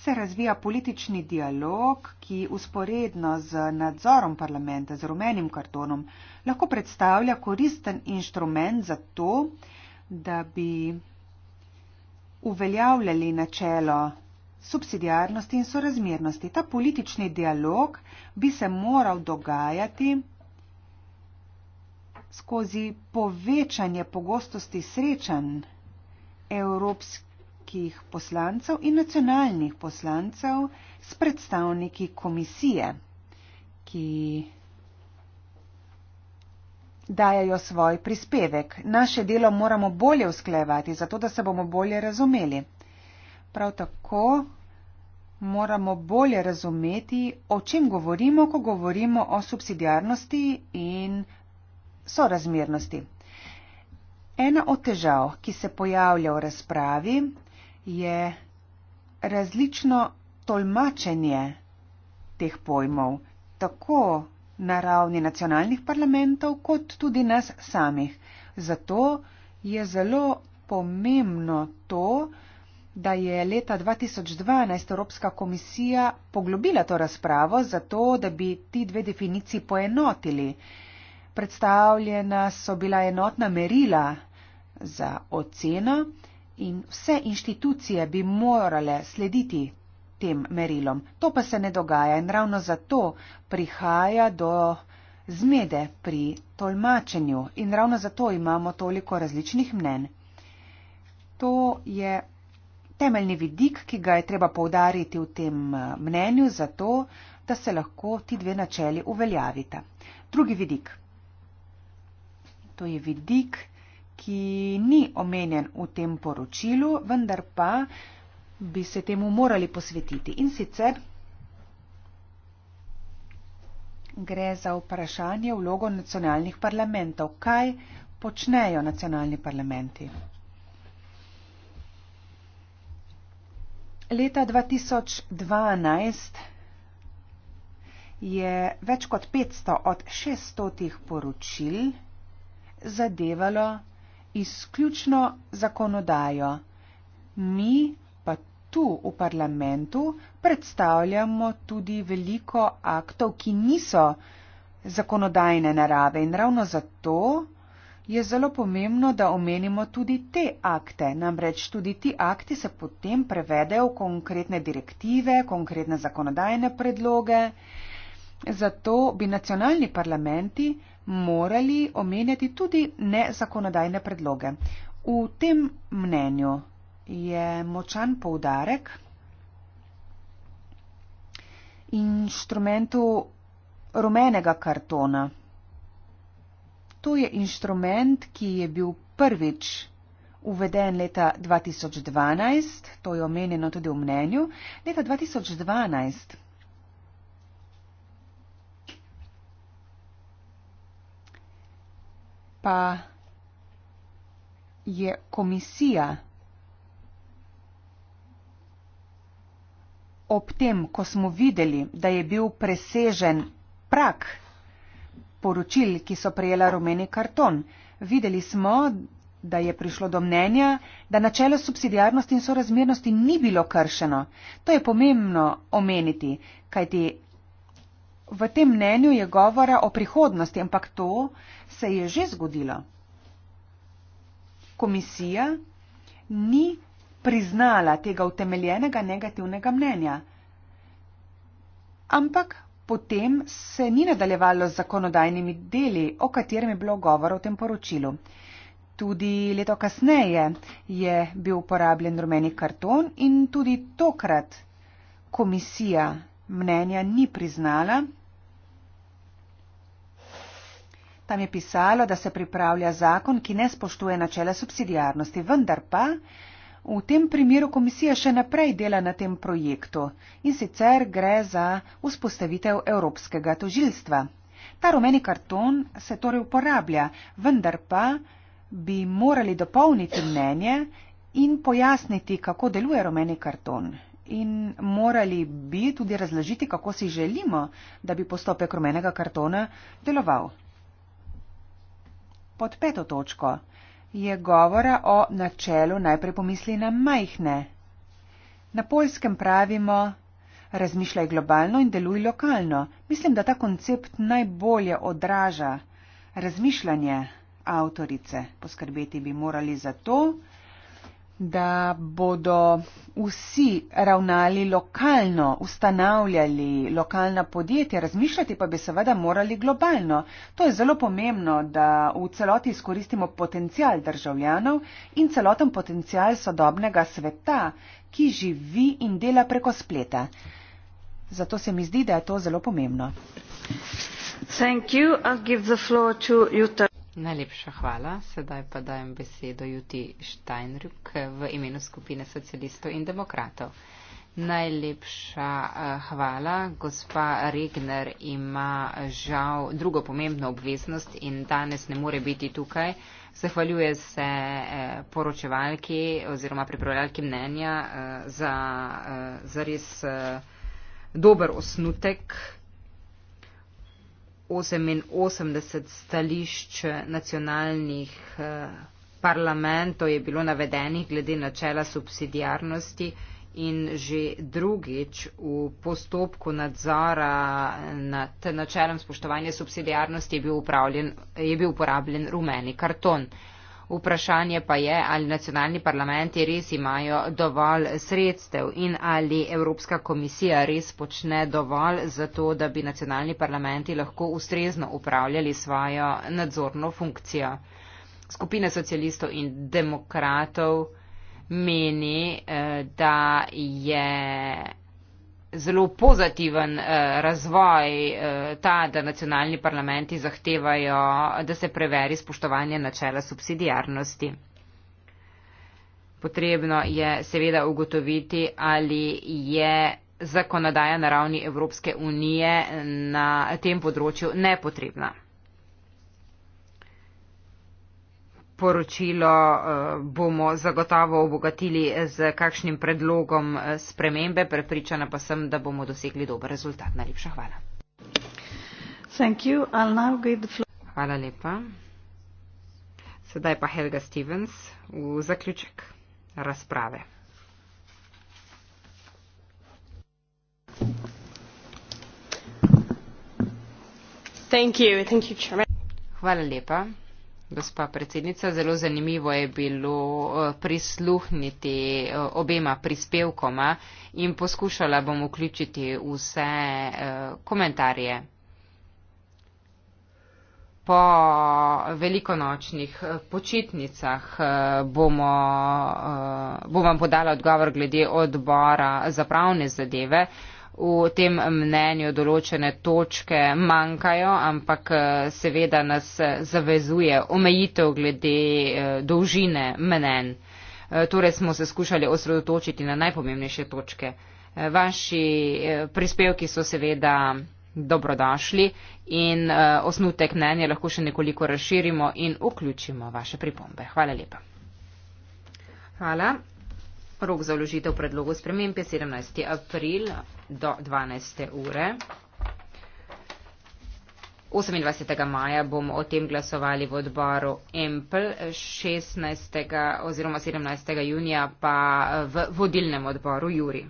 se razvija politični dialog, ki usporedno z nadzorom parlamenta z rumenim kartonom lahko predstavlja koristen inštrument za to, da bi uveljavljali načelo subsidijarnosti in sorazmernosti. Ta politični dialog bi se moral dogajati skozi povečanje pogostosti srečanj evropskih poslancev in nacionalnih poslancev s predstavniki komisije, ki dajajo svoj prispevek. Naše delo moramo bolje usklejevati, zato da se bomo bolje razumeli. Prav tako moramo bolje razumeti, o čem govorimo, ko govorimo o subsidiarnosti in sorazmernosti. Ena od težav, ki se pojavlja v razpravi, je različno tolmačenje teh pojmov, tako na ravni nacionalnih parlamentov, kot tudi nas samih. Zato je zelo pomembno to, da je leta 2012 Evropska komisija poglobila to razpravo, zato da bi ti dve definiciji poenotili. Predstavljena so bila enotna merila za oceno in vse inštitucije bi morale slediti tem merilom. To pa se ne dogaja in ravno zato prihaja do zmede pri tolmačenju in ravno zato imamo toliko različnih mnen. To je temeljni vidik, ki ga je treba povdariti v tem eh, mnenju, zato da se lahko ti dve načeli uveljavita. Drugi vidik. To je vidik, ki ni omenjen v tem poročilu, vendar pa bi se temu morali posvetiti. In sicer gre za vprašanje vlogo nacionalnih parlamentov. Kaj počnejo nacionalni parlamenti? Leta 2012 je več kot 500 od 600 poročil zadevalo izključno zakonodajo. Mi pa tu v parlamentu predstavljamo tudi veliko aktov, ki niso zakonodajne narave in ravno zato je zelo pomembno, da omenimo tudi te akte. Namreč tudi ti akti se potem prevedejo v konkretne direktive, konkretne zakonodajne predloge. Zato bi nacionalni parlamenti morali omenjati tudi nezakonodajne predloge. V tem mnenju je močan poudarek inštrumentu rumenega kartona. To je inštrument, ki je bil prvič uveden leta 2012, to je omenjeno tudi v mnenju, leta 2012. pa je komisija ob tem, ko smo videli, da je bil presežen prak poročil, ki so prejela rumeni karton, videli smo, da je prišlo do mnenja, da načelo subsidijarnosti in sorazmernosti ni bilo kršeno. To je pomembno omeniti, kajti V tem mnenju je govora o prihodnosti, ampak to se je že zgodilo. Komisija ni priznala tega utemeljenega negativnega mnenja, ampak potem se ni nadaljevalo z zakonodajnimi deli, o katerem je bilo govora v tem poročilu. Tudi leto kasneje je bil uporabljen rumeni karton in tudi tokrat komisija mnenja ni priznala. Tam je pisalo, da se pripravlja zakon, ki ne spoštuje načela subsidijarnosti, vendar pa v tem primeru komisija še naprej dela na tem projektu in sicer gre za vzpostavitev Evropskega tožilstva. Ta rumeni karton se torej uporablja, vendar pa bi morali dopolniti mnenje in pojasniti, kako deluje rumeni karton. In morali bi tudi razložiti, kako si želimo, da bi postopek rumenega kartona deloval pod peto točko, je govora o načelu najprej pomisli na majhne. Na polskem pravimo, razmišljaj globalno in deluj lokalno. Mislim, da ta koncept najbolje odraža razmišljanje avtorice. Poskrbeti bi morali za to, da bodo vsi ravnali lokalno, ustanavljali lokalna podjetja, razmišljati pa bi seveda morali globalno. To je zelo pomembno, da v celoti izkoristimo potencial državljanov in celoten potencial sodobnega sveta, ki živi in dela preko spleta. Zato se mi zdi, da je to zelo pomembno. Hvala. Najlepša hvala. Sedaj pa dajem besedo Juti Štajnruk v imenu skupine socialistov in demokratov. Najlepša eh, hvala. Gospa Regner ima eh, žal drugo pomembno obveznost in danes ne more biti tukaj. Zahvaljuje se eh, poročevalki oziroma pripravljalki mnenja za, za res dober osnutek 88 stališč nacionalnih eh, parlamentov je bilo navedenih glede načela subsidijarnosti in že drugič v postopku nadzora nad načelom spoštovanja subsidijarnosti je bil, je bil uporabljen rumeni karton. Vprašanje pa je, ali nacionalni parlamenti res imajo dovolj sredstev in ali Evropska komisija res počne dovolj za to, da bi nacionalni parlamenti lahko ustrezno upravljali svojo nadzorno funkcijo. Skupina socialistov in demokratov meni, eh, da je zelo pozitiven eh, razvoj eh, ta, da nacionalni parlamenti zahtevajo, da se preveri spoštovanje načela subsidijarnosti. Potrebno je seveda ugotoviti, ali je zakonodaja na ravni Evropske unije na tem področju nepotrebna. poročilo eh, bomo zagotovo obogatili z kakšnim predlogom eh, spremembe. Prepričana pa sem, da bomo dosegli dober rezultat. Najlepša hvala. Hvala lepa. Sedaj pa Helga Stevens v zaključek razprave. Thank you. Thank you, Hvala lepa. Gospa predsednica, zelo zanimivo je bilo eh, prisluhniti eh, obema prispevkoma in poskušala bom vključiti vse eh, komentarje. Po velikonočnih počitnicah bomo, bom vam podala odgovor glede odbora za pravne zadeve v tem mnenju določene točke manjkajo, ampak eh, seveda nas eh, zavezuje omejitev glede eh, dolžine mnen. Torej smo se skušali osredotočiti na najpomembnejše točke. Vaši prispevki so seveda dobrodošli in osnutek mnenja lahko še nekoliko razširimo in vključimo vaše pripombe. Hvala lepa. Hvala. Rok za vložitev predlogov sprememb je 17. april do 12. ure. 28. maja bomo o tem glasovali v odboru EMPL, 16. oziroma 17. junija pa v vodilnem odboru Juri.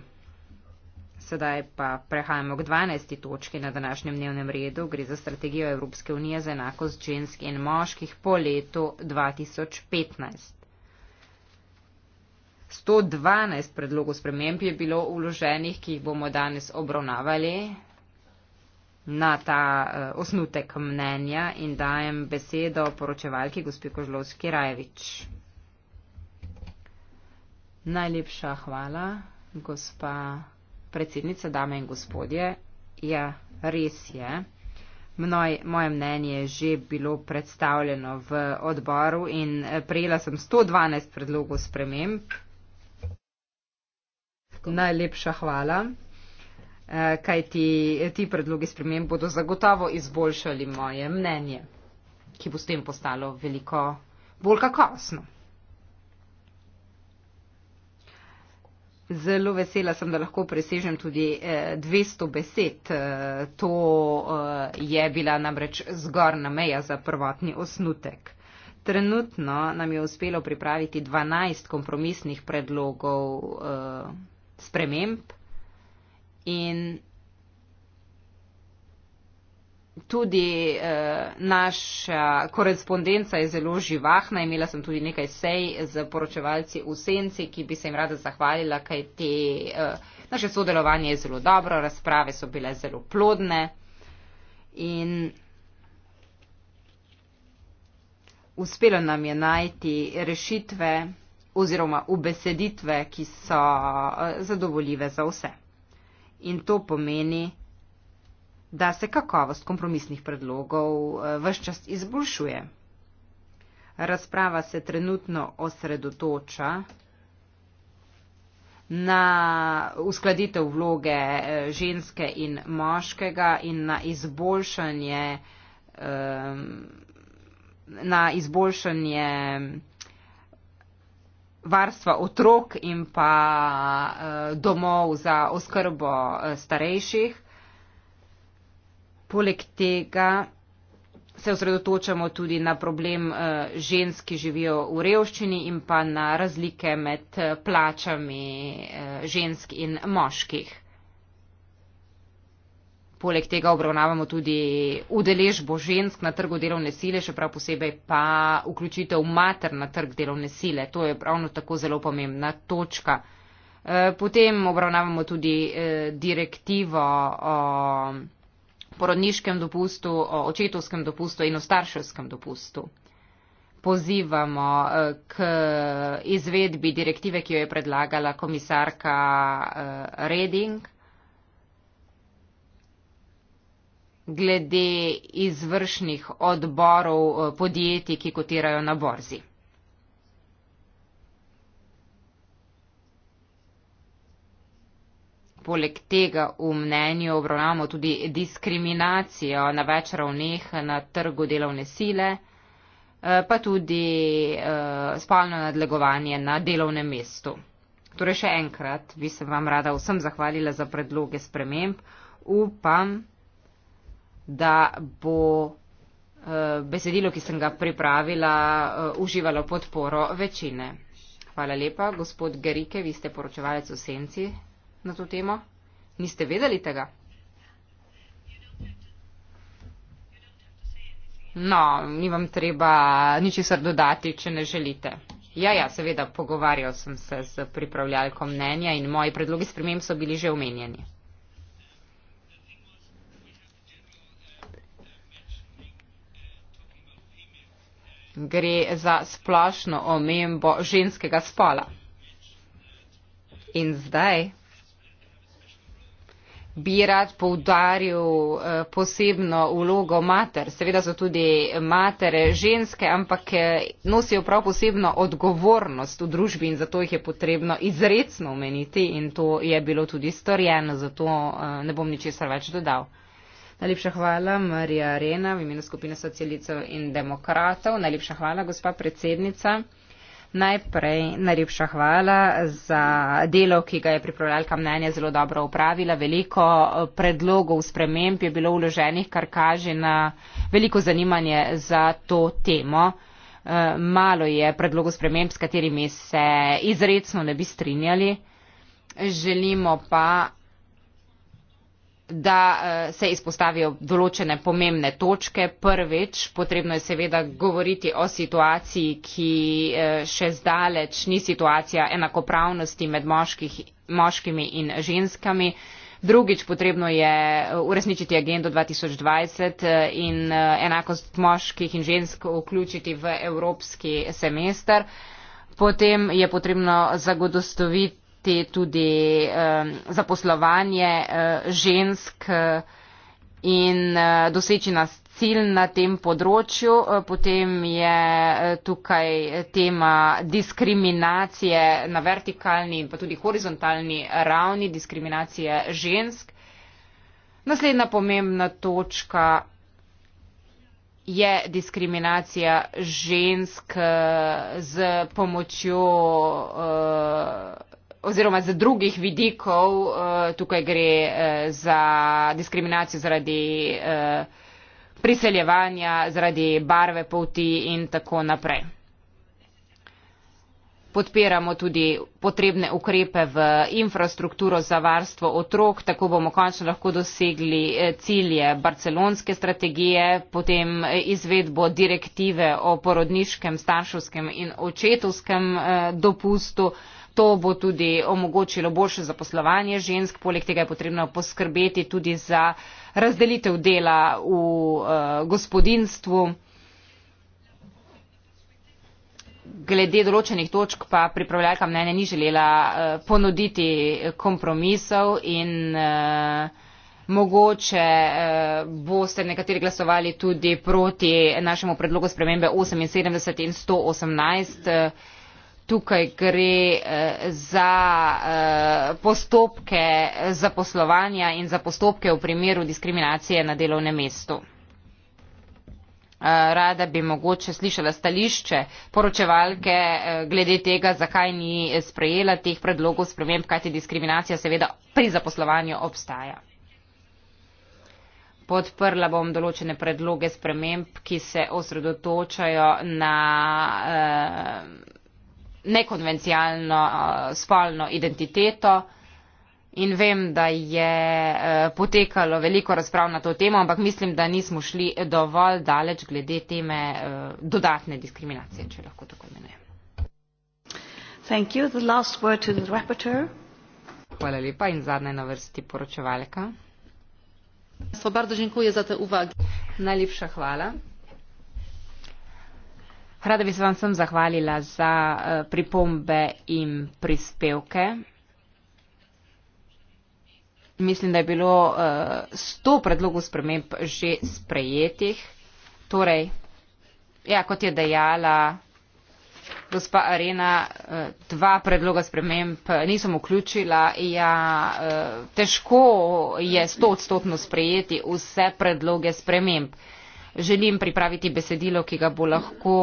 Sedaj pa prehajamo k 12. točki na današnjem dnevnem redu. Gre za strategijo Evropske unije za enakost žensk in moških po letu 2015. 112 predlogov sprememb je bilo uloženih, ki jih bomo danes obravnavali na ta uh, osnutek mnenja in dajem besedo poročevalki gospi Kožlovski Rajevič. Najlepša hvala, gospa predsednica, dame in gospodje. Ja, res je. Mnoj, moje mnenje je že bilo predstavljeno v odboru in eh, prejela sem 112 predlogov sprememb. Tako. Najlepša hvala. Eh, Kaj ti, ti predlogi sprememb bodo zagotovo izboljšali moje mnenje, ki bo s tem postalo veliko bolj kakosno. Zelo vesela sem, da lahko presežem tudi 200 eh, besed. Eh, to je bila namreč zgorna meja za prvotni osnutek. Trenutno nam je uspelo pripraviti 12 kompromisnih predlogov sprememb in tudi uh, naša korespondenca je zelo živahna. Imela sem tudi nekaj sej z poročevalci v senci, ki bi se jim rada zahvalila, kaj te uh, naše sodelovanje je zelo dobro, razprave so bile zelo plodne in uspelo nam je najti rešitve oziroma ubeseditve, ki so eh, zadovoljive za vse. In to pomeni, da se kakovost kompromisnih predlogov eh, vrščas izboljšuje. Razprava se trenutno osredotoča na uskladitev vloge eh, ženske in moškega in na izboljšanje, na izboljšanje varstva otrok in pa eh, domov za oskrbo eh, starejših. Poleg tega se osredotočamo tudi na problem eh, žensk, ki živijo v revščini in pa na razlike med plačami žensk in moških. Poleg tega obravnavamo tudi udeležbo žensk na trgu delovne sile, še prav posebej pa vključitev mater na trg delovne sile. To je pravno tako zelo pomembna točka. E, potem obravnavamo tudi e, direktivo o porodniškem dopustu, o očetovskem dopustu in o starševskem dopustu. Pozivamo e, k izvedbi direktive, ki jo je predlagala komisarka Reding. glede izvršnih odborov eh, podjetij, ki kotirajo na borzi? Poleg tega v mnenju obravnavamo tudi diskriminacijo na več ravneh na trgu delovne sile, eh, pa tudi eh, spolno nadlegovanje na delovnem mestu. Torej še enkrat bi se vam rada vsem zahvalila za predloge sprememb. Upam, da bo uh, besedilo, ki sem ga pripravila, uh, uživalo podporo večine. Hvala lepa, gospod Gerike, vi ste poročevalec v senci na to temo. Niste vedeli tega? No, ni vam treba ničesar dodati, če ne želite. Ja, ja, seveda, pogovarjal sem se z pripravljalkom mnenja in moji predlogi sprememb so bili že omenjeni. gre za splošno omembo ženskega spola. In zdaj bi rad poudaril eh, posebno vlogo mater. Seveda so tudi matere ženske, ampak eh, nosijo prav posebno odgovornost v družbi in zato jih je potrebno izredno omeniti in to je bilo tudi storjeno, zato eh, ne bom ničesar več dodal. Najlepša hvala, Marija Arena, v imenu skupine socialistov in demokratov. Najlepša hvala, gospa predsednica. Najprej najlepša hvala za delo, ki ga je pripravljalka mnenja zelo dobro upravila. Veliko eh, predlogov sprememb je bilo uloženih, kar kaže na veliko zanimanje za to temo. Eh, malo je predlogov sprememb, s katerimi se izredno ne bi strinjali. Želimo pa, da eh, se izpostavijo določene pomembne točke. Prvič, potrebno je seveda govoriti o situaciji, ki eh, še zdaleč ni situacija enakopravnosti med moških, moškimi in ženskami. Drugič, potrebno je eh, uresničiti agendo 2020 in enakost moških in žensk vključiti v evropski semester. Potem je potrebno zagodostoviti vključiti tudi eh, zaposlovanje eh, žensk eh, in eh, doseči nas cilj na tem področju. Eh, potem je eh, tukaj tema diskriminacije na vertikalni in pa tudi horizontalni ravni diskriminacije žensk. Naslednja pomembna točka je diskriminacija žensk z eh, pomočjo uh, oziroma z drugih vidikov, eh, tukaj gre eh, za diskriminacijo zaradi eh, priseljevanja, zaradi barve poti in tako naprej. Podpiramo tudi potrebne ukrepe v infrastrukturo za varstvo otrok, tako bomo končno lahko dosegli cilje barcelonske strategije, potem izvedbo direktive o porodniškem, starševskem in očetovskem dopustu. To bo tudi omogočilo boljše zaposlovanje žensk, poleg tega je potrebno poskrbeti tudi za razdelitev dela v uh, eh, gospodinstvu. Glede določenih točk pa pripravljalka mnenja ni želela uh, ponuditi kompromisov in uh, mogoče uh, boste nekateri glasovali tudi proti našemu predlogu spremembe 78 in 118. Uh, tukaj gre eh, za eh, postopke zaposlovanja in za postopke v primeru diskriminacije na delovnem mestu. Eh, rada bi mogoče slišala stališče poročevalke glede tega, zakaj ni sprejela teh predlogov sprememb, kajti diskriminacija seveda pri zaposlovanju obstaja. Podprla bom določene predloge sprememb, ki se osredotočajo na. Eh, nekonvencionalno spolno identiteto. In vem, da je e, potekalo veliko razprav na to temo, ampak mislim, da nismo šli dovolj daleč glede teme e, dodatne diskriminacije, če lahko tako imenujem. Hvala lepa in zadnje na vrsti poročevalka. Najlepša hvala. Rada bi se vam vsem zahvalila za eh, pripombe in prispevke. Mislim, da je bilo 100 eh, predlogov sprememb že sprejetih. Torej, ja, kot je dejala gospa Arena, eh, dva predloga sprememb nisem vključila. Ja, težko je 100 odstotno sprejeti vse predloge sprememb želim pripraviti besedilo, ki ga bo lahko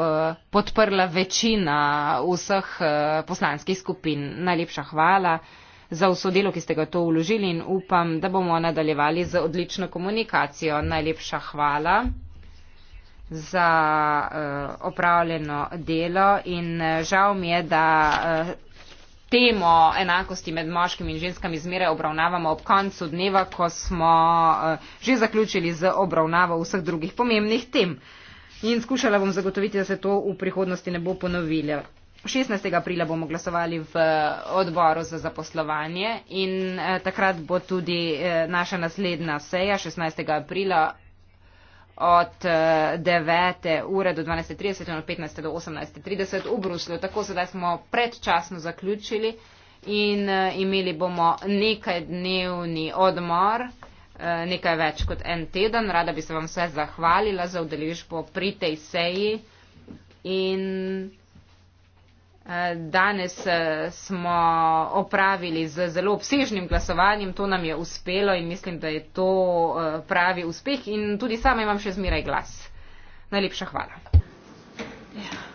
eh, podprla večina vseh eh, poslanskih skupin. Najlepša hvala za vso delo, ki ste ga to uložili in upam, da bomo nadaljevali z odlično komunikacijo. Najlepša hvala za eh, opravljeno delo in žal mi je, da temo enakosti med moškimi in ženskami zmeraj obravnavamo ob koncu dneva, ko smo eh, že zaključili z obravnavo vseh drugih pomembnih tem. In skušala bom zagotoviti, da se to v prihodnosti ne bo ponovilo. 16. aprila bomo glasovali v eh, odboru za zaposlovanje in eh, takrat bo tudi eh, naša naslednja seja 16. aprila od 9. Eh, ure do 12.30 in od 15. do 18.30 v Bruslju. Tako sedaj smo predčasno zaključili in eh, imeli bomo nekaj dnevni odmor, eh, nekaj več kot en teden. Rada bi se vam vse zahvalila za udeležbo pri tej seji. In Danes eh, smo opravili z zelo obsežnim glasovanjem, to nam je uspelo in mislim, da je to eh, pravi uspeh in tudi sama imam še zmeraj glas. Najlepša hvala. Ja.